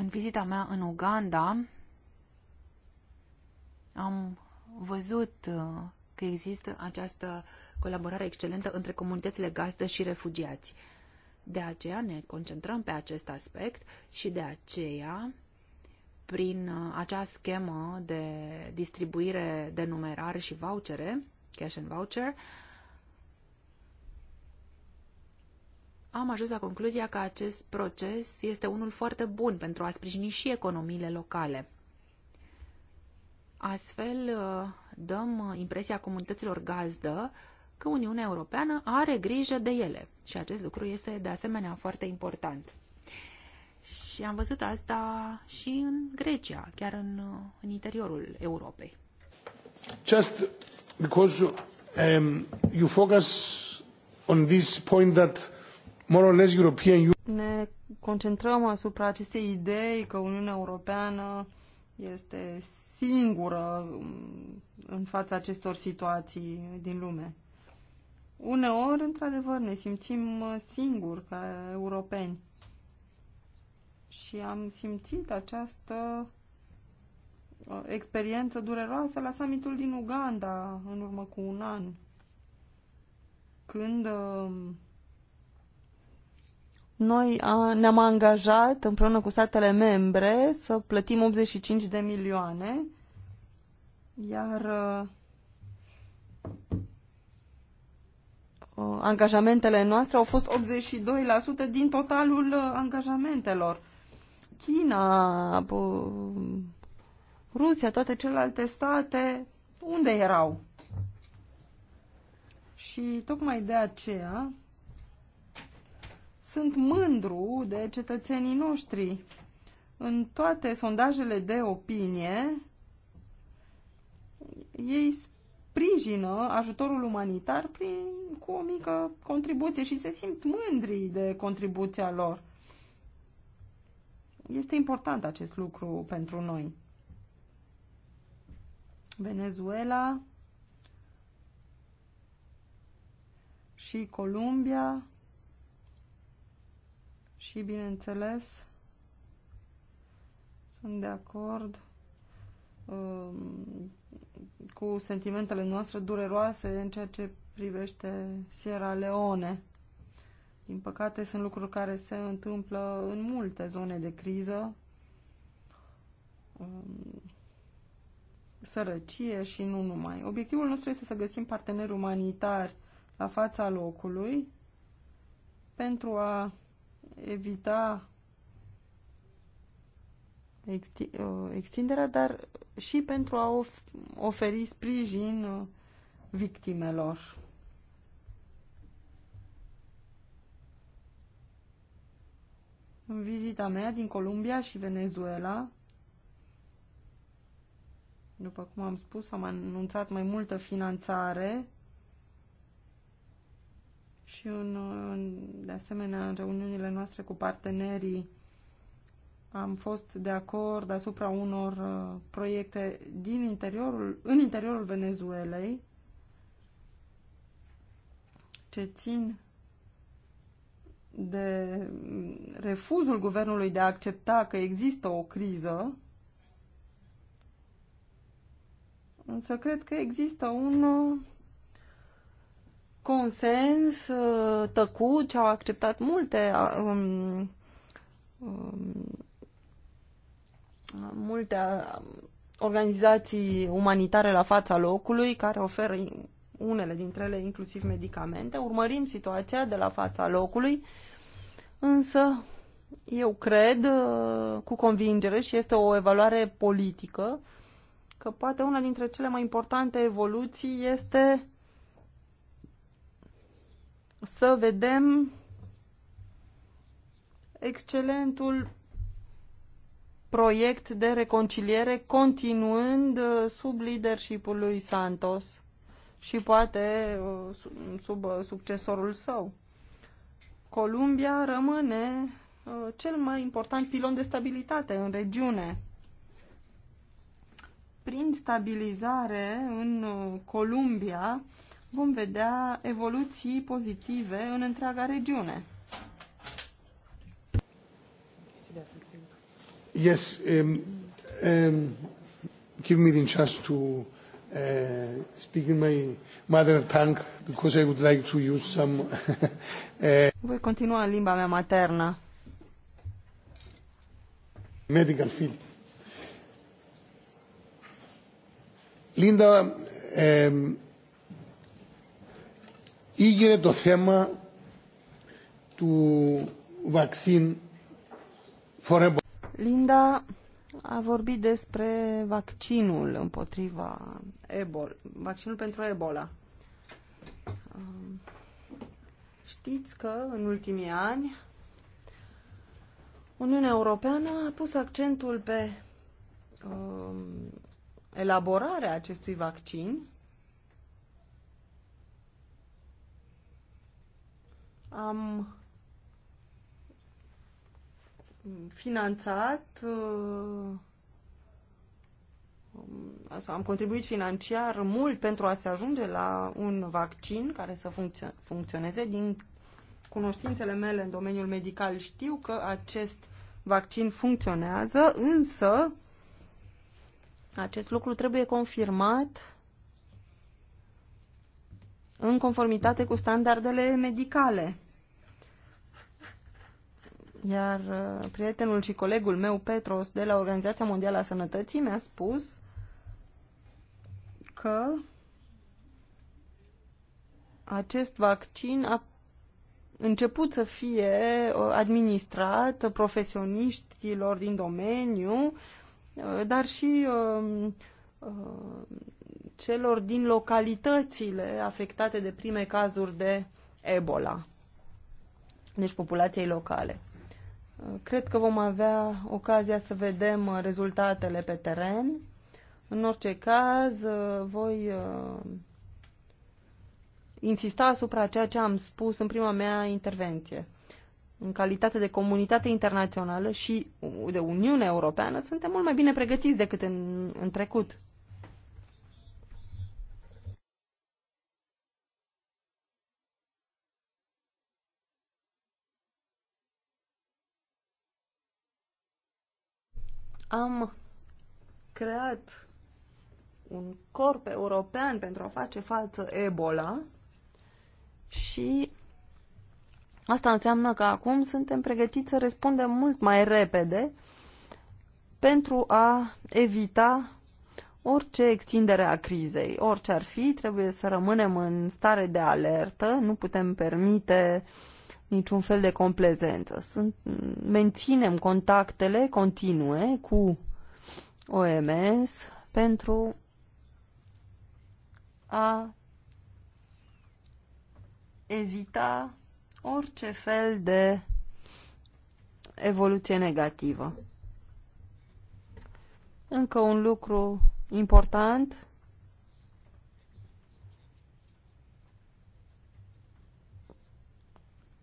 În vizita mea în Uganda am văzut uh, că există această colaborare excelentă între comunitățile gazdă și refugiați. De aceea ne concentrăm pe acest aspect și de aceea prin uh, acea schemă de distribuire de numerar și vouchere, cash and voucher, uh, am ajuns la concluzia că acest proces este unul foarte bun pentru a sprijini și economiile locale. Astfel, uh, dăm impresia comunităților gazdă că Uniunea Europeană are grijă de ele și acest lucru este de asemenea foarte important. Și am văzut asta și în Grecia, chiar în, uh, în interiorul Europei. Just because um, you focus on this point that more or less European Ne concentrăm asupra acestei idei că Uniunea Europeană este singură mm, în fața acestor situații din lume. Uneori, într-adevăr, ne simțim uh, singuri ca europeni. Și am simțit această uh, experiență dureroasă la summitul din Uganda în urmă cu un an, când uh, noi ne-am angajat împreună cu statele membre să plătim 85 de milioane, iar angajamentele noastre au fost 82% din totalul angajamentelor. China, Rusia, toate celelalte state, unde erau? Și tocmai de aceea sunt mândru de cetățenii noștri. În toate sondajele de opinie, ei sprijină ajutorul umanitar prin, cu o mică contribuție și se simt mândri de contribuția lor. Este important acest lucru pentru noi. Venezuela și Columbia și, bineînțeles, sunt de acord um, cu sentimentele noastre dureroase în ceea ce privește Sierra Leone. Din păcate, sunt lucruri care se întâmplă în multe zone de criză, um, sărăcie și nu numai. Obiectivul nostru este să găsim parteneri umanitari la fața locului pentru a evita uh, extinderea, dar și pentru a oferi sprijin uh, victimelor. În vizita mea din Columbia și Venezuela, după cum am spus, am anunțat mai multă finanțare și în, în, de asemenea în reuniunile noastre cu partenerii am fost de acord asupra unor uh, proiecte din interiorul, în interiorul Venezuelei ce țin de mm, refuzul guvernului de a accepta că există o criză, însă cred că există un uh, consens uh, tăcut și au acceptat multe uh, um, um, multe uh, organizații umanitare la fața locului care oferă unele dintre ele inclusiv medicamente. Urmărim situația de la fața locului, însă eu cred cu convingere și este o evaluare politică că poate una dintre cele mai importante evoluții este să vedem excelentul proiect de reconciliere continuând uh, sub leadershipul lui Santos și poate uh, sub uh, succesorul său. Columbia rămâne cel mai important pilon de stabilitate în regiune. Prin stabilizare în Columbia, vom vedea evoluții pozitive în întreaga regiune. Yes, um, um, give me the chance to uh, speak in my mother tongue because I would like to use some. (laughs) uh, Voi continua în limba mea maternă. Medical field. Linda, um, ήγηρε το θέμα του vaccin Linda a vorbit despre vaccinul împotriva Ebola, vaccinul pentru Ebola. Știți că în ultimii ani Uniunea Europeană a pus accentul pe um, elaborarea acestui vaccin Am finanțat uh, am contribuit financiar mult pentru a se ajunge la un vaccin care să funcționeze. Din cunoștințele mele în domeniul medical știu că acest vaccin funcționează, însă acest lucru trebuie confirmat în conformitate cu standardele medicale. Iar uh, prietenul și colegul meu, Petros, de la Organizația Mondială a Sănătății, mi-a spus că acest vaccin a început să fie uh, administrat profesioniștilor din domeniu, uh, dar și um, celor din localitățile afectate de prime cazuri de Ebola, deci populației locale. Cred că vom avea ocazia să vedem uh, rezultatele pe teren. În orice caz, uh, voi uh, insista asupra ceea ce am spus în prima mea intervenție. În calitate de comunitate internațională și de Uniune Europeană, suntem mult mai bine pregătiți decât în, în trecut Am creat un corp european pentru a face față Ebola și asta înseamnă că acum suntem pregătiți să răspundem mult mai repede pentru a evita orice extindere a crizei, orice ar fi, trebuie să rămânem în stare de alertă, nu putem permite uh, niciun fel de complezență. Sunt, menținem contactele continue cu OMS pentru a evita orice fel de evoluție negativă. Încă un lucru important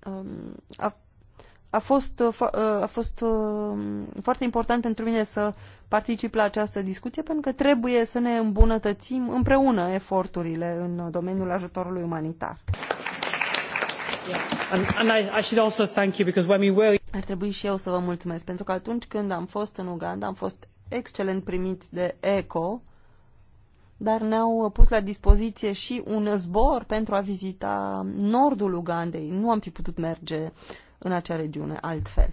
Um, a, a fost, uh, uh, a fost uh, foarte important pentru mine să particip la această discuție pentru că trebuie să ne îmbunătățim împreună eforturile în domeniul ajutorului umanitar. Ar trebui și eu să vă mulțumesc pentru că atunci când am fost în Uganda am fost excelent primiți de ECO, dar ne-au pus la dispoziție și un zbor pentru a vizita nordul Ugandei. Nu am fi putut merge în acea regiune altfel.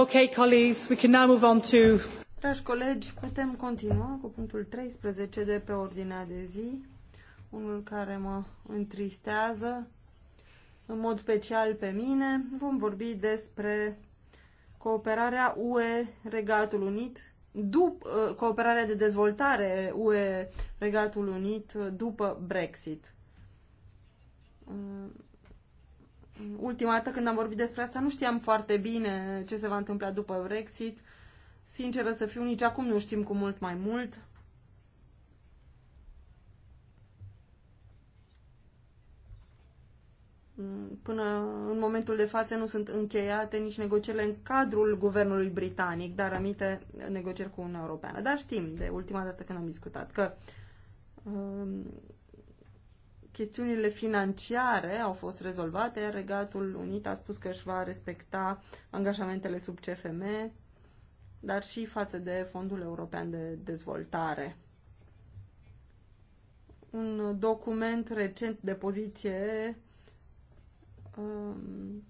Okay, colleagues, we can now move on to... Dragi colegi, putem continua cu punctul 13 de pe ordinea de zi, unul care mă întristează, în mod special pe mine. Vom vorbi despre cooperarea UE Regatul Unit, dup, ă, cooperarea de dezvoltare UE Regatul Unit după Brexit ă, ultima dată când am vorbit despre asta nu știam foarte bine ce se va întâmpla după Brexit. Sinceră să fiu, nici acum nu știm cu mult mai mult. Până în momentul de față nu sunt încheiate nici negocierile în cadrul guvernului britanic, dar amite negocieri cu Uniunea Europeană. Dar știm de ultima dată când am discutat că um, Chestiunile financiare au fost rezolvate. Regatul Unit a spus că își va respecta angajamentele sub CFM, dar și față de Fondul European de Dezvoltare. Un document recent de poziție um,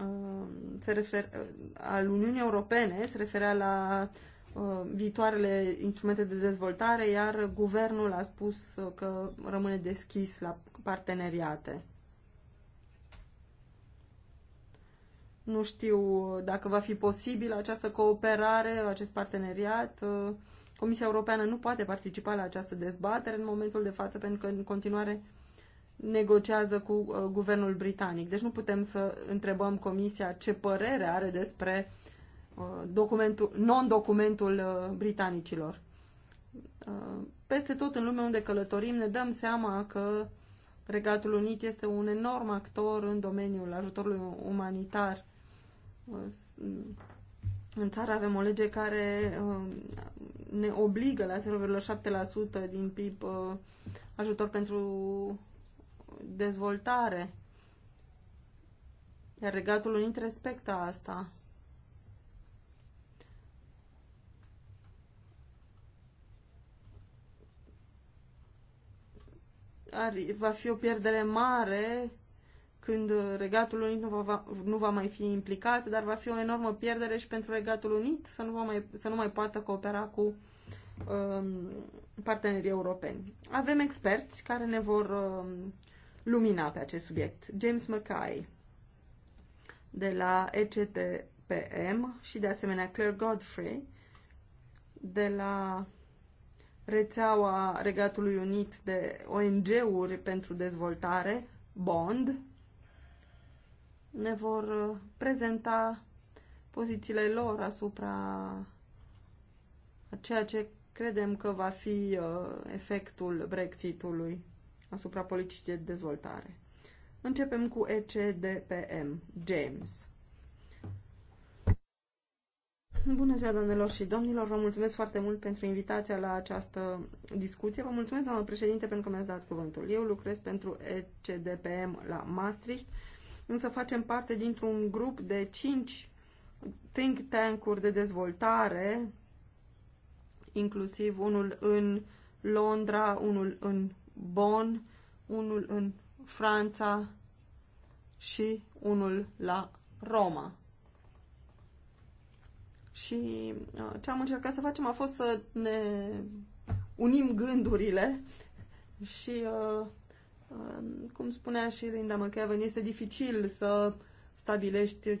um, se refer, al Uniunii Europene se referea la Uh, viitoarele instrumente de dezvoltare, iar guvernul a spus uh, că rămâne deschis la parteneriate. Nu știu dacă va fi posibil această cooperare, acest parteneriat. Uh, Comisia Europeană nu poate participa la această dezbatere în momentul de față, pentru că în continuare negociază cu guvernul britanic. Deci nu putem să întrebăm Comisia ce părere are despre uh, Uh, documentul, non-documentul uh, britanicilor. Uh, peste tot în lume unde călătorim ne dăm seama că Regatul Unit este un enorm actor în domeniul ajutorului umanitar. Mm, în țară avem o lege care ne obligă la 0,7% din PIB ajutor pentru dezvoltare. Iar Regatul Unit respectă asta. ar, va fi o pierdere mare când Regatul Unit nu va, nu va mai fi implicat, dar va fi o enormă pierdere și pentru Regatul Unit să nu, va mai, să nu mai poată coopera cu um, partenerii europeni. Avem experți care ne vor um, lumina pe acest subiect. James Mackay de la ECTPM și de asemenea Claire Godfrey de la rețeaua Regatului Unit de ONG-uri pentru dezvoltare, BOND, ne vor uh, prezenta pozițiile lor asupra ceea ce credem că va fi uh, efectul Brexitului asupra politicii de dezvoltare. Începem cu ECDPM, James. Bună ziua, domnilor și domnilor! Vă mulțumesc foarte mult pentru invitația la această discuție. Vă mulțumesc, doamnă președinte, pentru că mi-ați dat cuvântul. Eu lucrez pentru ECDPM la Maastricht, însă facem parte dintr-un grup de cinci think tank-uri de dezvoltare, inclusiv unul în Londra, unul în Bonn, unul în Franța și unul la Roma. Și uh, ce am încercat să facem a fost să ne unim gândurile și, uh, uh, cum spunea și Linda McEwen, este dificil să stabilești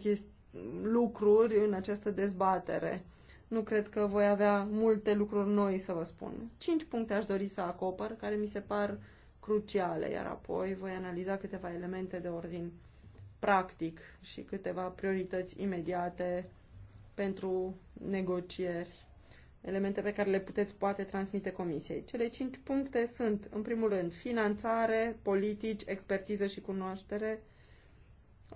lucruri în această dezbatere. Nu cred că voi avea multe lucruri noi să vă spun. Cinci puncte aș dori să acopăr, care mi se par cruciale, iar apoi voi analiza câteva elemente de ordin practic și câteva priorități imediate pentru negocieri, elemente pe care le puteți poate transmite comisiei. Cele cinci puncte sunt, în primul rând, finanțare, politici, expertiză și cunoaștere,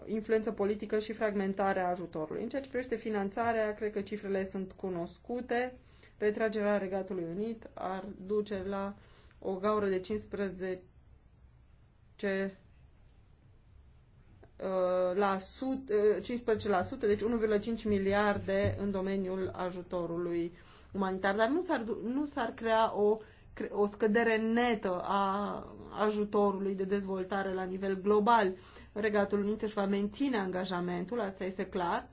influență politică și fragmentarea ajutorului. În ceea ce privește finanțarea, cred că cifrele sunt cunoscute. Retragerea Regatului Unit ar duce la o gaură de 15 Uh, la 15%, uh, deci 1,5 miliarde în domeniul ajutorului umanitar. Dar nu s-ar, nu s-ar crea o, o scădere netă a ajutorului de dezvoltare la nivel global. Regatul Unit își va menține angajamentul, asta este clar,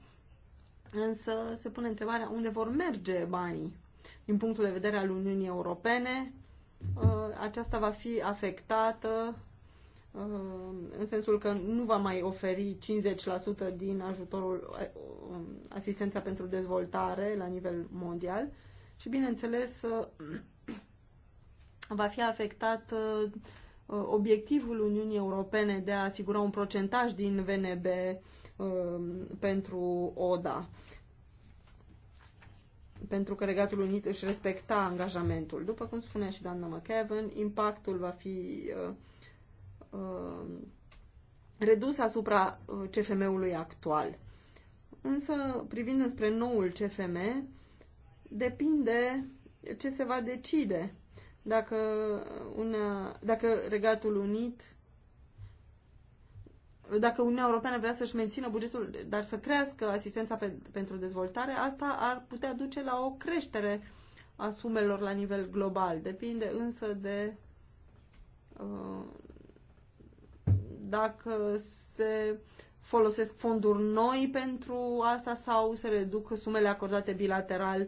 însă se pune întrebarea unde vor merge banii. Din punctul de vedere al Uniunii Europene, uh, aceasta va fi afectată în sensul că nu va mai oferi 50% din ajutorul um, asistența pentru dezvoltare la nivel mondial și, bineînțeles, va fi afectat uh, obiectivul Uniunii Europene de a asigura un procentaj din VNB um, pentru ODA pentru că Regatul Unit își respecta angajamentul. După cum spunea și doamna McEvan, impactul va fi uh, Um, redus asupra uh, CFM-ului actual. Însă, privind înspre noul CFM, depinde ce se va decide. Dacă, una, dacă Regatul Unit dacă Uniunea Europeană vrea să-și mențină bugetul, dar să crească asistența pe, pentru dezvoltare, asta ar putea duce la o creștere a sumelor la nivel global. Depinde însă de uh, dacă se folosesc fonduri noi pentru asta sau se reduc sumele acordate bilateral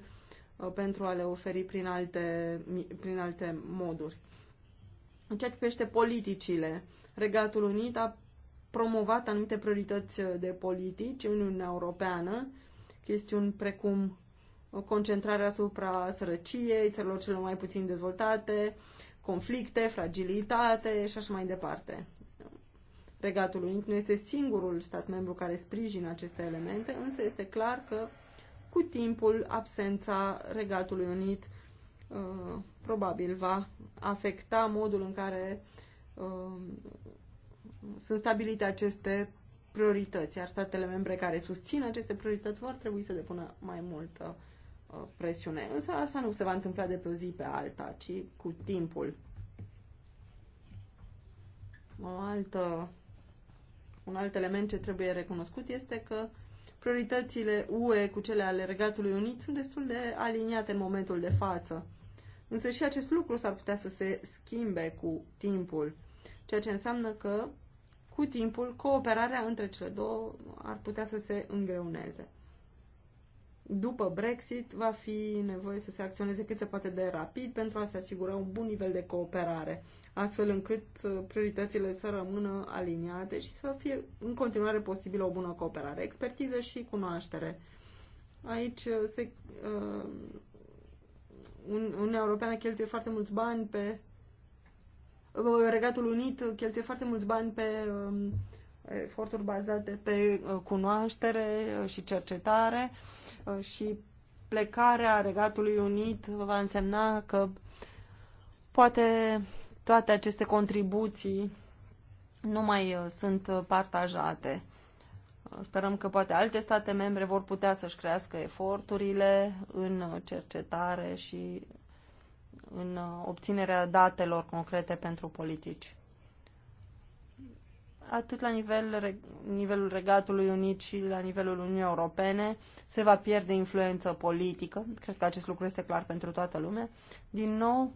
uh, pentru a le oferi prin alte, prin alte moduri. În ceea ce privește politicile, Regatul Unit a promovat anumite priorități uh, de politici în Uniunea Europeană, chestiuni precum uh, concentrarea asupra sărăciei, țărilor cele mai puțin dezvoltate, conflicte, fragilitate și așa mai departe. Regatul Unit nu este singurul stat membru care sprijină aceste elemente, însă este clar că cu timpul absența Regatului Unit uh, probabil va afecta modul în care uh, sunt stabilite aceste priorități, iar statele membre care susțin aceste priorități vor trebui să depună mai multă uh, presiune. Însă asta nu se va întâmpla de pe o zi pe alta, ci cu timpul. O altă un alt element ce trebuie recunoscut este că prioritățile UE cu cele ale Regatului Unit sunt destul de aliniate în momentul de față. Însă și acest lucru s-ar putea să se schimbe cu timpul, ceea ce înseamnă că cu timpul cooperarea între cele două ar putea să se îngreuneze după Brexit va fi nevoie să se acționeze cât se poate de rapid pentru a se asigura un bun nivel de cooperare, astfel încât uh, prioritățile să rămână aliniate și să fie în continuare posibilă o bună cooperare, expertiză și cunoaștere. Aici uh, se, uh, Uniunea Europeană cheltuie foarte mulți bani pe uh, Regatul Unit cheltuie foarte mulți bani pe uh, eforturi bazate pe uh, cunoaștere și cercetare. Uh, Uh, și plecarea Regatului Unit va însemna că poate toate aceste contribuții nu mai uh, sunt uh, partajate. Sperăm că poate alte state membre vor putea să-și crească eforturile în cercetare și în obținerea datelor concrete pentru politici atât la nivel, nivelul Regatului Unit și la nivelul Uniunii Europene se va pierde influență politică. Cred că acest lucru este clar pentru toată lumea. Din nou,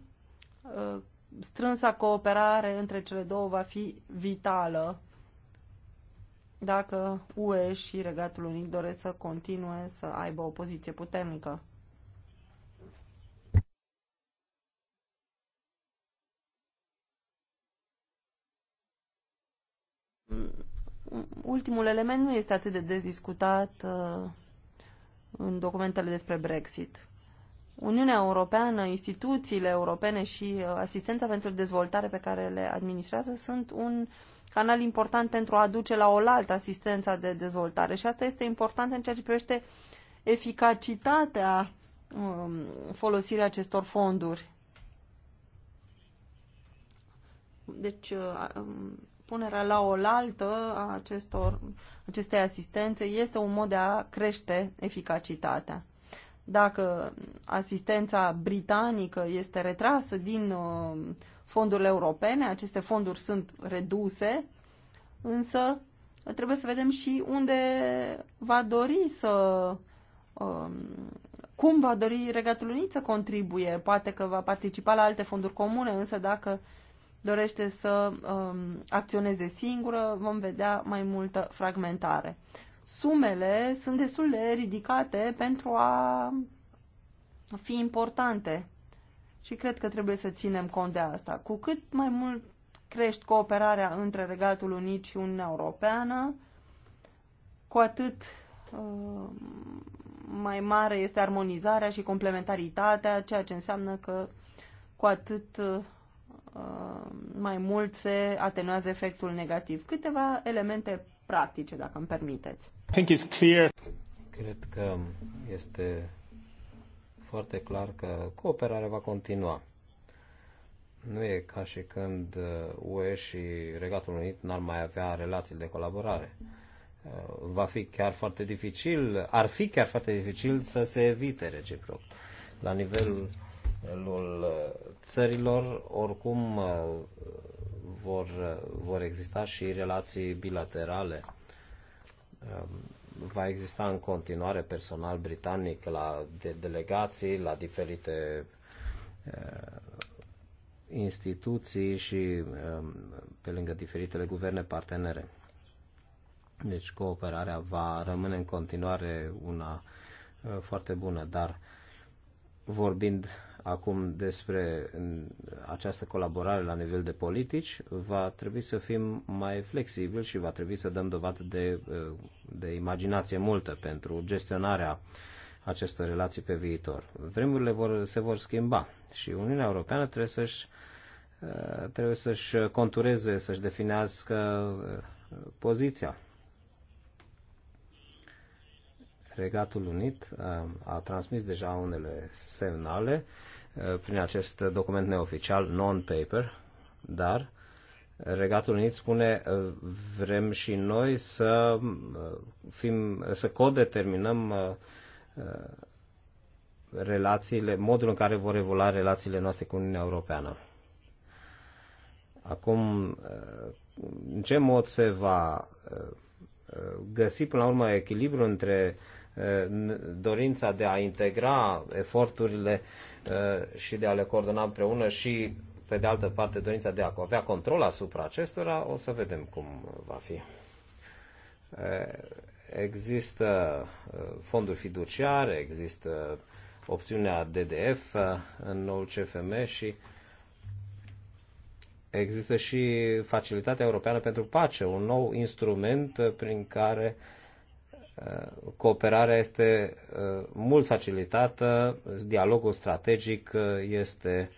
uh, strânsa cooperare între cele două va fi vitală dacă UE și Regatul Unit doresc să continue să aibă o poziție puternică. ultimul element nu este atât de deziscutat uh, în documentele despre Brexit. Uniunea Europeană, instituțiile europene și uh, asistența pentru dezvoltare pe care le administrează sunt un canal important pentru a aduce la oaltă asistența de dezvoltare și asta este important în ceea ce privește eficacitatea um, folosirii acestor fonduri. Deci, uh, um, punerea la oaltă a acestor, acestei asistențe este un mod de a crește eficacitatea. Dacă asistența britanică este retrasă din uh, fondurile europene, aceste fonduri sunt reduse, însă trebuie să vedem și unde va dori să um, cum va dori Regatul Unit să contribuie. Poate că va participa la alte fonduri comune, însă dacă dorește să um, acționeze singură, vom vedea mai multă fragmentare. Sumele sunt destul de ridicate pentru a fi importante și cred că trebuie să ținem cont de asta. Cu cât mai mult crești cooperarea între Regatul Unit și Uniunea Europeană, cu atât uh, mai mare este armonizarea și complementaritatea, ceea ce înseamnă că cu atât Uh, mai mult se atenuează efectul negativ. Câteva elemente practice, dacă îmi permiteți. I think it's clear. Cred că este foarte clar că cooperarea va continua. Nu e ca și când UE uh, și Regatul Unit n-ar mai avea relații de colaborare. Uh, va fi chiar foarte dificil, ar fi chiar foarte dificil să se evite reciproc. La nivelul nivelul uh, țărilor, oricum uh, vor, uh, vor exista și relații bilaterale. Um, va exista în continuare personal britanic la de delegații, la diferite instituții și um, pe lângă diferitele guverne partenere. Deci cooperarea va rămâne în continuare una foarte bună, dar vorbind acum despre această colaborare la nivel de politici, va trebui să fim mai flexibili și va trebui să dăm dovadă de, uh, de imaginație multă pentru gestionarea acestor relații pe viitor. Vremurile vor, se vor schimba și Uniunea Europeană trebuie să-și uh, trebuie să-și contureze, să-și definească uh, poziția Regatul Unit uh, a transmis deja unele semnale uh, prin acest document neoficial, non-paper, dar Regatul Unit spune uh, vrem și noi să fim, să codeterminăm relațiile, modul în care vor evolua relațiile noastre cu Uniunea Europeană. Acum, în ce mod se va găsi până la urmă echilibru între dorința de a integra eforturile uh, și de a le coordona împreună și, pe de altă parte, dorința de a avea control asupra acestora, o să vedem cum va fi. Uh, există uh, fonduri fiduciare, există opțiunea DDF în noul CFM și există și Facilitatea Europeană pentru Pace, un nou instrument prin care uh, Uh, cooperarea este uh, mult facilitată, dialogul strategic uh, este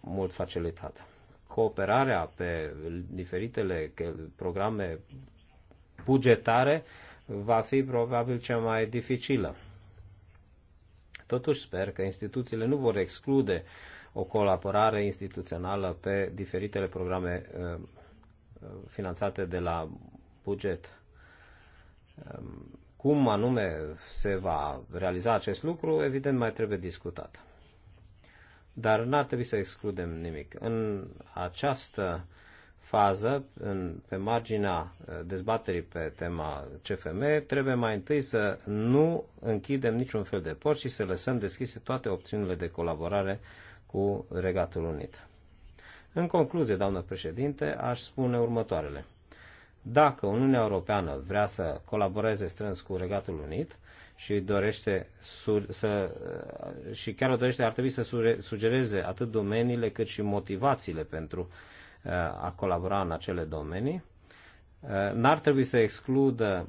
mult facilitat. Cooperarea pe diferitele programe bugetare va fi probabil cea mai dificilă. Totuși sper că instituțiile nu vor exclude o colaborare instituțională pe diferitele programe finanțate de la buget Ehm, cum anume se va realiza acest lucru, evident mai trebuie discutat. Dar n-ar trebui să excludem nimic. În această fază, în, pe marginea eh, dezbaterii pe tema CFM, trebuie mai întâi să nu închidem niciun fel de port și să lăsăm deschise toate opțiunile de colaborare cu Regatul Unit. În concluzie, doamnă președinte, aș spune următoarele. Dacă Uniunea Europeană vrea să colaboreze strâns cu Regatul Unit și dorește să, uh, și chiar o dorește, ar trebui să sugereze atât domeniile cât și motivațiile pentru uh, a colabora în acele domenii. Uh, n-ar trebui să excludă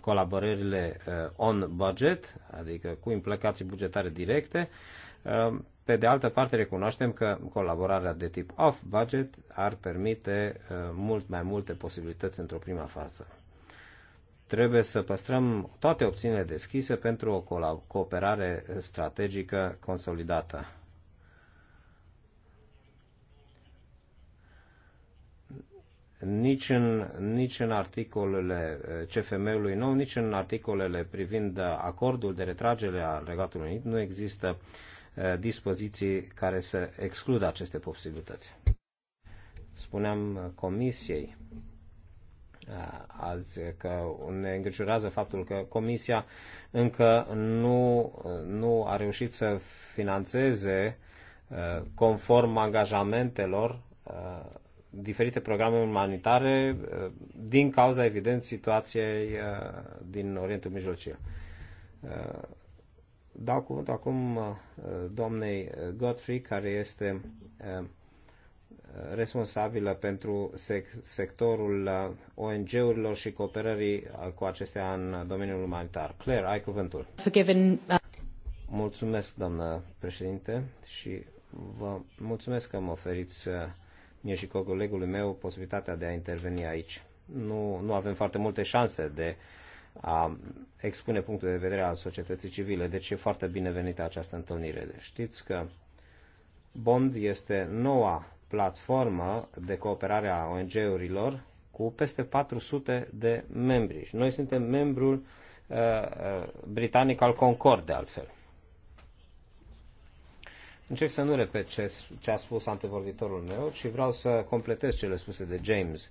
colaborările on budget, adică cu implicații bugetare directe, pe de altă parte, recunoaștem că colaborarea de tip off-budget ar permite uh, mult mai multe posibilități într-o prima fază. Trebuie să păstrăm toate opțiunile deschise pentru o cooperare strategică consolidată. nici în, nici în articolele uh, CFM-ului nou, nici în articolele privind uh, acordul de retragere al Regatului Unit nu există Uh, dispoziții care să excludă aceste posibilități. Spuneam uh, comisiei uh, azi că ne îngrijorează faptul că comisia încă nu, nu a reușit să financeze conform angajamentelor diferite programe umanitare din cauza, evident, situației din Orientul Mijlociu. Dau cuvântul acum uh, doamnei Godfrey, care este uh, responsabilă pentru sec- sectorul uh, ONG-urilor și cooperării cu acestea în domeniul umanitar. Claire, ai cuvântul. Mulțumesc, doamnă președinte, și vă mulțumesc că mă oferiți mie și colegului meu posibilitatea de a interveni aici. Nu, nu avem foarte multe șanse de a expune punctul de vedere al societății civile. Deci e foarte binevenită această întâlnire. Deci știți că Bond este noua platformă de cooperare a ONG-urilor cu peste 400 de membri. Și noi suntem membrul uh, uh, britanic al Concord, de altfel. Încerc să nu repet ce, ce a spus antevorbitorul meu, ci vreau să completez cele spuse de James.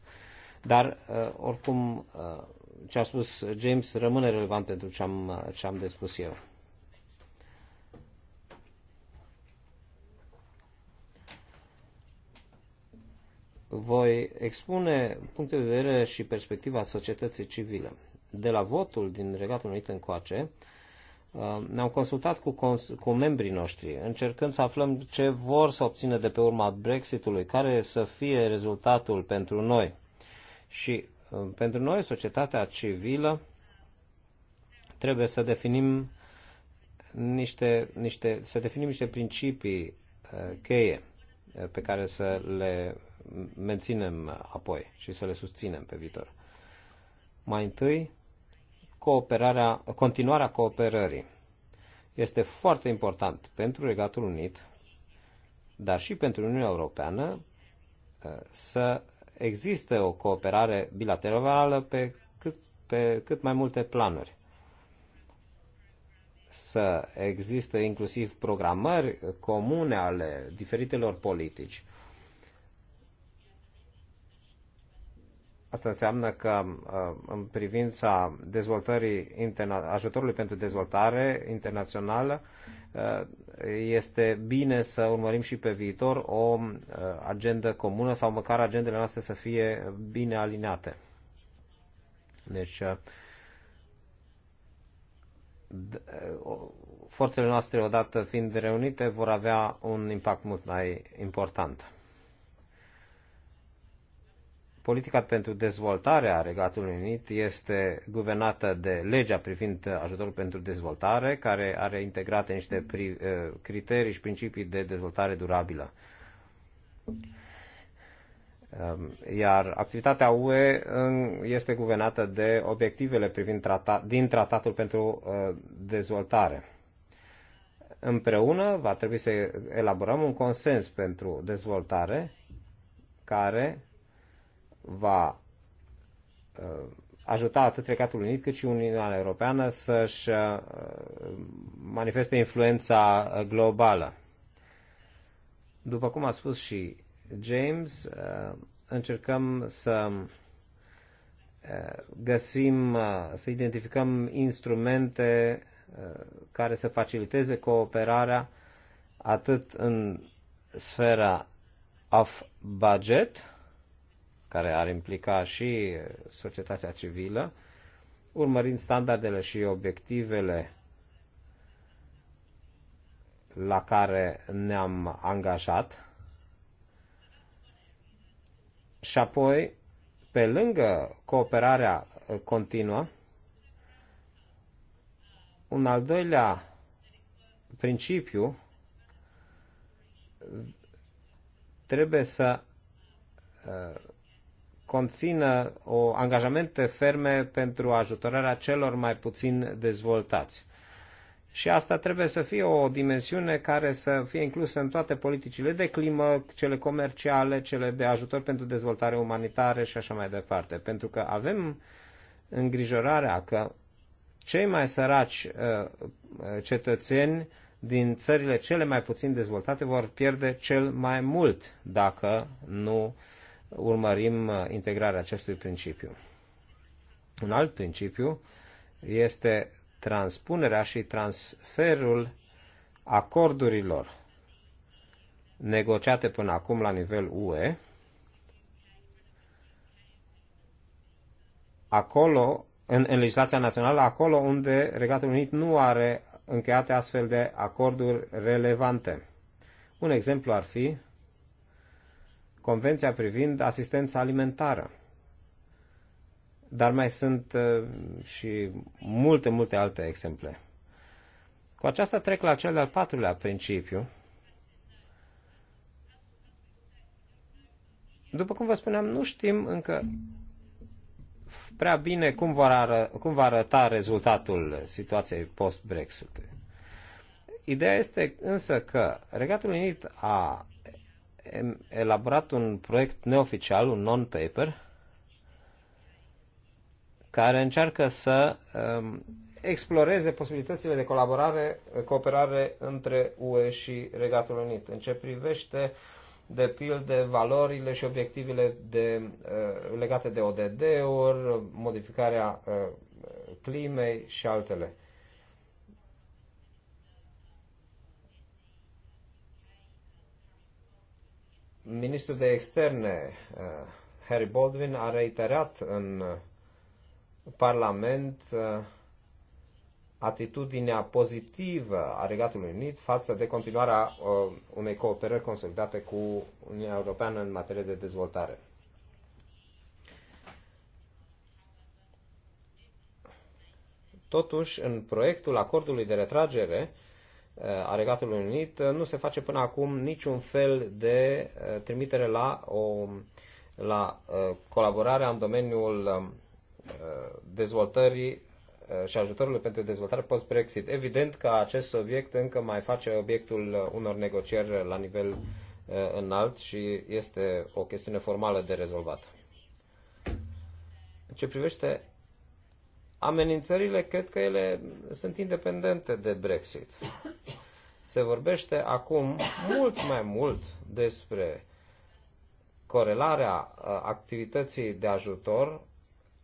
Dar, uh, oricum, uh, ce a spus James rămâne relevant pentru ce am, ce am de spus eu. Voi expune puncte de vedere și perspectiva societății civile. De la votul din Regatul Unit în Coace, uh, ne-am consultat cu, cons- cu membrii noștri, încercând să aflăm ce vor să obțină de pe urma Brexitului, care să fie rezultatul pentru noi. Și pentru noi, societatea civilă, trebuie să definim niște, niște, să definim niște principii uh, cheie uh, pe care să le menținem apoi și să le susținem pe viitor. Mai întâi, cooperarea, continuarea cooperării. Este foarte important pentru Regatul Unit, dar și pentru Uniunea Europeană, uh, să există o cooperare bilaterală pe cât, pe cât mai multe planuri. Să există inclusiv programări comune ale diferitelor politici. Asta înseamnă că uh, în privința dezvoltării ajutorului pentru dezvoltare internațională Uh, este bine să urmărim și pe viitor o uh, agendă comună sau măcar agendele noastre să fie bine aliniate. Deci, uh, forțele noastre, odată fiind reunite, vor avea un impact mult mai important politica pentru dezvoltare a Regatului Unit este guvernată de legea privind ajutorul pentru dezvoltare, care are integrate niște eh, criterii și principii de dezvoltare durabilă. Ehm, iar activitatea UE este guvernată de obiectivele privind trata, din Tratatul pentru eh, Dezvoltare. Împreună va trebui să elaborăm un consens pentru dezvoltare care va uh, ajuta atât Regatul Unit cât și Uniunea Europeană să-și uh, manifeste influența globală. După cum a spus și James, uh, încercăm să găsim, să identificăm instrumente care să faciliteze cooperarea atât în sfera of budget, care ar implica și societatea civilă, urmărind standardele și obiectivele la care ne-am angajat și apoi, pe lângă cooperarea continuă, un al doilea principiu trebuie să uh, conțină o angajamente ferme pentru ajutorarea celor mai puțin dezvoltați. Și asta trebuie să fie o dimensiune care să fie inclusă în toate politicile de climă, cele comerciale, cele de ajutor pentru dezvoltare umanitară și așa mai departe. Pentru că avem îngrijorarea că cei mai săraci uh, uh, cetățeni din țările cele mai puțin dezvoltate vor pierde cel mai mult dacă nu urmărim uh, integrarea acestui principiu. Un alt principiu este transpunerea și transferul acordurilor negociate până acum la nivel UE, acolo, în, în legislația națională, acolo unde Regatul Unit nu are încheiate astfel de acorduri relevante. Un exemplu ar fi Convenția privind asistența alimentară. Dar mai sunt uh, și multe, multe alte exemple. Cu aceasta trec la cel de-al patrulea principiu. După cum vă spuneam, nu știm încă prea bine cum, vor ară, cum va arăta rezultatul situației post-Brexit. Ideea este însă că Regatul Unit a elaborat un proiect neoficial, un non-paper, care încearcă să um, exploreze posibilitățile de colaborare, cooperare între UE și Regatul Unit. În ce privește, de pildă, valorile și obiectivele de, uh, legate de ODD-uri, modificarea uh, climei și altele. Ministrul de Externe, uh, Harry Baldwin, a reiterat în uh, Parlament uh, atitudinea pozitivă a Regatului Unit față de continuarea unei cooperări consolidate cu Uniunea Europeană în materie de dezvoltare. Totuși, în proiectul acordului de retragere, a Regatului Unit, nu se face până acum niciun fel de uh, trimitere la, o, la uh, colaborarea în domeniul um, uh, dezvoltării și ajutorului pentru dezvoltare post-Brexit. Evident că acest subiect încă mai face obiectul unor negocieri la nivel înalt și este o chestiune formală de rezolvat. În ce privește amenințările cred că ele sunt independente de Brexit. Se vorbește acum mult mai mult despre corelarea uh, activității de ajutor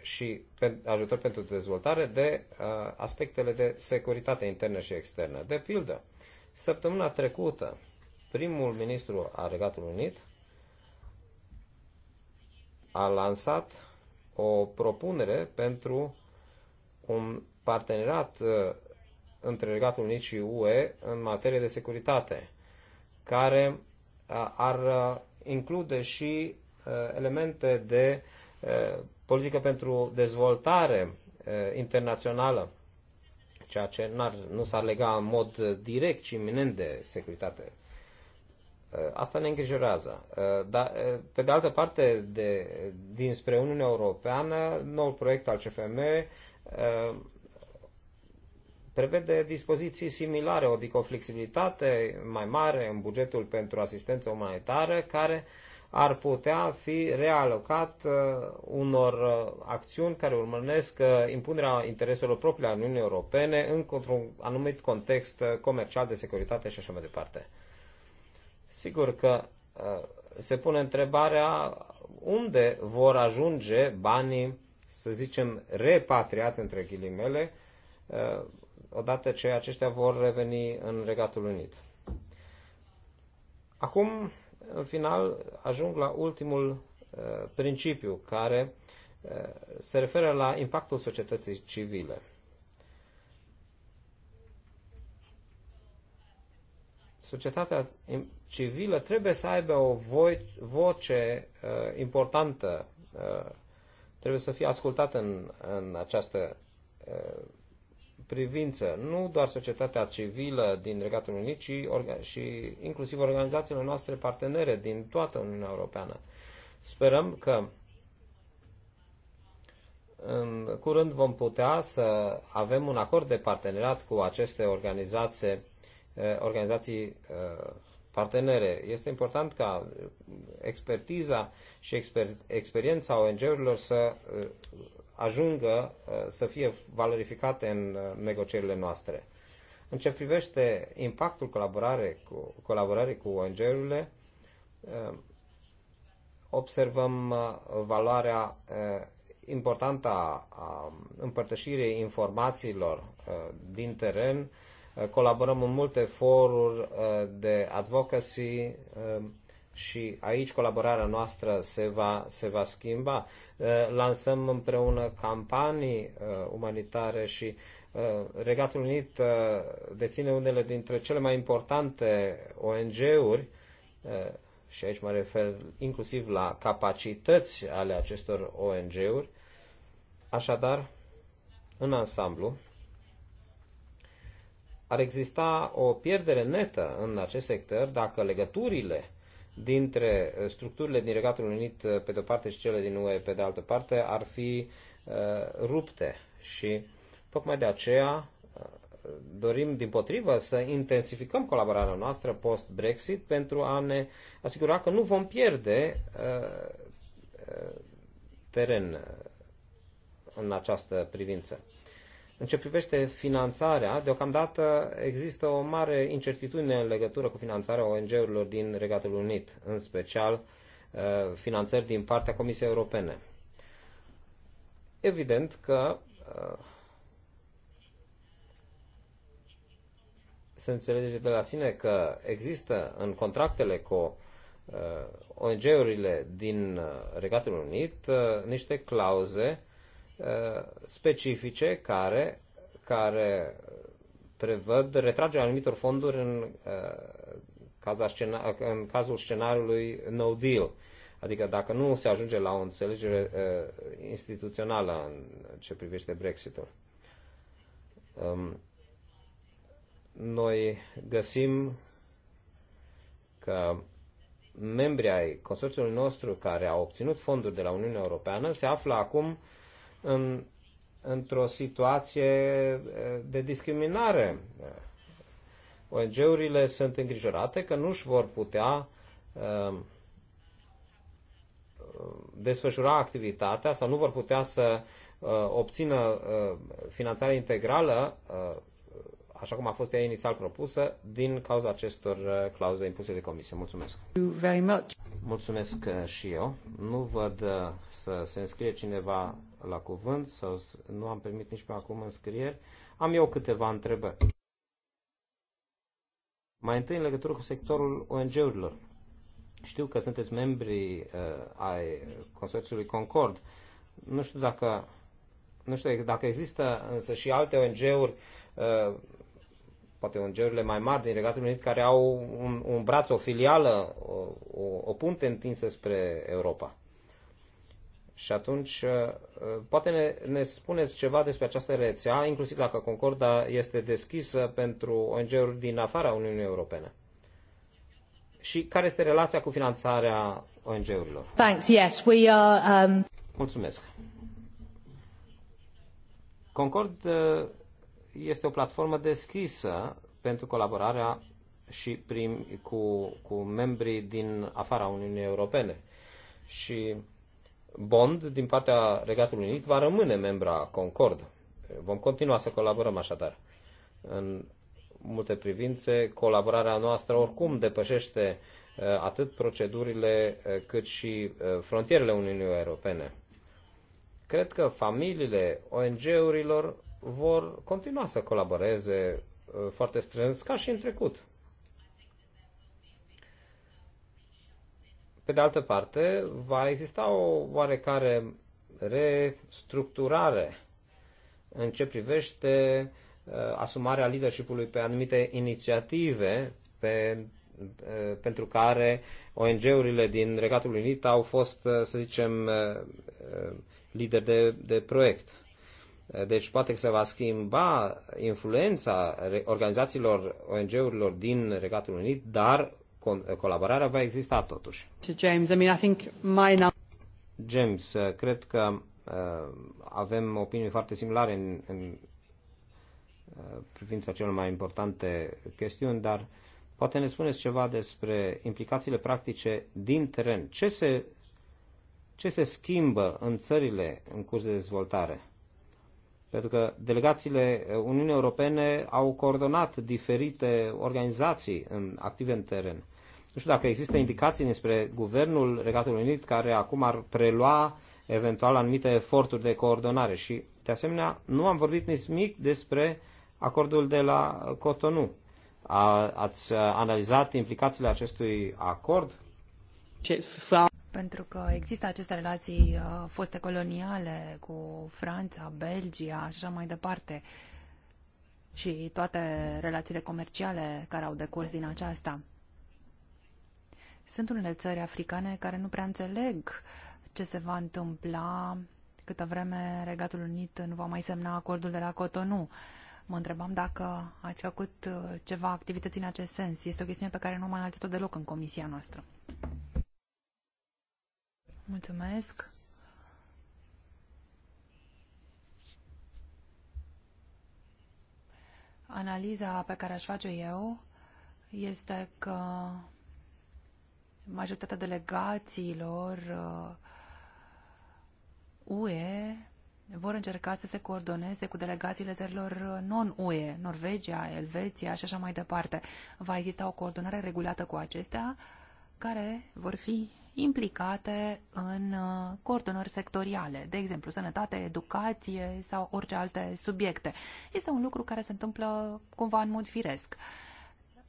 și ajutor pentru dezvoltare de uh, aspectele de securitate internă și externă. De pildă, săptămâna trecută, primul ministru al Regatului Unit a lansat o propunere pentru un parteneriat uh, între Regatul Unit și UE în materie de securitate, care uh, ar uh, include și elemente de politică pentru dezvoltare internațională, ceea ce nu s-ar lega în mod direct și iminent de securitate. Asta ne îngrijorează. Dar, pe de altă parte, de, dinspre Uniunea Europeană, noul proiect al CFM prevede dispoziții similare, adică o flexibilitate mai mare în bugetul pentru asistență umanitară, care ar putea fi realocat uh, unor uh, acțiuni care urmăresc uh, impunerea intereselor proprii ale Uniunii Europene într-un anumit context comercial, de securitate și așa mai departe. Sigur că se pune întrebarea unde vor ajunge banii să zicem, repatriați între ghilimele, uh, odată ce aceștia vor reveni în Regatul Unit. Acum, în final, ajung la ultimul uh, principiu care uh, se referă la impactul societății civile. Societatea civilă trebuie să aibă o voce importantă trebuie să fie ascultat în, în această privință, nu doar societatea civilă din Regatul Unit, ci orga- și inclusiv organizațiile noastre partenere din toată Uniunea Europeană. Sperăm că în curând vom putea să avem un acord de parteneriat cu aceste organizații, organizații partenere. Este important ca uh, expertiza și exper- experiența ONG-urilor să uh, ajungă uh, să fie valorificate în negocierile noastre. În ce privește impactul colaborare cu, colaborării cu ONG-urile, observăm valoarea importantă a împărtășirii informațiilor din teren, Colaborăm în multe foruri uh, de advocacy um, și aici colaborarea noastră se va, se va schimba. Uh, lansăm împreună campanii uh, umanitare și Regatul Unit deține unele dintre cele mai importante ONG-uri și aici mă refer inclusiv la capacități ale acestor ONG-uri. Așadar, în ansamblu, ar exista o pierdere netă în acest sector dacă legăturile dintre eh, structurile din Regatul Unit eh, pe de-o parte și cele din UE pe de altă parte ar fi uh, rupte și tocmai de aceea dorim din potrivă să intensificăm colaborarea noastră post-Brexit pentru a ne asigura că nu vom pierde uh, teren în această privință. În ce privește finanțarea, deocamdată există o mare incertitudine în legătură cu finanțarea ONG-urilor din Regatul Unit, în special uh, finanțări din partea Comisiei Europene. Evident că uh, se înțelege de la sine că există în contractele cu uh, ONG-urile din Regatul Unit niște clauze uh, Uh, specifice care, care prevăd retragerea anumitor fonduri în, uh, în cazul scenariului no deal. Adică dacă nu se ajunge la o înțelegere uh, instituțională în ce privește Brexitul. Um, noi găsim că membrii ai consorțiului nostru care au obținut fonduri de la Uniunea Europeană se află acum uh, în, într-o situație de discriminare. ONG-urile sunt îngrijorate că nu își vor putea desfășura activitatea sau nu vor putea să obțină finanțare integrală, așa cum a fost ea inițial propusă, din cauza acestor clauze impuse de comisie. Mulțumesc! Mulțumesc și eu. Nu văd să se înscrie cineva la cuvânt sau nu am primit nici pe acum înscrieri, am eu câteva întrebări. Mai întâi în legătură cu sectorul ONG-urilor. Știu că sunteți membri uh, ai Consorțiului Concord. Nu știu dacă nu știu dacă există însă și alte ONG-uri, uh, poate ONG-urile mai mari din Regatul Unit, care au un, un braț, o filială, o, o, o punte întinsă spre Europa. Și atunci, uh, uh, poate ne, ne spuneți ceva despre această rețea, inclusiv dacă Concorda este deschisă pentru ONG-uri din afara Uniunii Europene. Și care este relația cu finanțarea ONG-urilor? Thanks, yes, we are, um... Mulțumesc. Concord uh, este o platformă deschisă pentru colaborarea și prim, cu, cu membrii din afara Uniunii Europene. Și Bond din partea Regatului Unit va rămâne membra Concord. Vom continua să colaborăm așadar. În multe privințe, colaborarea noastră oricum depășește eh, atât procedurile eh, cât și eh, frontierele Uniunii Europene. Cred că familiile ONG-urilor vor continua să colaboreze foarte strâns, ca și în trecut. Pe de altă parte, va exista o oarecare restructurare în ce privește uh, asumarea leadership-ului pe anumite inițiative pe, uh, pentru care ONG-urile din Regatul Unit au fost, uh, să zicem, lideri de, de proiect. Deci poate că se va schimba influența organizațiilor ONG-urilor din Regatul Unit, dar colaborarea va exista totuși. James, I mean, I think my... James, uh, cred că uh, avem opinii foarte similare în, în uh, privința cel mai importante chestiuni, dar poate ne spuneți ceva despre implicațiile practice din teren. Ce se, ce se schimbă în țările în curs de dezvoltare? Pentru că delegațiile Uniunii Europene au coordonat diferite organizații în, active în teren. Nu știu dacă există indicații despre guvernul Regatului Unit care acum ar prelua eventual anumite eforturi de coordonare și, de asemenea, nu am vorbit nici mic despre acordul de la Cotonou. A, ați analizat implicațiile acestui acord? Pentru că există aceste relații uh, foste coloniale cu Franța, Belgia și așa mai departe și toate relațiile comerciale care au decurs din aceasta. Sunt unele țări africane care nu prea înțeleg ce se va întâmpla câtă vreme Regatul Unit nu va mai semna acordul de la Cotonou. Mă întrebam dacă ați făcut uh, ceva activități în acest sens. Este o chestiune pe care nu am analizat-o deloc în comisia noastră. Mulțumesc. Analiza pe care aș face eu este că majoritatea delegațiilor UE uh, vor încerca să se coordoneze cu delegațiile țărilor uh, non-UE, Norvegia, Elveția și așa mai departe. Va exista o coordonare regulată cu acestea, care vor fi implicate în uh, coordonări sectoriale, de exemplu sănătate, educație sau orice alte subiecte. Este un lucru care se întâmplă cumva în mod firesc. Uh,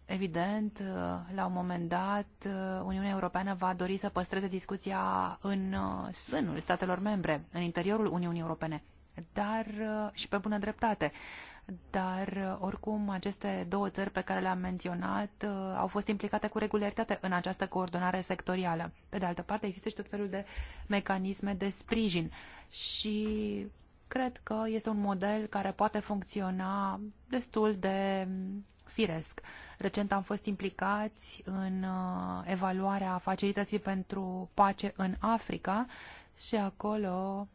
Evident, uh, la un moment dat, uh, Uniunea Europeană va dori să păstreze discuția în uh, sânul statelor membre, în interiorul Uniunii Europene, dar și pe bună dreptate. Dar, oricum, aceste două țări pe care le-am menționat au fost implicate cu regularitate în această coordonare sectorială. Pe de altă parte, există și tot felul de mecanisme de sprijin și cred că este un model care poate funcționa destul de Firesc, recent am fost implicați în uh, evaluarea facilității pentru pace în Africa și acolo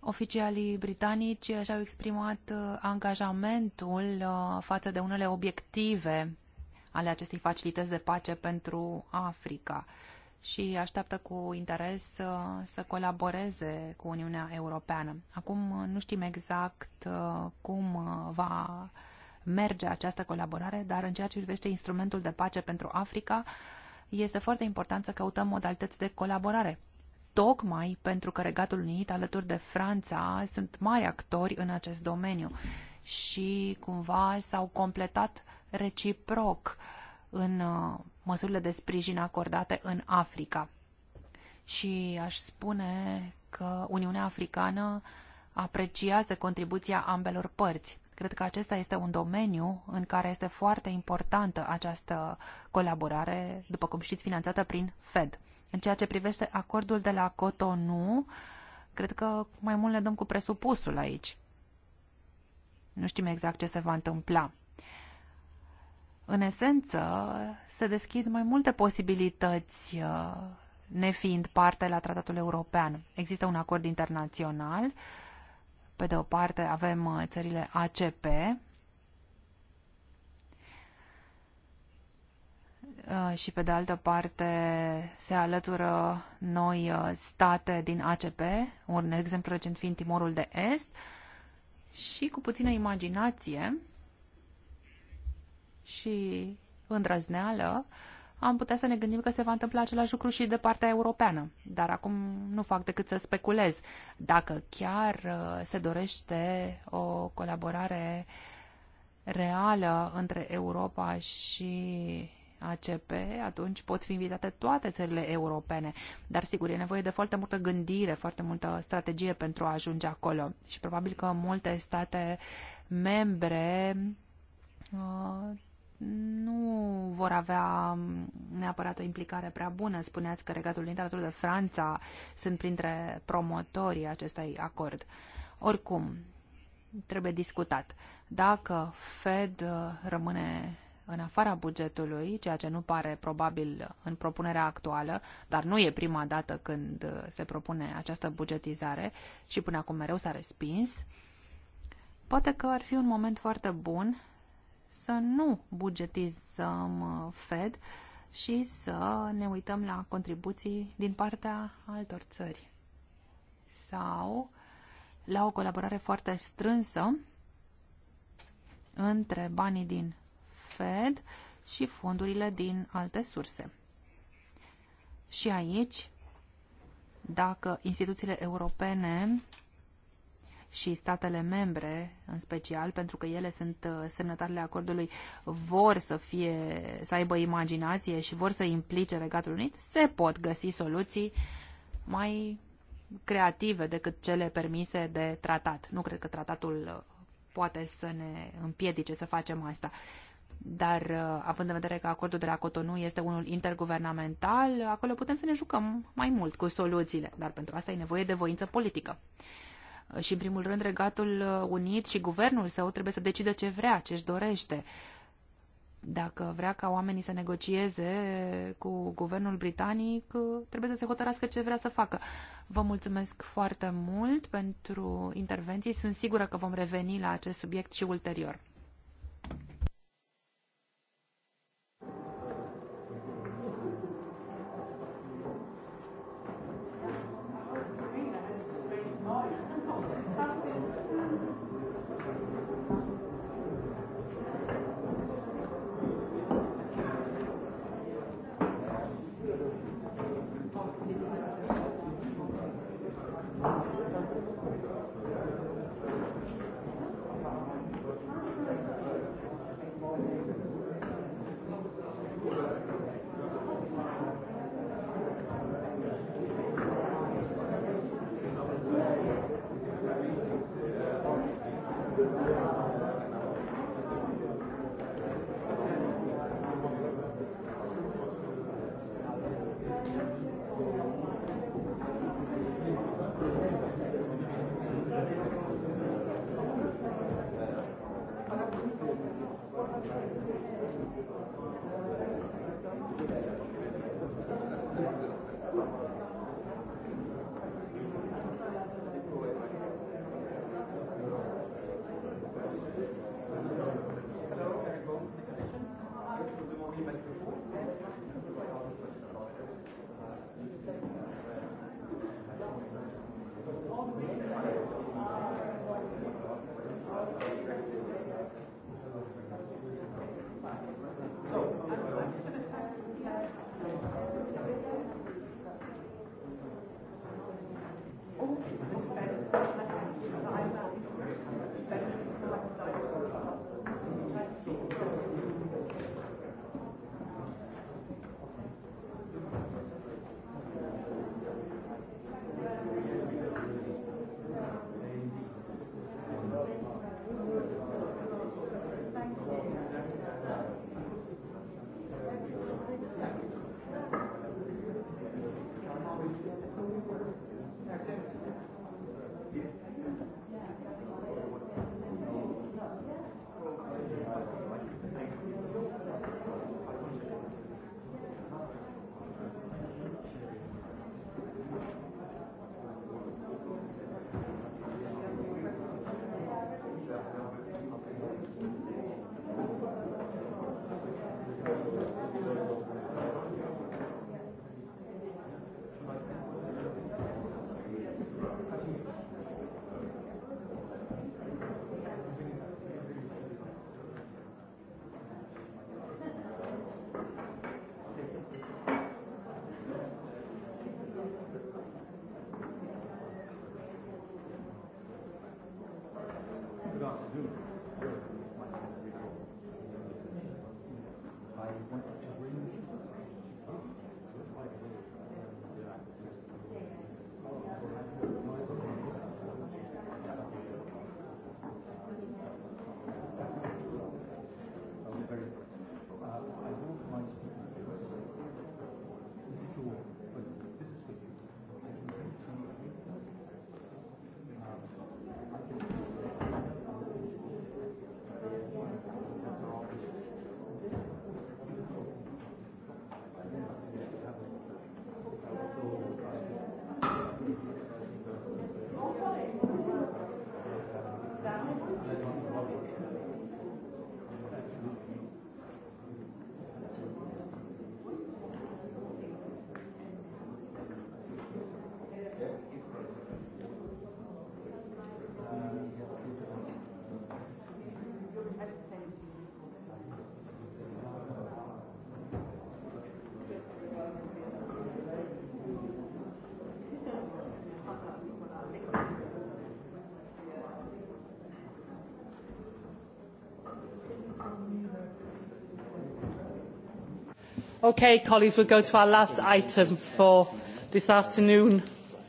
oficialii britanici și-au exprimat uh, angajamentul uh, față de unele obiective ale acestei facilități de pace pentru Africa și așteaptă cu interes uh, să colaboreze cu Uniunea Europeană. Acum uh, nu știm exact uh, cum va merge această colaborare, dar în ceea ce privește instrumentul de pace pentru Africa, este foarte important să căutăm modalități de colaborare. Tocmai pentru că Regatul Unit, alături de Franța, sunt mari actori în acest domeniu și cumva s-au completat reciproc uh, în uh, măsurile de sprijin acordate în Africa. Și aș spune că Uniunea Africană apreciază contribuția ambelor părți. Cred că acesta este un domeniu în care este foarte importantă această colaborare, după cum știți, finanțată prin Fed. În ceea ce privește acordul de la Cotonou, cred că mai mult le dăm cu presupusul aici. Nu știm exact ce se va întâmpla în esență, se deschid mai multe posibilități uh, nefiind parte la tratatul european. Există un acord internațional, pe de o parte avem uh, țările ACP, uh, și pe de altă parte se alătură noi state din ACP, un exemplu recent fiind Timorul de Est, și cu puțină imaginație și îndrăzneală, am putea să ne gândim că se va întâmpla același lucru și de partea europeană. Dar acum nu fac decât să speculez dacă chiar uh, se dorește o colaborare reală între Europa și ACP, atunci pot fi invitate toate țările europene. Dar sigur, e nevoie de foarte multă gândire, foarte multă strategie pentru a ajunge acolo. Și probabil că multe state membre uh, nu vor avea neapărat o implicare prea bună. Spuneați că Regatul Unit alături de Franța sunt printre promotorii acestui acord. Oricum, trebuie discutat. Dacă Fed rămâne în afara bugetului, ceea ce nu pare probabil în propunerea actuală, dar nu e prima dată când se propune această bugetizare și până acum mereu s-a respins, poate că ar fi un moment foarte bun să nu bugetizăm uh, Fed și să ne uităm la contribuții din partea altor țări sau la o colaborare foarte strânsă între banii din Fed și fondurile din alte surse. Și aici, dacă instituțiile europene și statele membre, în special, pentru că ele sunt uh, semnătarele acordului, vor să, fie, să aibă imaginație și vor să implice Regatul Unit, se pot găsi soluții mai creative decât cele permise de tratat. Nu cred că tratatul uh, poate să ne împiedice să facem asta. Dar uh, având în vedere că acordul de la Cotonou este unul interguvernamental, acolo putem să ne jucăm mai mult cu soluțiile, dar pentru asta e nevoie de voință politică și, în primul rând, Regatul Unit și guvernul său trebuie să decidă ce vrea, ce își dorește. Dacă vrea ca oamenii să negocieze cu guvernul britanic, trebuie să se hotărască ce vrea să facă. Vă mulțumesc foarte mult pentru intervenții. Sunt sigură că vom reveni la acest subiect și ulterior. Okay, colleagues, we'll go to our last item for this afternoon.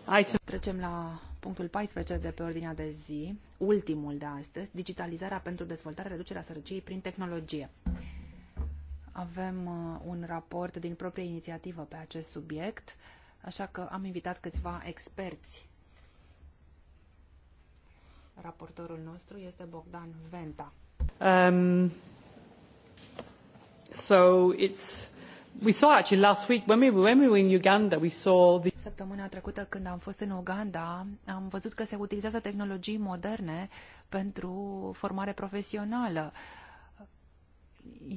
Item... Trecem la punctul 14 de pe ordinea de zi, ultimul de astăzi, digitalizarea pentru dezvoltare, reducerea sărăciei prin tehnologie. Avem uh, un raport din proprie inițiativă pe acest subiect, așa că am invitat câțiva experți. Raportorul nostru este Bogdan Venta. Um, so it's we saw actually last week when we, when we were in Uganda, we saw the... Săptămâna trecută când am fost în Uganda, am văzut că se utilizează tehnologii moderne pentru formare profesională.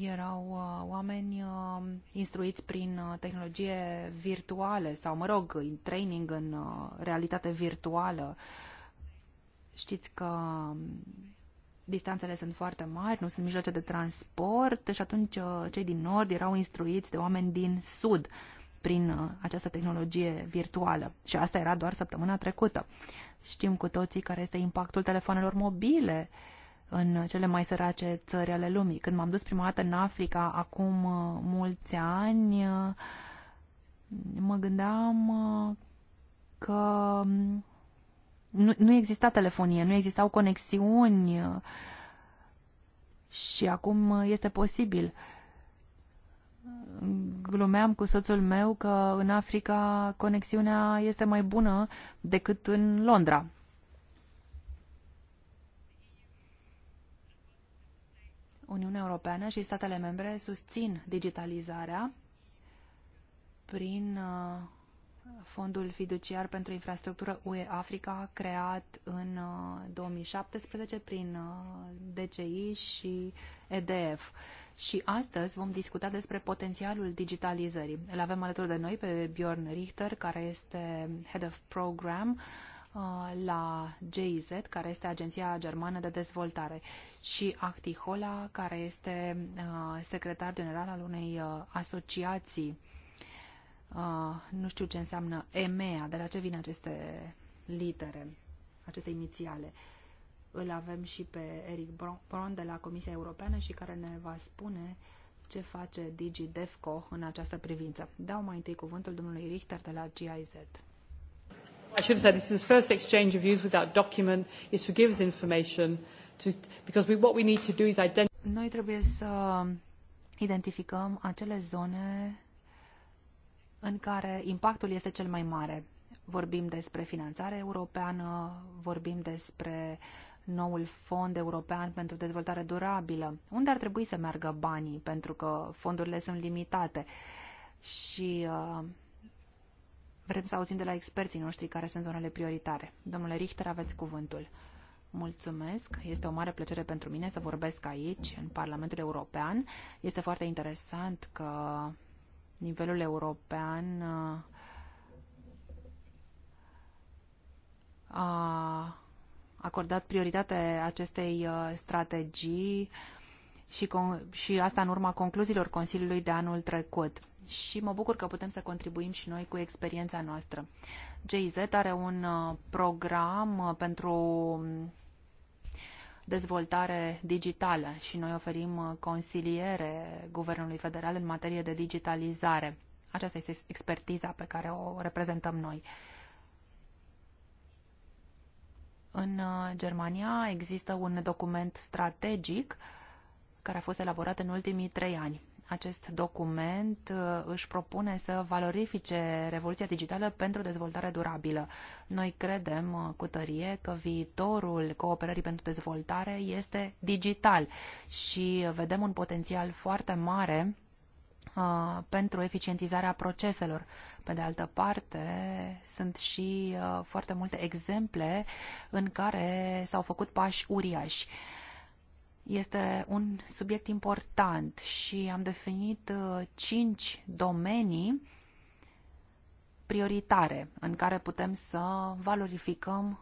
Erau uh, oameni uh, instruiți prin uh, tehnologie virtuale sau, mă rog, training în uh, realitate virtuală. Știți că um, distanțele sunt foarte mari, nu sunt mijloace de transport și atunci uh, cei din nord erau instruiți de oameni din sud prin uh, această tehnologie virtuală. Și asta era doar săptămâna trecută. Știm cu toții care este impactul telefonelor mobile în cele mai sărace țări ale lumii. Când m-am dus prima dată în Africa, acum uh, mulți ani, mă gândeam că nu, nu exista telefonie, nu existau conexiuni uh, și acum uh, este posibil. Glumeam cu soțul meu că în Africa conexiunea este mai bună decât în Londra. Uniunea Europeană și statele membre susțin digitalizarea prin uh, Fondul fiduciar pentru infrastructură UE Africa, creat în 2017 uh, prin uh, DCI și EDF. Și astăzi vom discuta despre potențialul digitalizării. Îl avem alături de noi pe Bjorn Richter, care este Head of Program uh, la GIZ, care este Agenția Germană de Dezvoltare, și Acti Hola, care este secretar general al unei asociații nu știu ce înseamnă EMEA, de la ce vin aceste litere, aceste inițiale. Îl avem și pe Eric Bron de la Comisia Europeană și care ne va spune ce face Digi DEFCO în această privință. Dau mai întâi cuvântul domnului Richter de la GIZ. I should say this is the first exchange of views without document is to give us information to, because we, what we need to do is identify Noi trebuie să identificăm acele zone în care impactul este cel mai mare. Vorbim despre finanțare europeană, vorbim despre noul fond european pentru dezvoltare durabilă. Unde ar trebui să meargă banii? Pentru că fondurile sunt limitate și uh, vrem să auzim de la experții noștri care sunt zonele prioritare. Domnule Richter, aveți cuvântul. Mulțumesc. Este o mare plăcere pentru mine să vorbesc aici, în Parlamentul European. Este foarte interesant că nivelul european uh, a acordat prioritate acestei uh, strategii și, și asta în urma concluziilor Consiliului de anul trecut. Și mă bucur că putem să contribuim și noi cu experiența noastră. JZ are un uh, program pentru dezvoltare digitală și noi oferim uh, consiliere Guvernului Federal în materie de digitalizare. Aceasta este expertiza pe care o reprezentăm noi. În uh, Germania există un document strategic care a fost elaborat în ultimii trei ani. Acest document uh, își propune să valorifice revoluția digitală pentru dezvoltare durabilă. Noi credem uh, cu tărie că viitorul cooperării pentru dezvoltare este digital și vedem un potențial foarte mare uh, pentru eficientizarea proceselor. Pe de altă parte, sunt și foarte multe exemple în care s-au făcut pași uriași. Este un subiect important și am definit uh, cinci domenii prioritare în care putem să valorificăm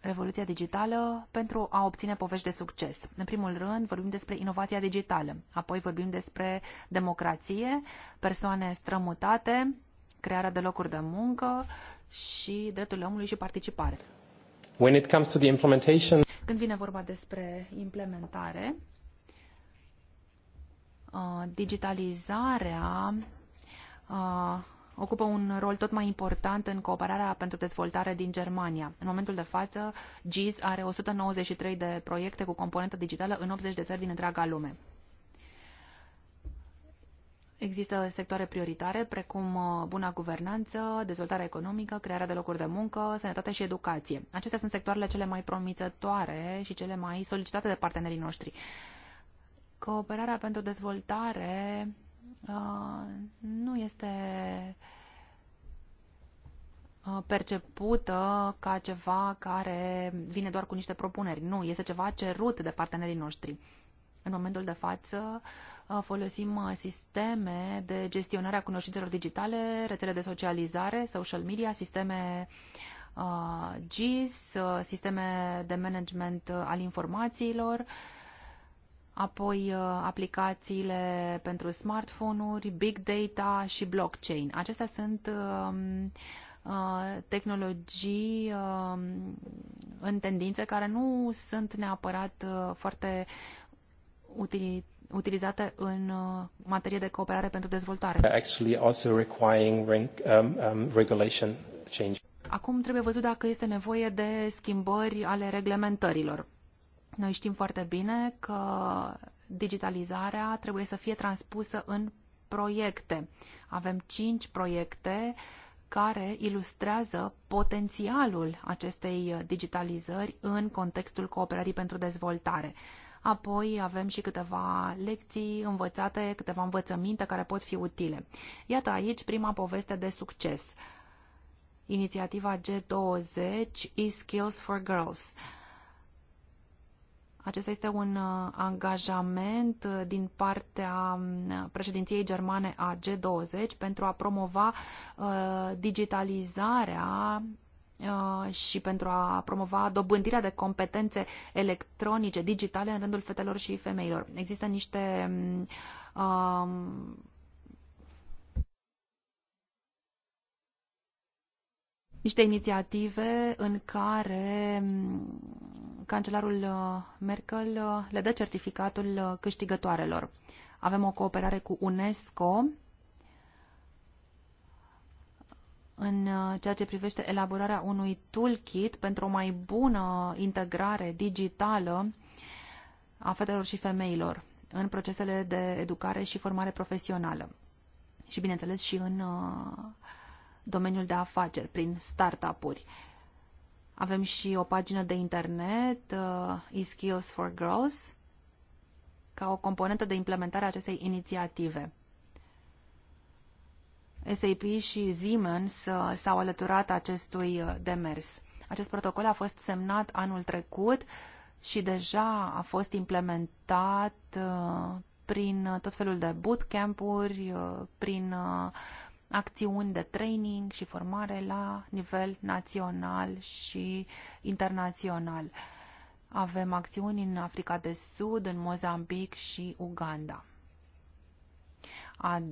revoluția digitală pentru a obține povești de succes. În primul rând, vorbim despre inovația digitală, apoi vorbim despre democrație, persoane strămutate, crearea de locuri de muncă și drepturile omului și participare. When it comes to the implementation... Când vine vorba despre implementare, uh, digitalizarea uh, ocupă un rol tot mai important în cooperarea pentru dezvoltare din Germania. În momentul de față, GIZ are 193 de proiecte cu componentă digitală în 80 de țări din întreaga lume. Există sectoare prioritare precum uh, buna guvernanță, dezvoltarea economică, crearea de locuri de muncă, sănătate și educație. Acestea sunt sectoarele cele mai promițătoare și cele mai solicitate de partenerii noștri. Cooperarea pentru dezvoltare uh, nu este uh, percepută ca ceva care vine doar cu niște propuneri. Nu, este ceva cerut de partenerii noștri. În momentul de față, uh, Ah, folosim ah, sisteme de gestionare a cunoștințelor digitale, rețele de socializare, social media, sisteme ah, GIS, sisteme de management al informațiilor, apoi aplicațiile pentru smartphone-uri, big data și blockchain. Acestea sunt tehnologii în tendințe care nu sunt neapărat foarte utilitare utilizate în uh, materie de cooperare pentru dezvoltare. Actually also requiring um, um, regulation change. Acum trebuie văzut dacă este nevoie de schimbări ale reglementărilor. Noi știm foarte bine că digitalizarea trebuie să fie transpusă în proiecte. Avem cinci proiecte care ilustrează potențialul acestei digitalizări în contextul cooperării pentru dezvoltare. Apoi avem și câteva lecții învățate, câteva învățăminte care pot fi utile. Iată aici prima poveste de succes. Inițiativa G20 e-Skills for Girls. Acesta este un uh, angajament uh, din partea um, președinției germane a G20 pentru a promova uh, digitalizarea Uh, și pentru a promova dobândirea de competențe electronice, digitale în rândul fetelor și femeilor. Există niște um, niște inițiative în care um, cancelarul uh, Merkel uh, le dă certificatul câștigătoarelor. Avem o cooperare cu UNESCO în uh, ceea ce privește elaborarea unui toolkit pentru o mai bună integrare digitală a fetelor și femeilor în procesele de educare și formare profesională și, bineînțeles, și în uh, domeniul de afaceri, prin startup-uri. Avem și o pagină de internet, uh, eSkills for Girls, ca o componentă de implementare a acestei inițiative. SAP și Siemens s-au alăturat acestui uh, demers. Acest protocol a fost semnat anul trecut și deja a fost implementat uh, prin uh, tot felul de bootcamp-uri, prin acțiuni de training și formare la nivel național și internațional. Avem acțiuni în Africa de Sud, în Mozambic și Uganda. A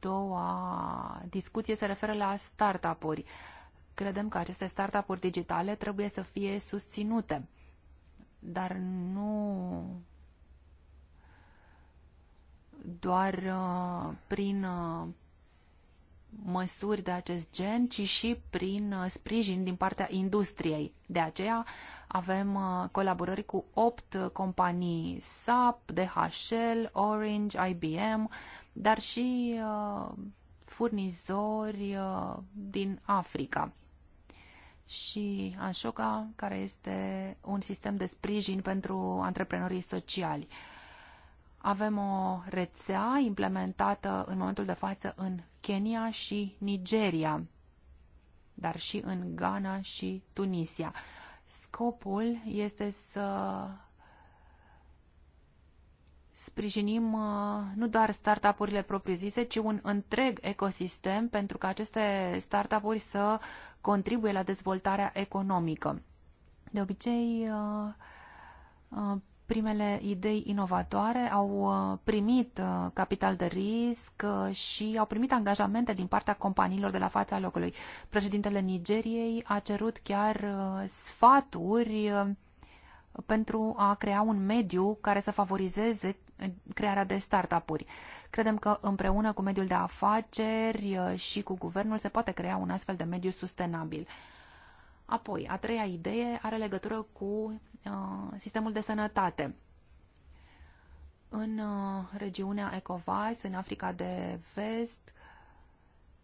doua discuție se referă la startup-uri. Credem că aceste startup-uri digitale trebuie să fie susținute, dar nu doar uh, prin uh, măsuri de acest gen, ci și prin uh, sprijin din partea industriei. De aceea avem colaborări cu opt companii SAP, DHL, Orange, IBM, dar și uh, furnizori uh, din Africa. Și anșoca care este un sistem de sprijin pentru antreprenorii sociali. Avem o rețea implementată în momentul de față în Kenya și Nigeria, dar și în Ghana și Tunisia. Scopul este să sprijinim uh, nu doar startup-urile propriu-zise, ci un întreg ecosistem pentru ca aceste startup-uri să contribuie la dezvoltarea economică. De obicei, uh, uh, primele idei inovatoare au primit capital de risc și au primit angajamente din partea companiilor de la fața locului. Președintele Nigeriei a cerut chiar sfaturi pentru a crea un mediu care să favorizeze crearea de startup-uri. Credem că împreună cu mediul de afaceri uh, și cu guvernul se poate crea un astfel de mediu sustenabil. Apoi, a treia idee are legătură cu uh, sistemul de sănătate. În uh, regiunea ECOVAS, în Africa de Vest,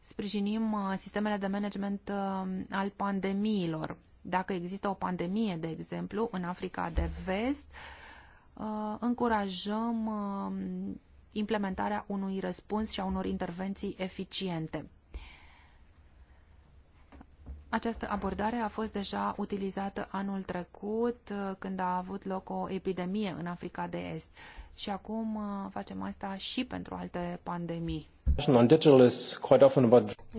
sprijinim uh, sistemele de management uh, al pandemiilor. Dacă există o pandemie, de exemplu, în Africa de Vest, uh, Uh, încurajăm uh, implementarea unui răspuns și a unor intervenții eficiente. Această abordare a fost deja utilizată anul trecut uh, când a avut loc o epidemie în Africa de Est și acum facem asta și pentru alte pandemii.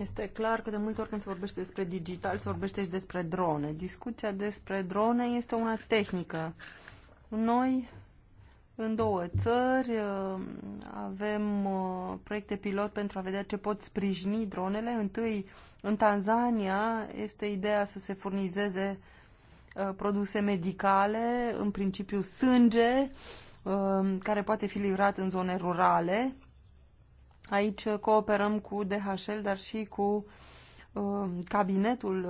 Este clar că de multe ori când se vorbește despre digital, se vorbește și despre drone. Discuția despre drone este una tehnică. Noi în două țări uh, avem uh, proiecte pilot pentru a vedea ce pot sprijini dronele. Întâi, în Tanzania este ideea să se furnizeze uh, produse medicale, în principiu sânge, care poate fi livrat în zone rurale. Aici cooperăm cu DHL, dar și cu cabinetul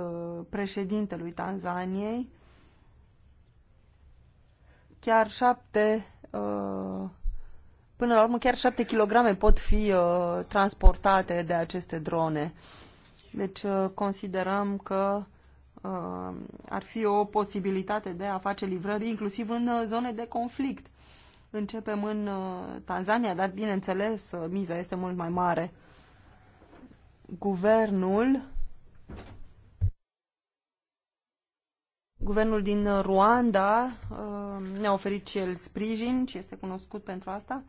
președintelui Tanzaniei. Chiar șapte Uh, până la urmă chiar 7 kg pot fi uh, transportate de aceste drone. Deci uh, considerăm că ar fi o posibilitate de a face livrări inclusiv în zone de conflict. Începem în Tanzania, dar bineînțeles miza este mult mai mare. Guvernul Guvernul din Ruanda uh, ne-a oferit și el sprijin și este cunoscut pentru asta.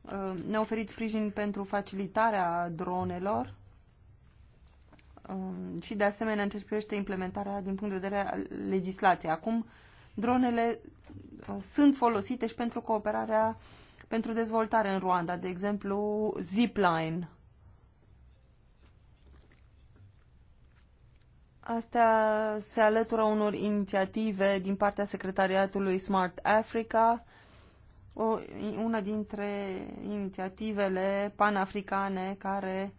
Uh, ne-a oferit sprijin pentru facilitarea dronelor uh, și de asemenea în ce implementarea din punct de vedere al legislației. Acum dronele sunt folosite și pentru cooperarea pentru dezvoltare în Ruanda, de exemplu zipline Astea se alătură unor inițiative din partea secretariatului Smart Africa, o, una dintre inițiativele panafricane care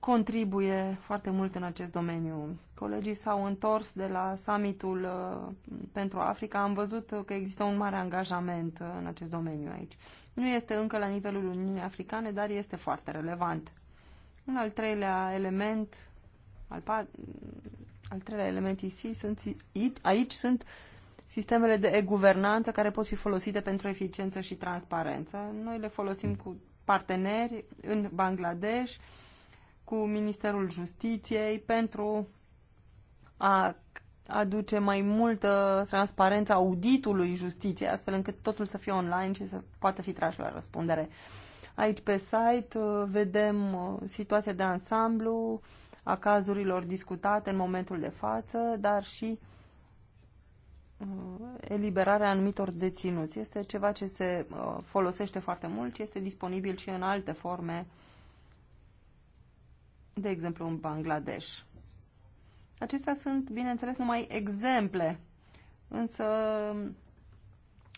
contribuie foarte mult în acest domeniu. Colegii s-au întors de la summitul uh, pentru Africa. Am văzut că există un mare angajament uh, în acest domeniu aici. Nu este încă la nivelul Uniunii Africane, dar este foarte relevant. Un al treilea element al, pat, al treilea element IC sunt, aici sunt sistemele de e-guvernanță care pot fi folosite pentru eficiență și transparență. Noi le folosim cu parteneri în Bangladesh, cu Ministerul Justiției pentru a aduce mai multă transparență auditului justiției, astfel încât totul să fie online și să poată fi tras la răspundere. Aici pe site uh, vedem uh, situația de ansamblu, a cazurilor discutate în momentul de față, dar și uh, eliberarea anumitor deținuți. Este ceva ce se uh, folosește foarte mult și este disponibil și în alte forme, de exemplu în Bangladesh. Acestea sunt, bineînțeles, numai exemple, însă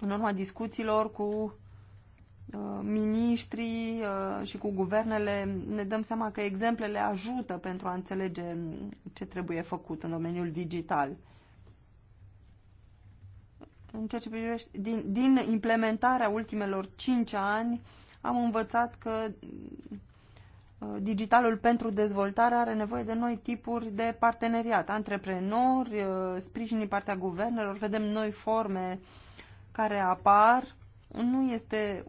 în urma discuțiilor cu Uh, miniștrii uh, și cu guvernele ne dăm seama că exemplele ajută pentru a înțelege ce trebuie făcut în domeniul digital. În ceea ce privește, din, din implementarea ultimelor 5 ani am învățat că uh, digitalul pentru dezvoltare are nevoie de noi tipuri de parteneriat, antreprenori, sprijinii partea guvernelor, vedem noi forme care apar nu este,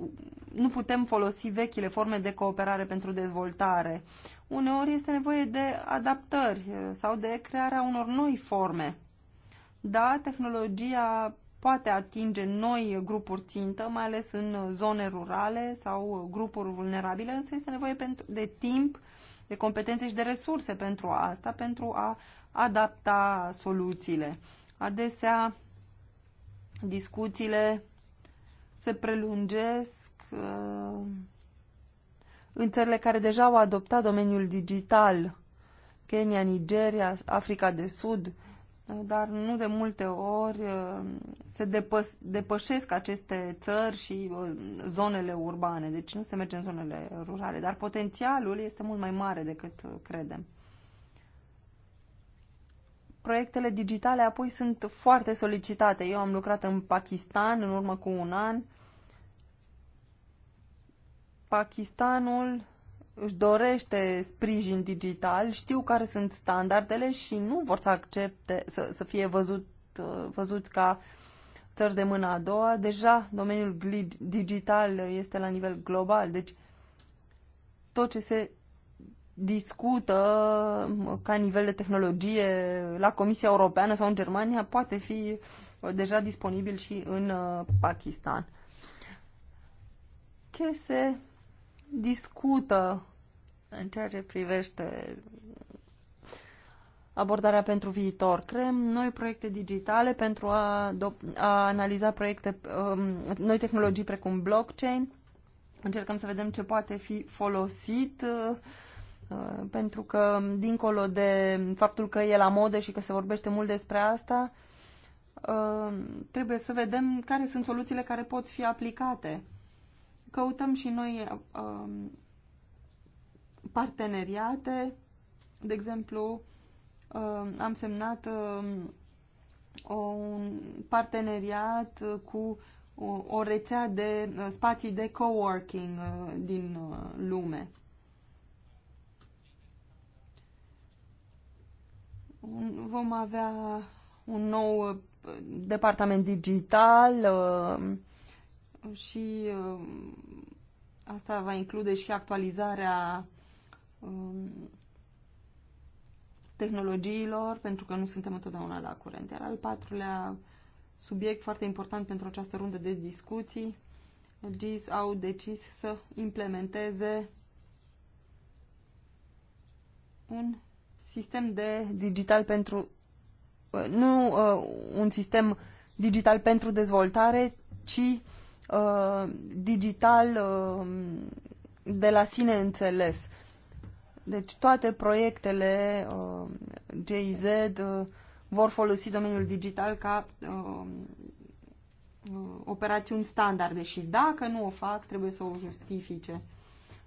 nu putem folosi vechile forme de cooperare pentru dezvoltare. Uneori este nevoie de adaptări eh, sau de crearea unor noi forme. Da, tehnologia poate atinge noi grupuri țintă, mai ales în zone rurale sau grupuri vulnerabile, însă este nevoie de timp, de competențe și de resurse pentru asta, pentru a adapta soluțiile. Adesea, discuțiile se prelungesc uh, în țările care deja au adoptat domeniul digital, Kenya, Nigeria, Africa de Sud, dar nu de multe ori uh, se depăs- depășesc aceste țări și uh, zonele urbane, deci nu se merge în zonele rurale, dar potențialul este mult mai mare decât credem. Proiectele digitale apoi sunt foarte solicitate. Eu am lucrat în Pakistan în urmă cu un an Pakistanul își dorește sprijin digital, știu care sunt standardele și nu vor să accepte să, să fie văzut, uh, văzuți ca țări de mâna a doua. Deja domeniul digital este la nivel global, deci tot ce se discută uh, ca nivel de tehnologie la Comisia Europeană sau în Germania poate fi uh, deja disponibil și în Pakistan. Ce se discută în ceea ce privește abordarea pentru viitor. Creăm noi proiecte digitale pentru a, a analiza proiecte, um, noi tehnologii precum blockchain. Încercăm să vedem ce poate fi folosit uh, uh, pentru că, dincolo de faptul că e la modă și că se vorbește mult despre asta, uh, trebuie să vedem care sunt soluțiile care pot fi aplicate. Căutăm și noi uh, um, parteneriate. De exemplu, um, am semnat um, o, un parteneriat cu o, o rețea de uh, spații de coworking uh, din uh, lume. Vom avea un nou uh, departament digital, uh, și um, asta va include și actualizarea um, tehnologiilor, pentru că nu suntem întotdeauna la curent. Iar al patrulea subiect foarte important pentru această rundă de discuții, GIS au decis să implementeze un sistem de digital pentru uh, nu uh, un sistem digital pentru dezvoltare, ci uh, digital uh, de la sine înțeles. Deci toate proiectele uh, GIZ uh, vor folosi domeniul digital ca uh, uh, operațiuni standarde și dacă nu o fac, trebuie să o justifice.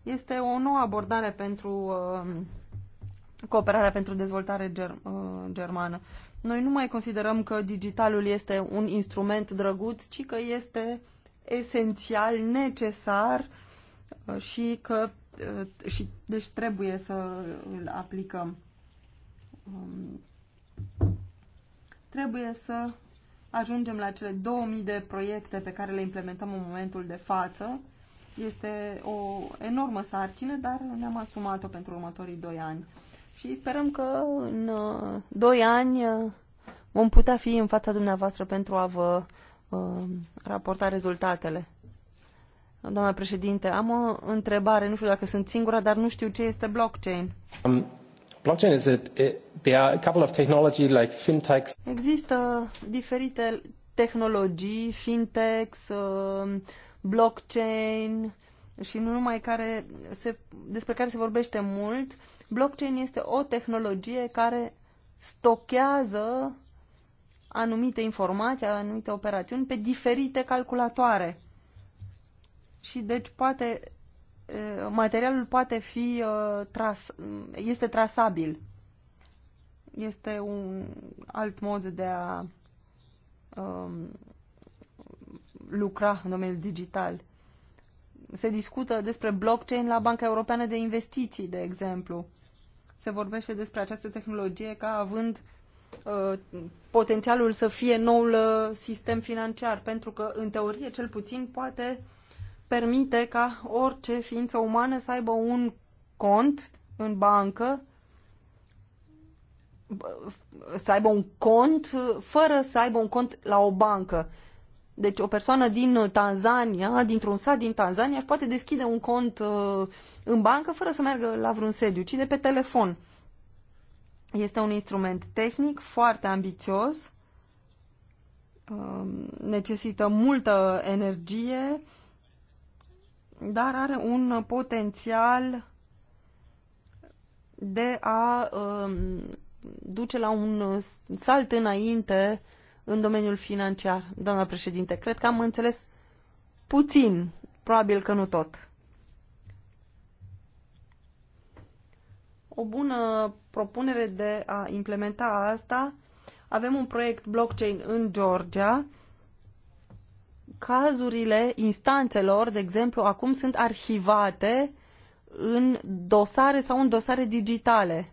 Este o nouă abordare pentru uh, cooperarea pentru dezvoltare ger- uh, germană. Noi nu mai considerăm că digitalul este un instrument drăguț, ci că este uh, esențial, necesar uh, și că uh, și, deci trebuie să îl aplicăm. Um, trebuie să ajungem la cele 2000 de proiecte pe care le implementăm în momentul de față. Este o enormă sarcină, dar ne-am asumat-o pentru următorii 2 ani. Și sperăm că în 2 uh, ani vom putea fi în fața dumneavoastră pentru a vă Uh, raporta rezultatele. Doamna președinte, am o întrebare, nu știu dacă sunt singura, dar nu știu ce este blockchain. Um, blockchain is a, it, there are a couple of technology like fintechs. Există diferite tehnologii, fintechs, uh, blockchain și nu numai care se, despre care se vorbește mult. Blockchain este o tehnologie care stochează anumite informații, anumite operațiuni pe diferite calculatoare. Și deci poate materialul poate fi tras, este trasabil. Este un alt mod de a um, lucra în domeniul digital. Se discută despre blockchain la Banca Europeană de Investiții, de exemplu. Se vorbește despre această tehnologie ca având uh, Uh, potențialul să fie noul uh, sistem financiar, pentru că, în teorie, cel puțin, poate permite ca orice ființă umană să aibă un cont în bancă, să aibă un cont fără să aibă un cont la o bancă. Deci o persoană din Tanzania, dintr-un sat din Tanzania, își poate deschide un cont uh, în bancă fără să meargă la vreun sediu, ci de pe telefon. Este un instrument tehnic foarte ambițios, um, necesită multă energie, dar are un potențial de a um, duce la un salt înainte în domeniul financiar. Doamna președinte, cred că am înțeles puțin, probabil că nu tot. o bună propunere de a implementa asta. Avem un proiect blockchain în Georgia. Cazurile instanțelor, de exemplu, acum sunt arhivate în dosare sau în dosare digitale.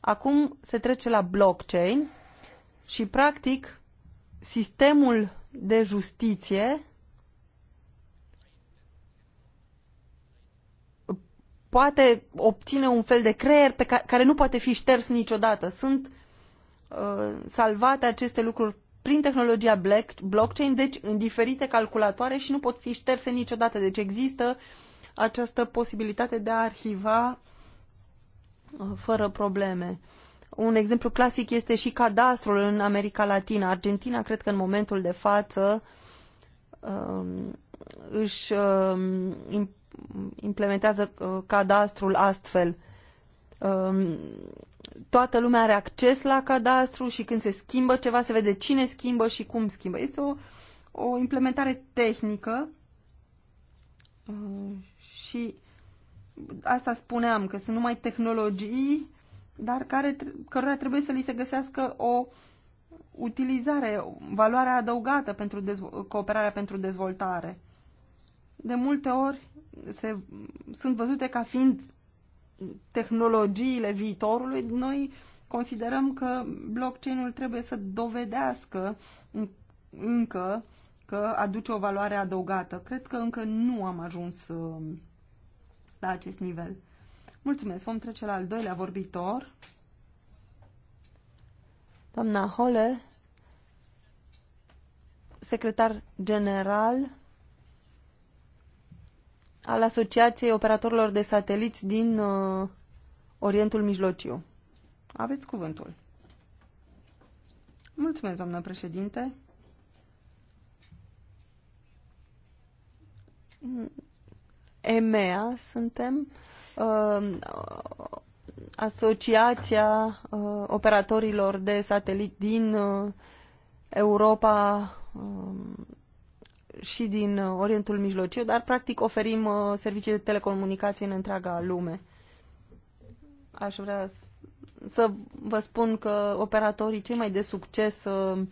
Acum se trece la blockchain și, practic, sistemul de justiție poate obține un fel de creier pe care, care nu poate fi șters niciodată. Sunt uh, salvate aceste lucruri prin tehnologia black, blockchain, deci în diferite calculatoare și nu pot fi șterse niciodată. Deci există această posibilitate de a arhiva uh, fără probleme. Un exemplu clasic este și cadastrul în America Latina. Argentina, cred că în momentul de față, uh, își uh, implementează uh, cadastrul astfel. Um, toată lumea are acces la cadastru și când se schimbă ceva se vede cine schimbă și cum schimbă. Este o, o implementare tehnică uh, și asta spuneam, că sunt numai tehnologii, dar care, cărora trebuie să li se găsească o utilizare, valoarea adăugată pentru dezvo- cooperarea pentru dezvoltare. De multe ori se, sunt văzute ca fiind tehnologiile viitorului, noi considerăm că blockchain-ul trebuie să dovedească încă că aduce o valoare adăugată. Cred că încă nu am ajuns um, la acest nivel. Mulțumesc. Vom trece la al doilea vorbitor. Doamna Hole, secretar general al Asociației Operatorilor de Sateliți din uh, Orientul Mijlociu. Aveți cuvântul. Mulțumesc, doamnă președinte. EMEA suntem, uh, Asociația uh, Operatorilor de Satelit din uh, Europa um, și din uh, Orientul Mijlociu, dar practic oferim uh, servicii de telecomunicații în întreaga lume. Aș vrea să vă spun că operatorii cei mai de succes uh,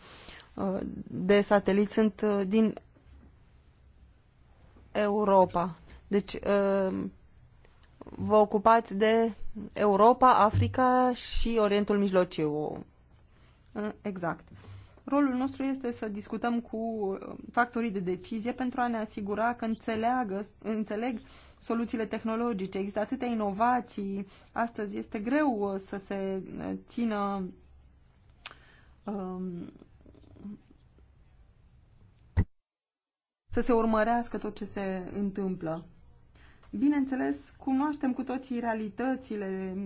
de sateliți sunt din Europa. Deci vă ocupați de Europa, Africa și Orientul Mijlociu. Exact. Rolul nostru este să discutăm cu um, factorii de decizie pentru a ne asigura că înțeleagă, înțeleg soluțiile tehnologice. Există atâtea inovații. Astăzi este greu uh, să se uh, țină um, să se urmărească tot ce se întâmplă. Bineînțeles, cunoaștem cu toții realitățile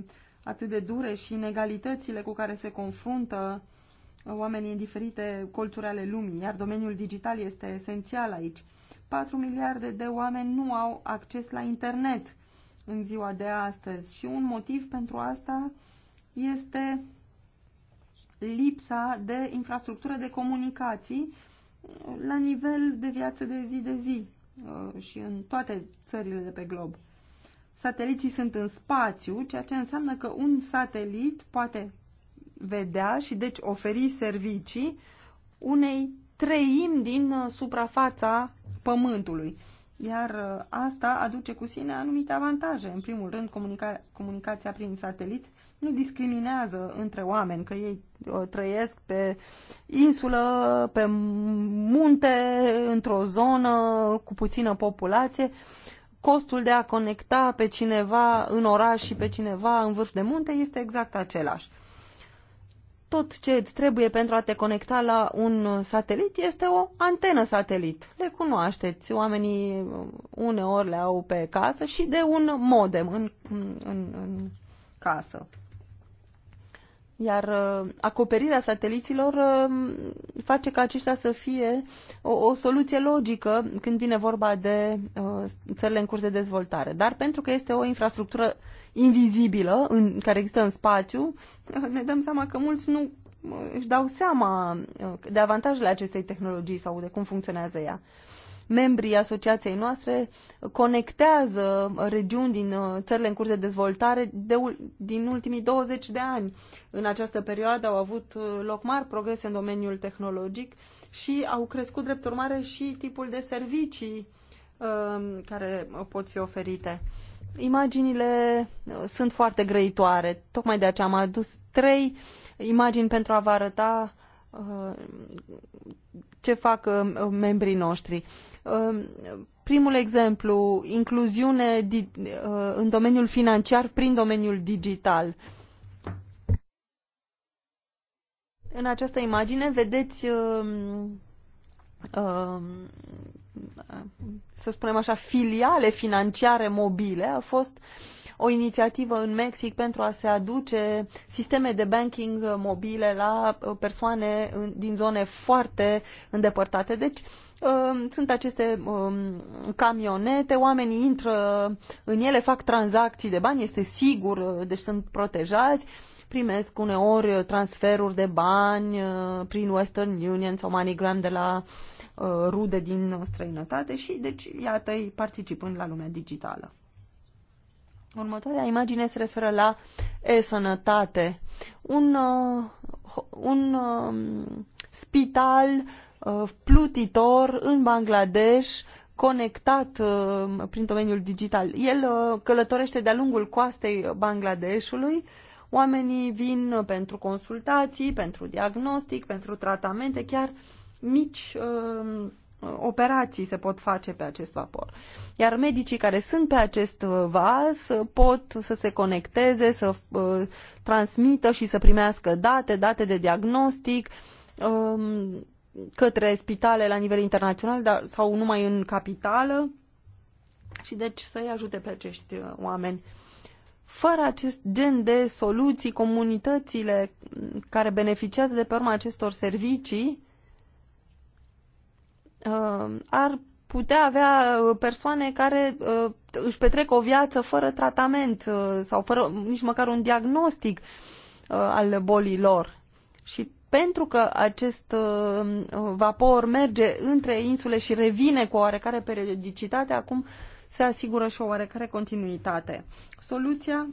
atât de dure și inegalitățile cu care se confruntă uh, oamenii în diferite colțuri ale lumii, iar domeniul digital este esențial aici. 4 miliarde de oameni nu au acces la internet în ziua de astăzi și un motiv pentru asta este lipsa de infrastructură de comunicații la nivel de viață de zi de zi uh, și în toate țările de pe glob. Sateliții sunt în spațiu, ceea ce înseamnă că un satelit poate vedea și deci oferi servicii unei treimi din uh, suprafața pământului. Iar uh, asta aduce cu sine anumite avantaje. În primul rând, comunica- comunicația prin satelit nu discriminează între oameni, că ei uh, trăiesc pe insulă, pe munte, într-o zonă cu puțină populație. Costul de a conecta pe cineva în oraș și pe cineva în vârf de munte este exact același tot ce îți trebuie pentru a te conecta la un satelit este o antenă satelit. Le cunoașteți, oamenii uneori le au pe casă și de un modem în, în, în casă. Iar uh, acoperirea sateliților um, face ca aceștia să fie o, o soluție logică când vine vorba de uh, țările în curs de dezvoltare. Dar pentru că este o infrastructură invizibilă în, care există în spațiu, (laughs) ne dăm seama că mulți nu uh, își dau seama uh, de avantajele acestei tehnologii sau de cum funcționează ea. Uh, membrii asociației noastre conectează regiuni din uh, țările în curs de dezvoltare de, din ultimii 20 de ani. În această perioadă au avut uh, loc mari progrese în domeniul tehnologic și au crescut drept urmare și tipul de servicii um, care pot fi oferite. Imaginile uh, sunt foarte grăitoare, tocmai de aceea am adus trei imagini pentru a vă arăta ce fac uh, membrii noștri. Uh, primul exemplu, incluziune uh, în domeniul financiar prin domeniul digital. În această imagine vedeți, să spunem așa, filiale financiare mobile. A fost o inițiativă în Mexic pentru a se aduce sisteme de banking mobile la uh, persoane din zone foarte îndepărtate. Deci, um, sunt aceste um, camionete, oamenii intră în ele, fac tranzacții de bani, este sigur, uh, deci sunt protejați, primesc uneori transferuri de bani uh, prin Western Union sau MoneyGram de la rude din străinătate și deci iată-i participând la lumea digitală. Următoarea imagine se referă la e-sănătate. Un, uh, un uh, spital uh, plutitor în Bangladesh conectat uh, prin domeniul digital. El uh, călătorește de-a lungul coastei Bangladeshului. Oamenii vin pentru consultații, pentru diagnostic, pentru tratamente, chiar mici uh, operații se pot face pe acest vapor. Iar medicii care sunt pe acest uh, vas pot să se conecteze, să uh, transmită și să primească date, date de diagnostic um, către spitale la nivel internațional dar, sau numai în capitală și deci să-i ajute pe acești uh, oameni. Fără acest gen de soluții, comunitățile care beneficiază de pe urma acestor servicii Uh, ar putea avea uh, persoane care uh, își petrec o viață fără tratament sau fără nici măcar un diagnostic al bolii lor. Și pentru că acest vapor merge între insule și revine cu oarecare periodicitate, acum se asigură și o oarecare continuitate. Soluția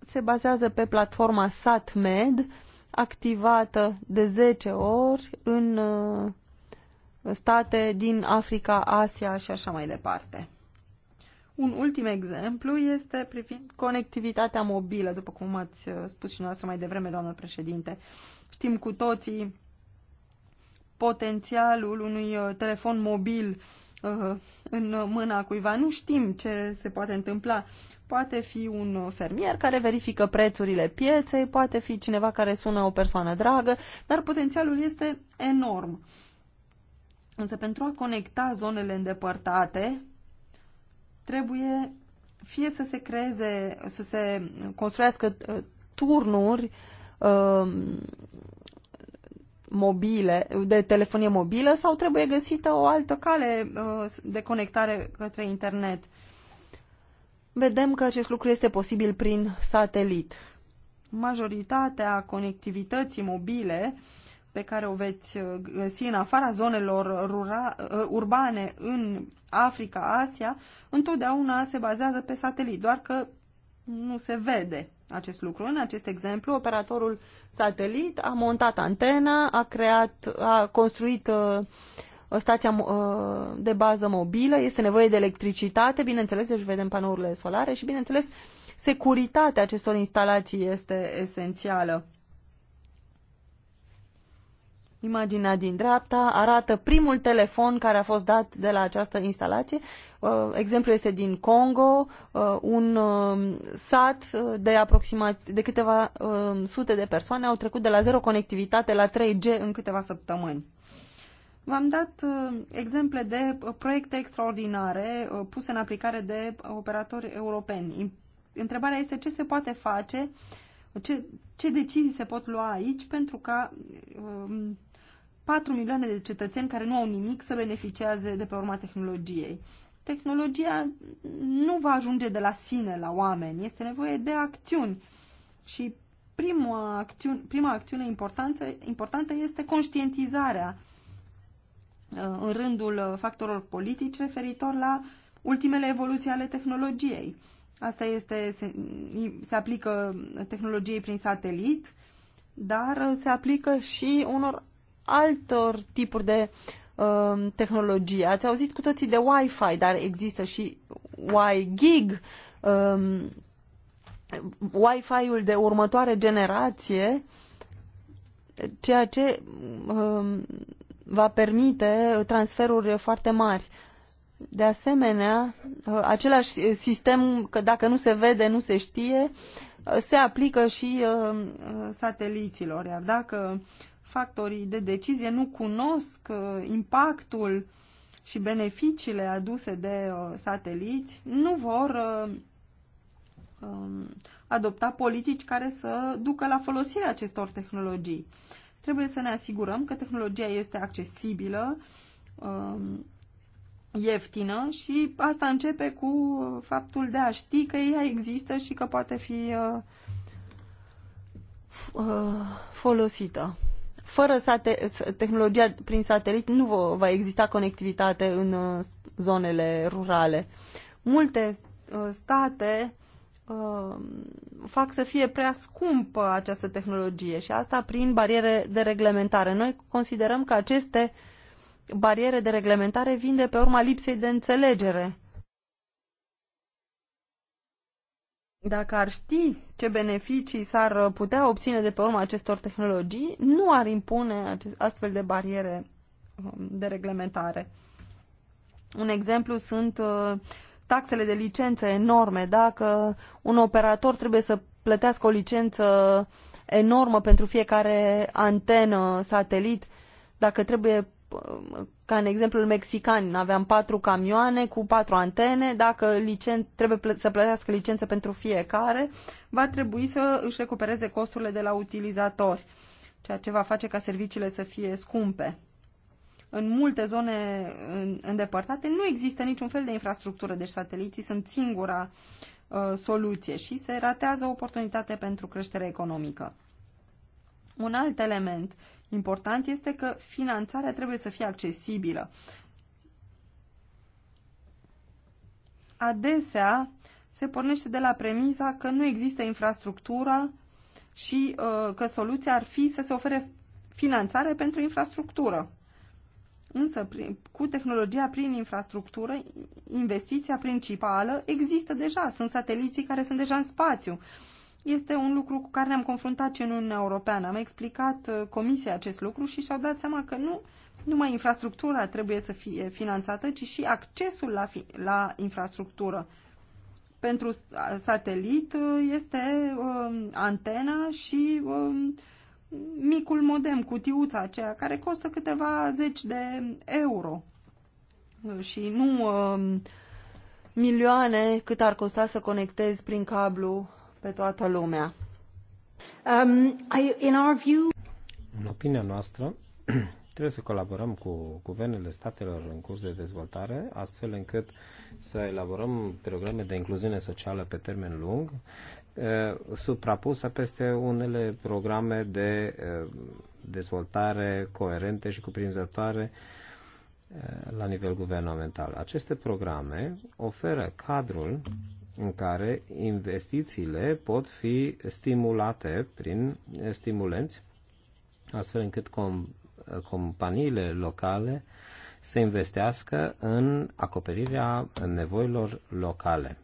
se bazează pe platforma SatMed, activată de 10 ori în state din Africa, Asia și așa mai departe. Un ultim exemplu este privind conectivitatea mobilă, după cum ați uh, spus și noastră mai devreme, doamnă președinte. Știm cu toții potențialul unui uh, telefon mobil uh, în mâna cuiva. Nu știm ce se poate întâmpla. Poate fi un fermier care verifică prețurile pieței, poate fi cineva care sună o persoană dragă, dar potențialul este enorm. Însă pentru a conecta zonele îndepărtate, trebuie fie să se creeze, să se construiască uh, turnuri um, mobile, de telefonie mobilă sau trebuie găsită o altă cale uh, de conectare către internet. Vedem că acest lucru este posibil prin satelit. Majoritatea conectivității mobile pe care o veți uh, găsi în afara zonelor rura, uh, urbane în Africa, Asia, întotdeauna se bazează pe satelit, doar că nu se vede acest lucru. În acest exemplu, operatorul satelit a montat antena, a creat, a construit uh, stația uh, de bază mobilă, este nevoie de electricitate, bineînțeles, deci vedem panourile solare și, bineînțeles, securitatea acestor instalații este esențială. Imaginea din dreapta arată primul telefon care a fost dat de la această instalație. Uh, exemplul este din Congo, uh, un um, sat uh, de aproximativ de câteva um, sute de persoane au trecut de la zero conectivitate la 3G în câteva săptămâni. V-am dat exemple de proiecte extraordinare puse în aplicare de operatori europeni. Întrebarea este ce se poate face, ce, ce decizii se pot lua aici pentru ca um, 4 milioane de cetățeni care nu au nimic să beneficieze de pe urma tehnologiei. Tehnologia nu va ajunge de la sine la oameni, este nevoie de acțiuni. Și prima acțiune, prima acțiune importantă, importantă este conștientizarea uh, în rândul uh, factorilor politici referitor la ultimele evoluții ale tehnologiei. Asta este, se, se aplică tehnologiei prin satelit, dar uh, se aplică și unor altor tipuri de uh, tehnologie. Ați auzit cu toții de Wi-Fi, dar există și Wi-Gig, um, Wi-Fi-ul de următoare generație, ceea ce um, va permite transferuri foarte mari. De asemenea, uh, același sistem, că dacă nu se vede, nu se știe, uh, se aplică și uh, sateliților. Iar dacă factorii de decizie nu cunosc uh, impactul și beneficiile aduse de uh, sateliți, nu vor uh, um, adopta politici care să ducă la folosirea acestor tehnologii. Trebuie să ne asigurăm că tehnologia este accesibilă, um, ieftină și asta începe cu faptul de a ști că ea există și că poate fi folosită. Fără sate- tehnologia prin satelit nu va exista conectivitate în uh, zonele rurale. Multe uh, state uh, fac să fie prea scumpă această tehnologie și asta prin bariere de reglementare. Noi considerăm că aceste bariere de reglementare vin de pe urma lipsei de înțelegere dacă ar ști ce beneficii s-ar putea obține de pe urma acestor tehnologii, nu ar impune astfel de bariere um, de reglementare. Un exemplu sunt uh, taxele de licență enorme. Dacă un operator trebuie să plătească o licență enormă pentru fiecare antenă satelit, dacă trebuie um, ca în exemplul mexican, aveam patru camioane cu patru antene, dacă licen, trebuie plă- să plătească licență pentru fiecare, va trebui să își recupereze costurile de la utilizatori, ceea ce va face ca serviciile să fie scumpe. În multe zone îndepărtate nu există niciun fel de infrastructură, deci sateliții sunt singura uh, soluție și se ratează oportunitate pentru creștere economică. Un alt element Important este că finanțarea trebuie să fie accesibilă. Adesea se pornește de la premisa că nu există infrastructura și uh, că soluția ar fi să se ofere finanțare pentru infrastructură. Însă, prin, cu tehnologia prin infrastructură, investiția principală există deja. Sunt sateliții care sunt deja în spațiu. Uh, este un lucru cu care ne-am confruntat și în Uniunea Europeană. Am explicat uh, Comisia acest lucru și și-au dat seama că nu numai infrastructura trebuie să fie finanțată, ci și accesul la, fi, la infrastructură. Pentru satelit uh, este uh, antena și uh, micul modem, cutiuța aceea, care costă câteva zeci de euro uh, și nu uh, milioane cât ar costa să conectezi prin cablu pe toată lumea. Um, I, in our view... În opinia noastră, (clears throat) trebuie să colaborăm cu guvernele statelor în curs de dezvoltare, astfel încât să elaborăm programe de incluziune socială pe termen lung, uh, suprapusă peste unele programe de uh, dezvoltare coerente și cuprinzătoare uh, la nivel guvernamental. Aceste programe oferă cadrul în care investițiile pot fi stimulate prin stimulenți, astfel încât com- companiile locale să investească în acoperirea nevoilor locale.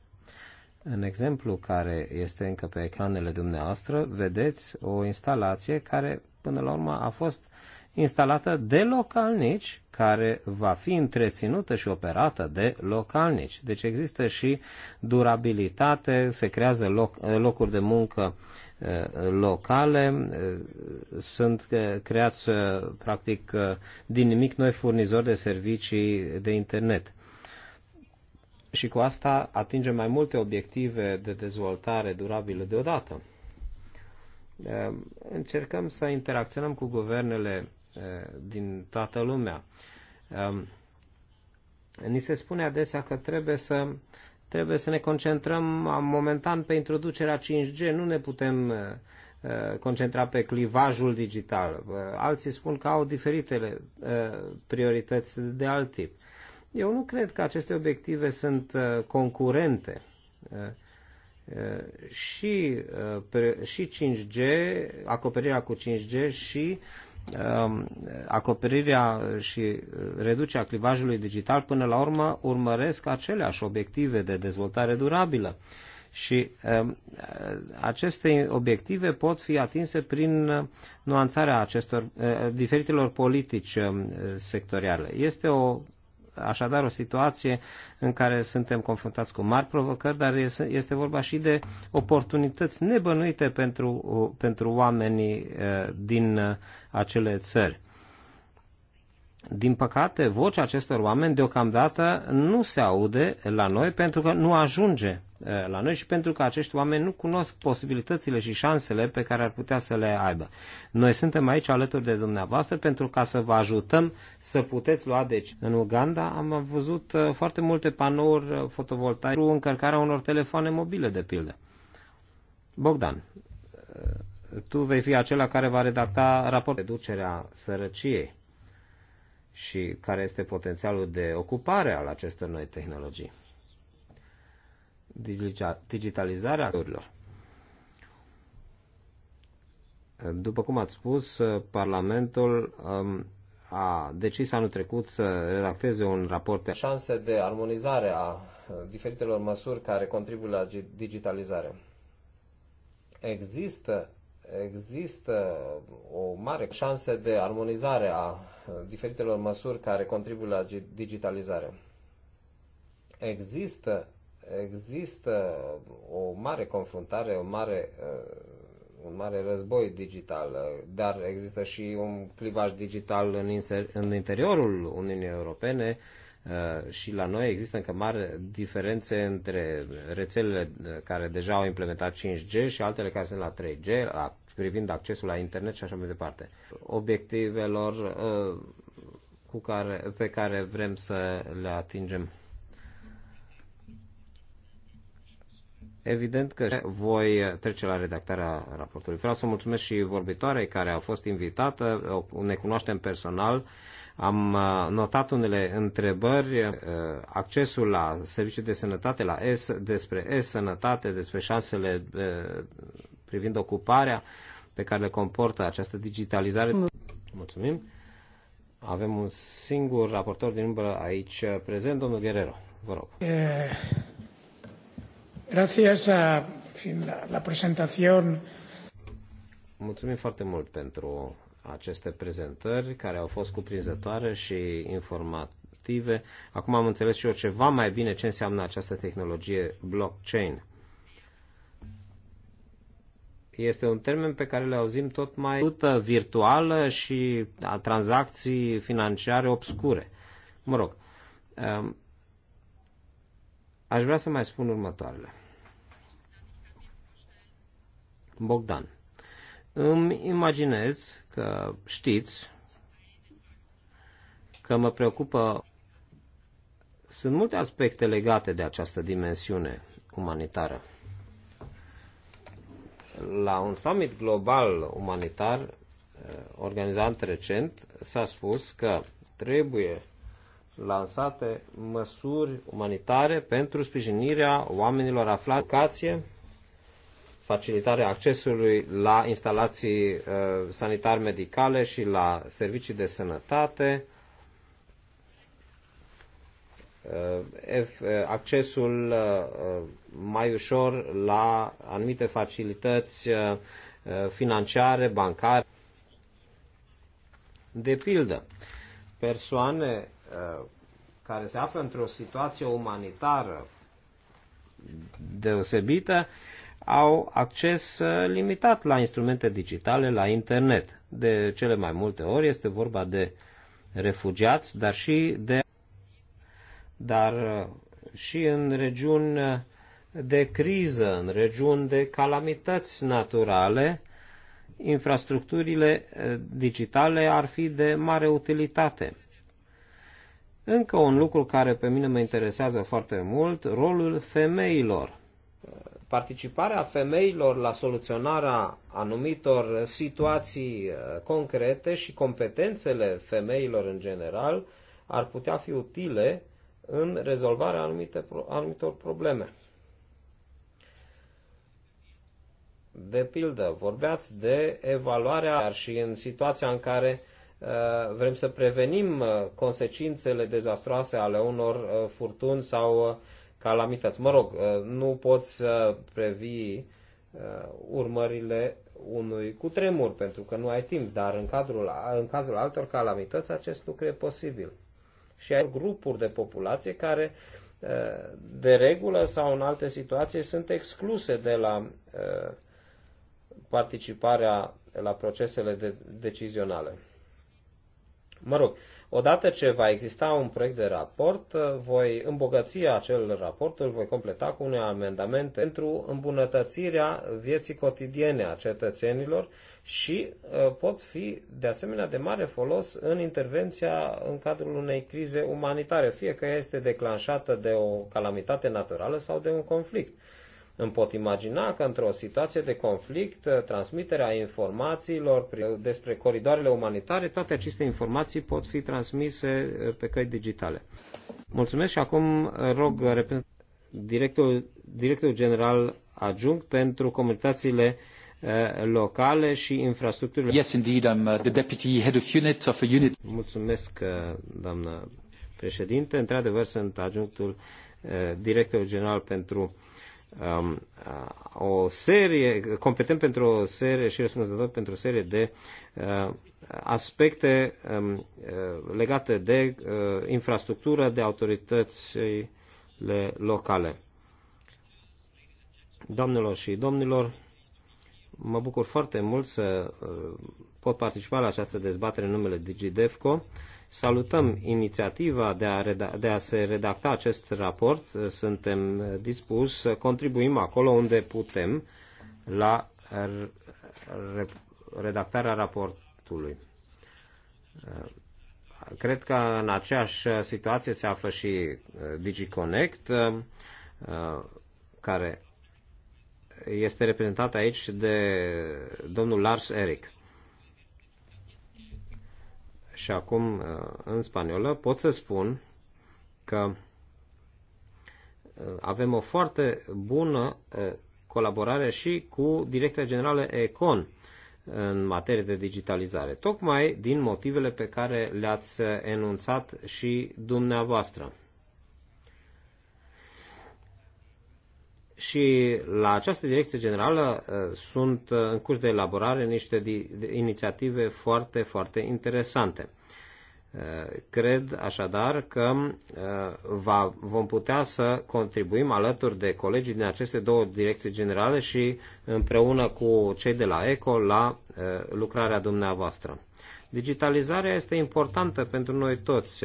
În exemplu care este încă pe ecranele dumneavoastră, vedeți o instalație care până la urmă a fost instalată de localnici, care va fi întreținută și operată de localnici. Deci există și durabilitate, se creează loc, locuri de muncă eh, locale, eh, sunt eh, creați practic din nimic noi furnizori de servicii de internet. Și cu asta atingem mai multe obiective de dezvoltare durabilă deodată încercăm să interacționăm cu guvernele Eh, din toată lumea. Ehm, ni se spune adesea că trebuie să, trebuie să ne concentrăm momentan pe introducerea 5G, nu ne putem eh, eh, concentra pe clivajul digital. Alții spun că au diferitele priorități de alt tip. Eu nu cred că aceste obiective sunt concurente. Și, și 5G, acoperirea cu 5G și Um, acoperirea și uh, reducerea clivajului digital până la urmă urmăresc aceleași obiective de dezvoltare durabilă. Și um, uh, aceste obiective pot fi atinse prin uh, nuanțarea acestor diferitelor politici um, sectoriale. Este o așadar o situație în care suntem confruntați cu mari provocări, dar este vorba și de oportunități nebănuite pentru, pentru oamenii eh, din eh, acele țări. Din păcate, vocea acestor oameni deocamdată nu se aude la noi pentru că nu ajunge eh, la noi și pentru că acești oameni nu cunosc posibilitățile și șansele pe care ar putea să le aibă. Noi suntem aici alături de dumneavoastră pentru ca să vă ajutăm să puteți lua deci. În Uganda am văzut eh, foarte multe panouri fotovoltaice cu încărcarea unor telefoane mobile, de pildă. Bogdan, eh, tu vei fi acela care va redacta raportul reducerea sărăciei și care este potențialul de ocupare al acestor noi tehnologii. Digitalizarea urilor. După cum ați spus, Parlamentul um, a decis anul trecut să redacteze un raport pe șanse de armonizare a uh, diferitelor măsuri care contribuie la digitalizare. Există există o mare șansă de armonizare a uh, diferitelor măsuri care contribuie la digitalizare. Există, există o mare confruntare, o mare, uh, un mare război digital, uh, dar există și un clivaj digital în, inter, în interiorul Uniunii Europene, Uh, și la noi există încă mari diferențe între rețelele uh, care deja au implementat 5G și altele care sunt la 3G, la, privind accesul la internet și așa mai departe. Obiectivelor uh, cu care, pe care vrem să le atingem. Evident că voi trece la redactarea raportului. Vreau să mulțumesc și vorbitoarei care a fost invitată, ne cunoaștem personal am uh, notat unele întrebări, uh, accesul la servicii de sănătate, la S, despre e-sănătate, despre șansele uh, privind ocuparea pe care le comportă această digitalizare. Mulțumim. Avem un singur raportor din umbră aici prezent, domnul Guerrero. Vă rog. Eh, gracias a la, la presentación. Mulțumim foarte mult pentru aceste prezentări, care au fost cuprinzătoare și informative. Acum am înțeles și eu ceva mai bine ce înseamnă această tehnologie blockchain. Este un termen pe care le auzim tot mai virtuală și a da, tranzacții financiare obscure. Mă rog, um, aș vrea să mai spun următoarele. Bogdan, îmi imaginez că știți că mă preocupă. Sunt multe aspecte legate de această dimensiune umanitară. La un summit global umanitar eh, organizat recent s-a spus că trebuie lansate măsuri umanitare pentru sprijinirea oamenilor aflați în facilitarea accesului la instalații uh, sanitar medicale și la servicii de sănătate, uh, uh, accesul mai ușor la anumite facilități financiare, bancare. De pildă, persoane care se află într-o situație umanitară deosebită au acces uh, limitat la instrumente digitale, la internet. De cele mai multe ori este vorba de refugiați, dar și de dar uh, și în regiuni uh, de criză, în regiuni de calamități naturale, infrastructurile digitale ar fi de mare utilitate. Încă un lucru care pe mine mă interesează foarte mult, rolul femeilor participarea femeilor la soluționarea anumitor situații uh, concrete și competențele femeilor în general ar putea fi utile în rezolvarea anumite, anumitor probleme. De pildă, vorbeați de evaluarea, dar și în situația în care uh, vrem să prevenim uh, consecințele dezastroase ale unor furtuni sau calamități. Mă rog, uh, nu poți să previi uh, urmările unui cutremur, pentru că nu ai timp, dar în, cadrul, în cazul altor calamități acest lucru e posibil. Și ai grupuri de populație care uh, de regulă sau în alte situații sunt excluse de la participarea la procesele de, decizionale. Mă rog, Odată ce va exista un proiect de raport, uh, voi îmbogăți acel raport, îl voi completa cu unele amendamente pentru îmbunătățirea vieții cotidiene a cetățenilor și uh, pot fi de asemenea de mare folos în intervenția în cadrul unei crize umanitare, fie că este declanșată de o calamitate naturală sau de un conflict îmi pot imagina că într-o situație de conflict, uh, transmiterea informațiilor despre coridoarele umanitare, toate aceste informații pot fi transmise uh, pe căi digitale. Mulțumesc și acum uh, rog directorul, directorul general adjunct pentru comunitățile locale și infrastructurile. Yes, indeed, I'm the deputy head of unit of a unit. Mulțumesc, doamnă președinte. Într-adevăr, sunt adjunctul directorul general pentru Um, uh, o serie, competent pentru o serie și răspunzător pentru o serie de uh, aspecte um, uh, legate de infrastructură, de autoritățile locale. Doamnelor și domnilor, mă bucur foarte mult să pot participa la această dezbatere în numele DigiDevco Salutăm inițiativa de a, reda- de a se redacta acest raport. Suntem dispuși să contribuim acolo unde putem la re- redactarea raportului. Cred că în aceeași situație se află și uh, DigiConnect, uh, care este reprezentat aici de domnul Lars Eric și acum uh, în spaniolă, pot să spun că uh, avem o foarte bună uh, colaborare și cu Direcția Generală Econ în materie de digitalizare, tocmai din motivele pe care le-ați enunțat și dumneavoastră. și la această direcție generală uh, sunt uh, în curs de elaborare niște inițiative foarte, foarte interesante. Uh, cred așadar că va, vom putea să contribuim alături de colegii din aceste două direcții generale și împreună cu cei de la ECO la lucrarea dumneavoastră. Digitalizarea este importantă pentru noi toți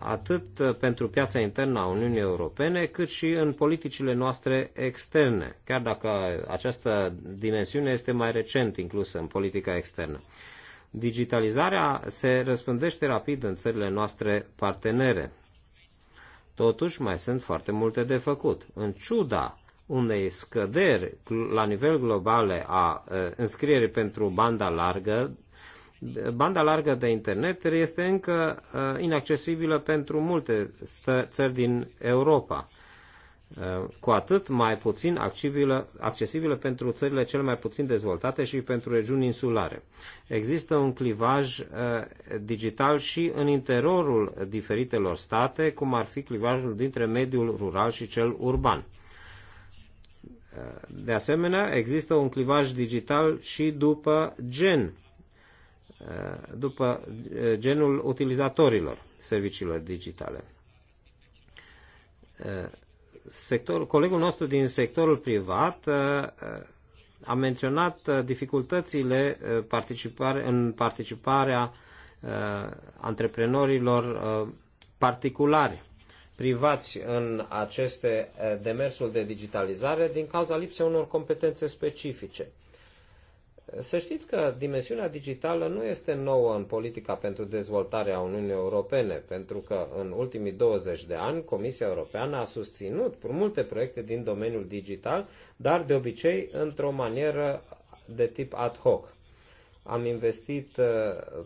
atât uh, pentru piața internă a Uniunii Europene, cât și în politicile noastre externe, chiar dacă această dimensiune este mai recent inclusă în politica externă. Digitalizarea se răspândește rapid în țările noastre partenere. Totuși, mai sunt foarte multe de făcut. În ciuda unei scăderi la nivel global a uh, înscrierii pentru banda largă banda largă de internet este încă uh, inaccesibilă pentru multe țări din Europa, uh, cu atât mai puțin accesibilă, accesibilă pentru țările cel mai puțin dezvoltate și pentru regiuni insulare. Există un clivaj uh, digital și în interiorul diferitelor state, cum ar fi clivajul dintre mediul rural și cel urban. De asemenea, există un clivaj digital și după gen după eh, genul utilizatorilor serviciilor digitale. Eh, Sector, colegul nostru din sectorul privat eh, a menționat dificultățile participare, în participarea antreprenorilor particulari privați în aceste demersuri de digitalizare din cauza lipsei unor competențe specifice. Să știți că dimensiunea digitală nu este nouă în politica pentru dezvoltarea Uniunii Europene, pentru că în ultimii 20 de ani Comisia Europeană a susținut multe proiecte din domeniul digital, dar de obicei într-o manieră de tip ad hoc. Am investit uh,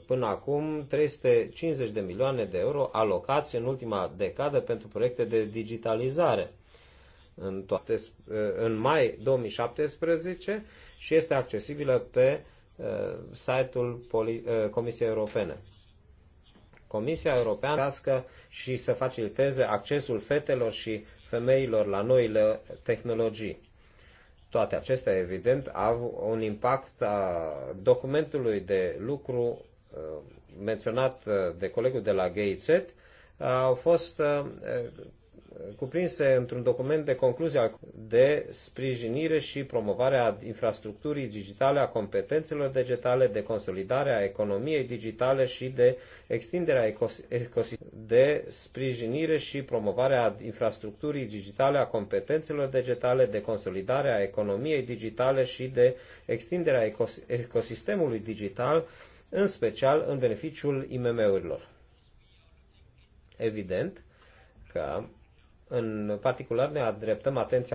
până acum 350 de milioane de euro alocați în ultima decadă pentru proiecte de digitalizare în, toate, eh, în mai 2017 și este accesibilă pe eh, site-ul eh, Comisiei Europene. Comisia Europeană și să faciliteze accesul fetelor și femeilor la noile tehnologii. Toate acestea, evident, au un impact a documentului de lucru menționat de colegul de la GIZ, au fost cuprinse într-un document de concluzie de sprijinire și promovare a infrastructurii digitale, a competențelor digitale, de consolidare a economiei digitale și de extinderea a de sprijinire și promovare a infrastructurii digitale, a competențelor digitale, de consolidare a economiei digitale și de extinderea a ecosistemului digital, în special în beneficiul IMM-urilor. Evident că în particular ne adreptăm atenția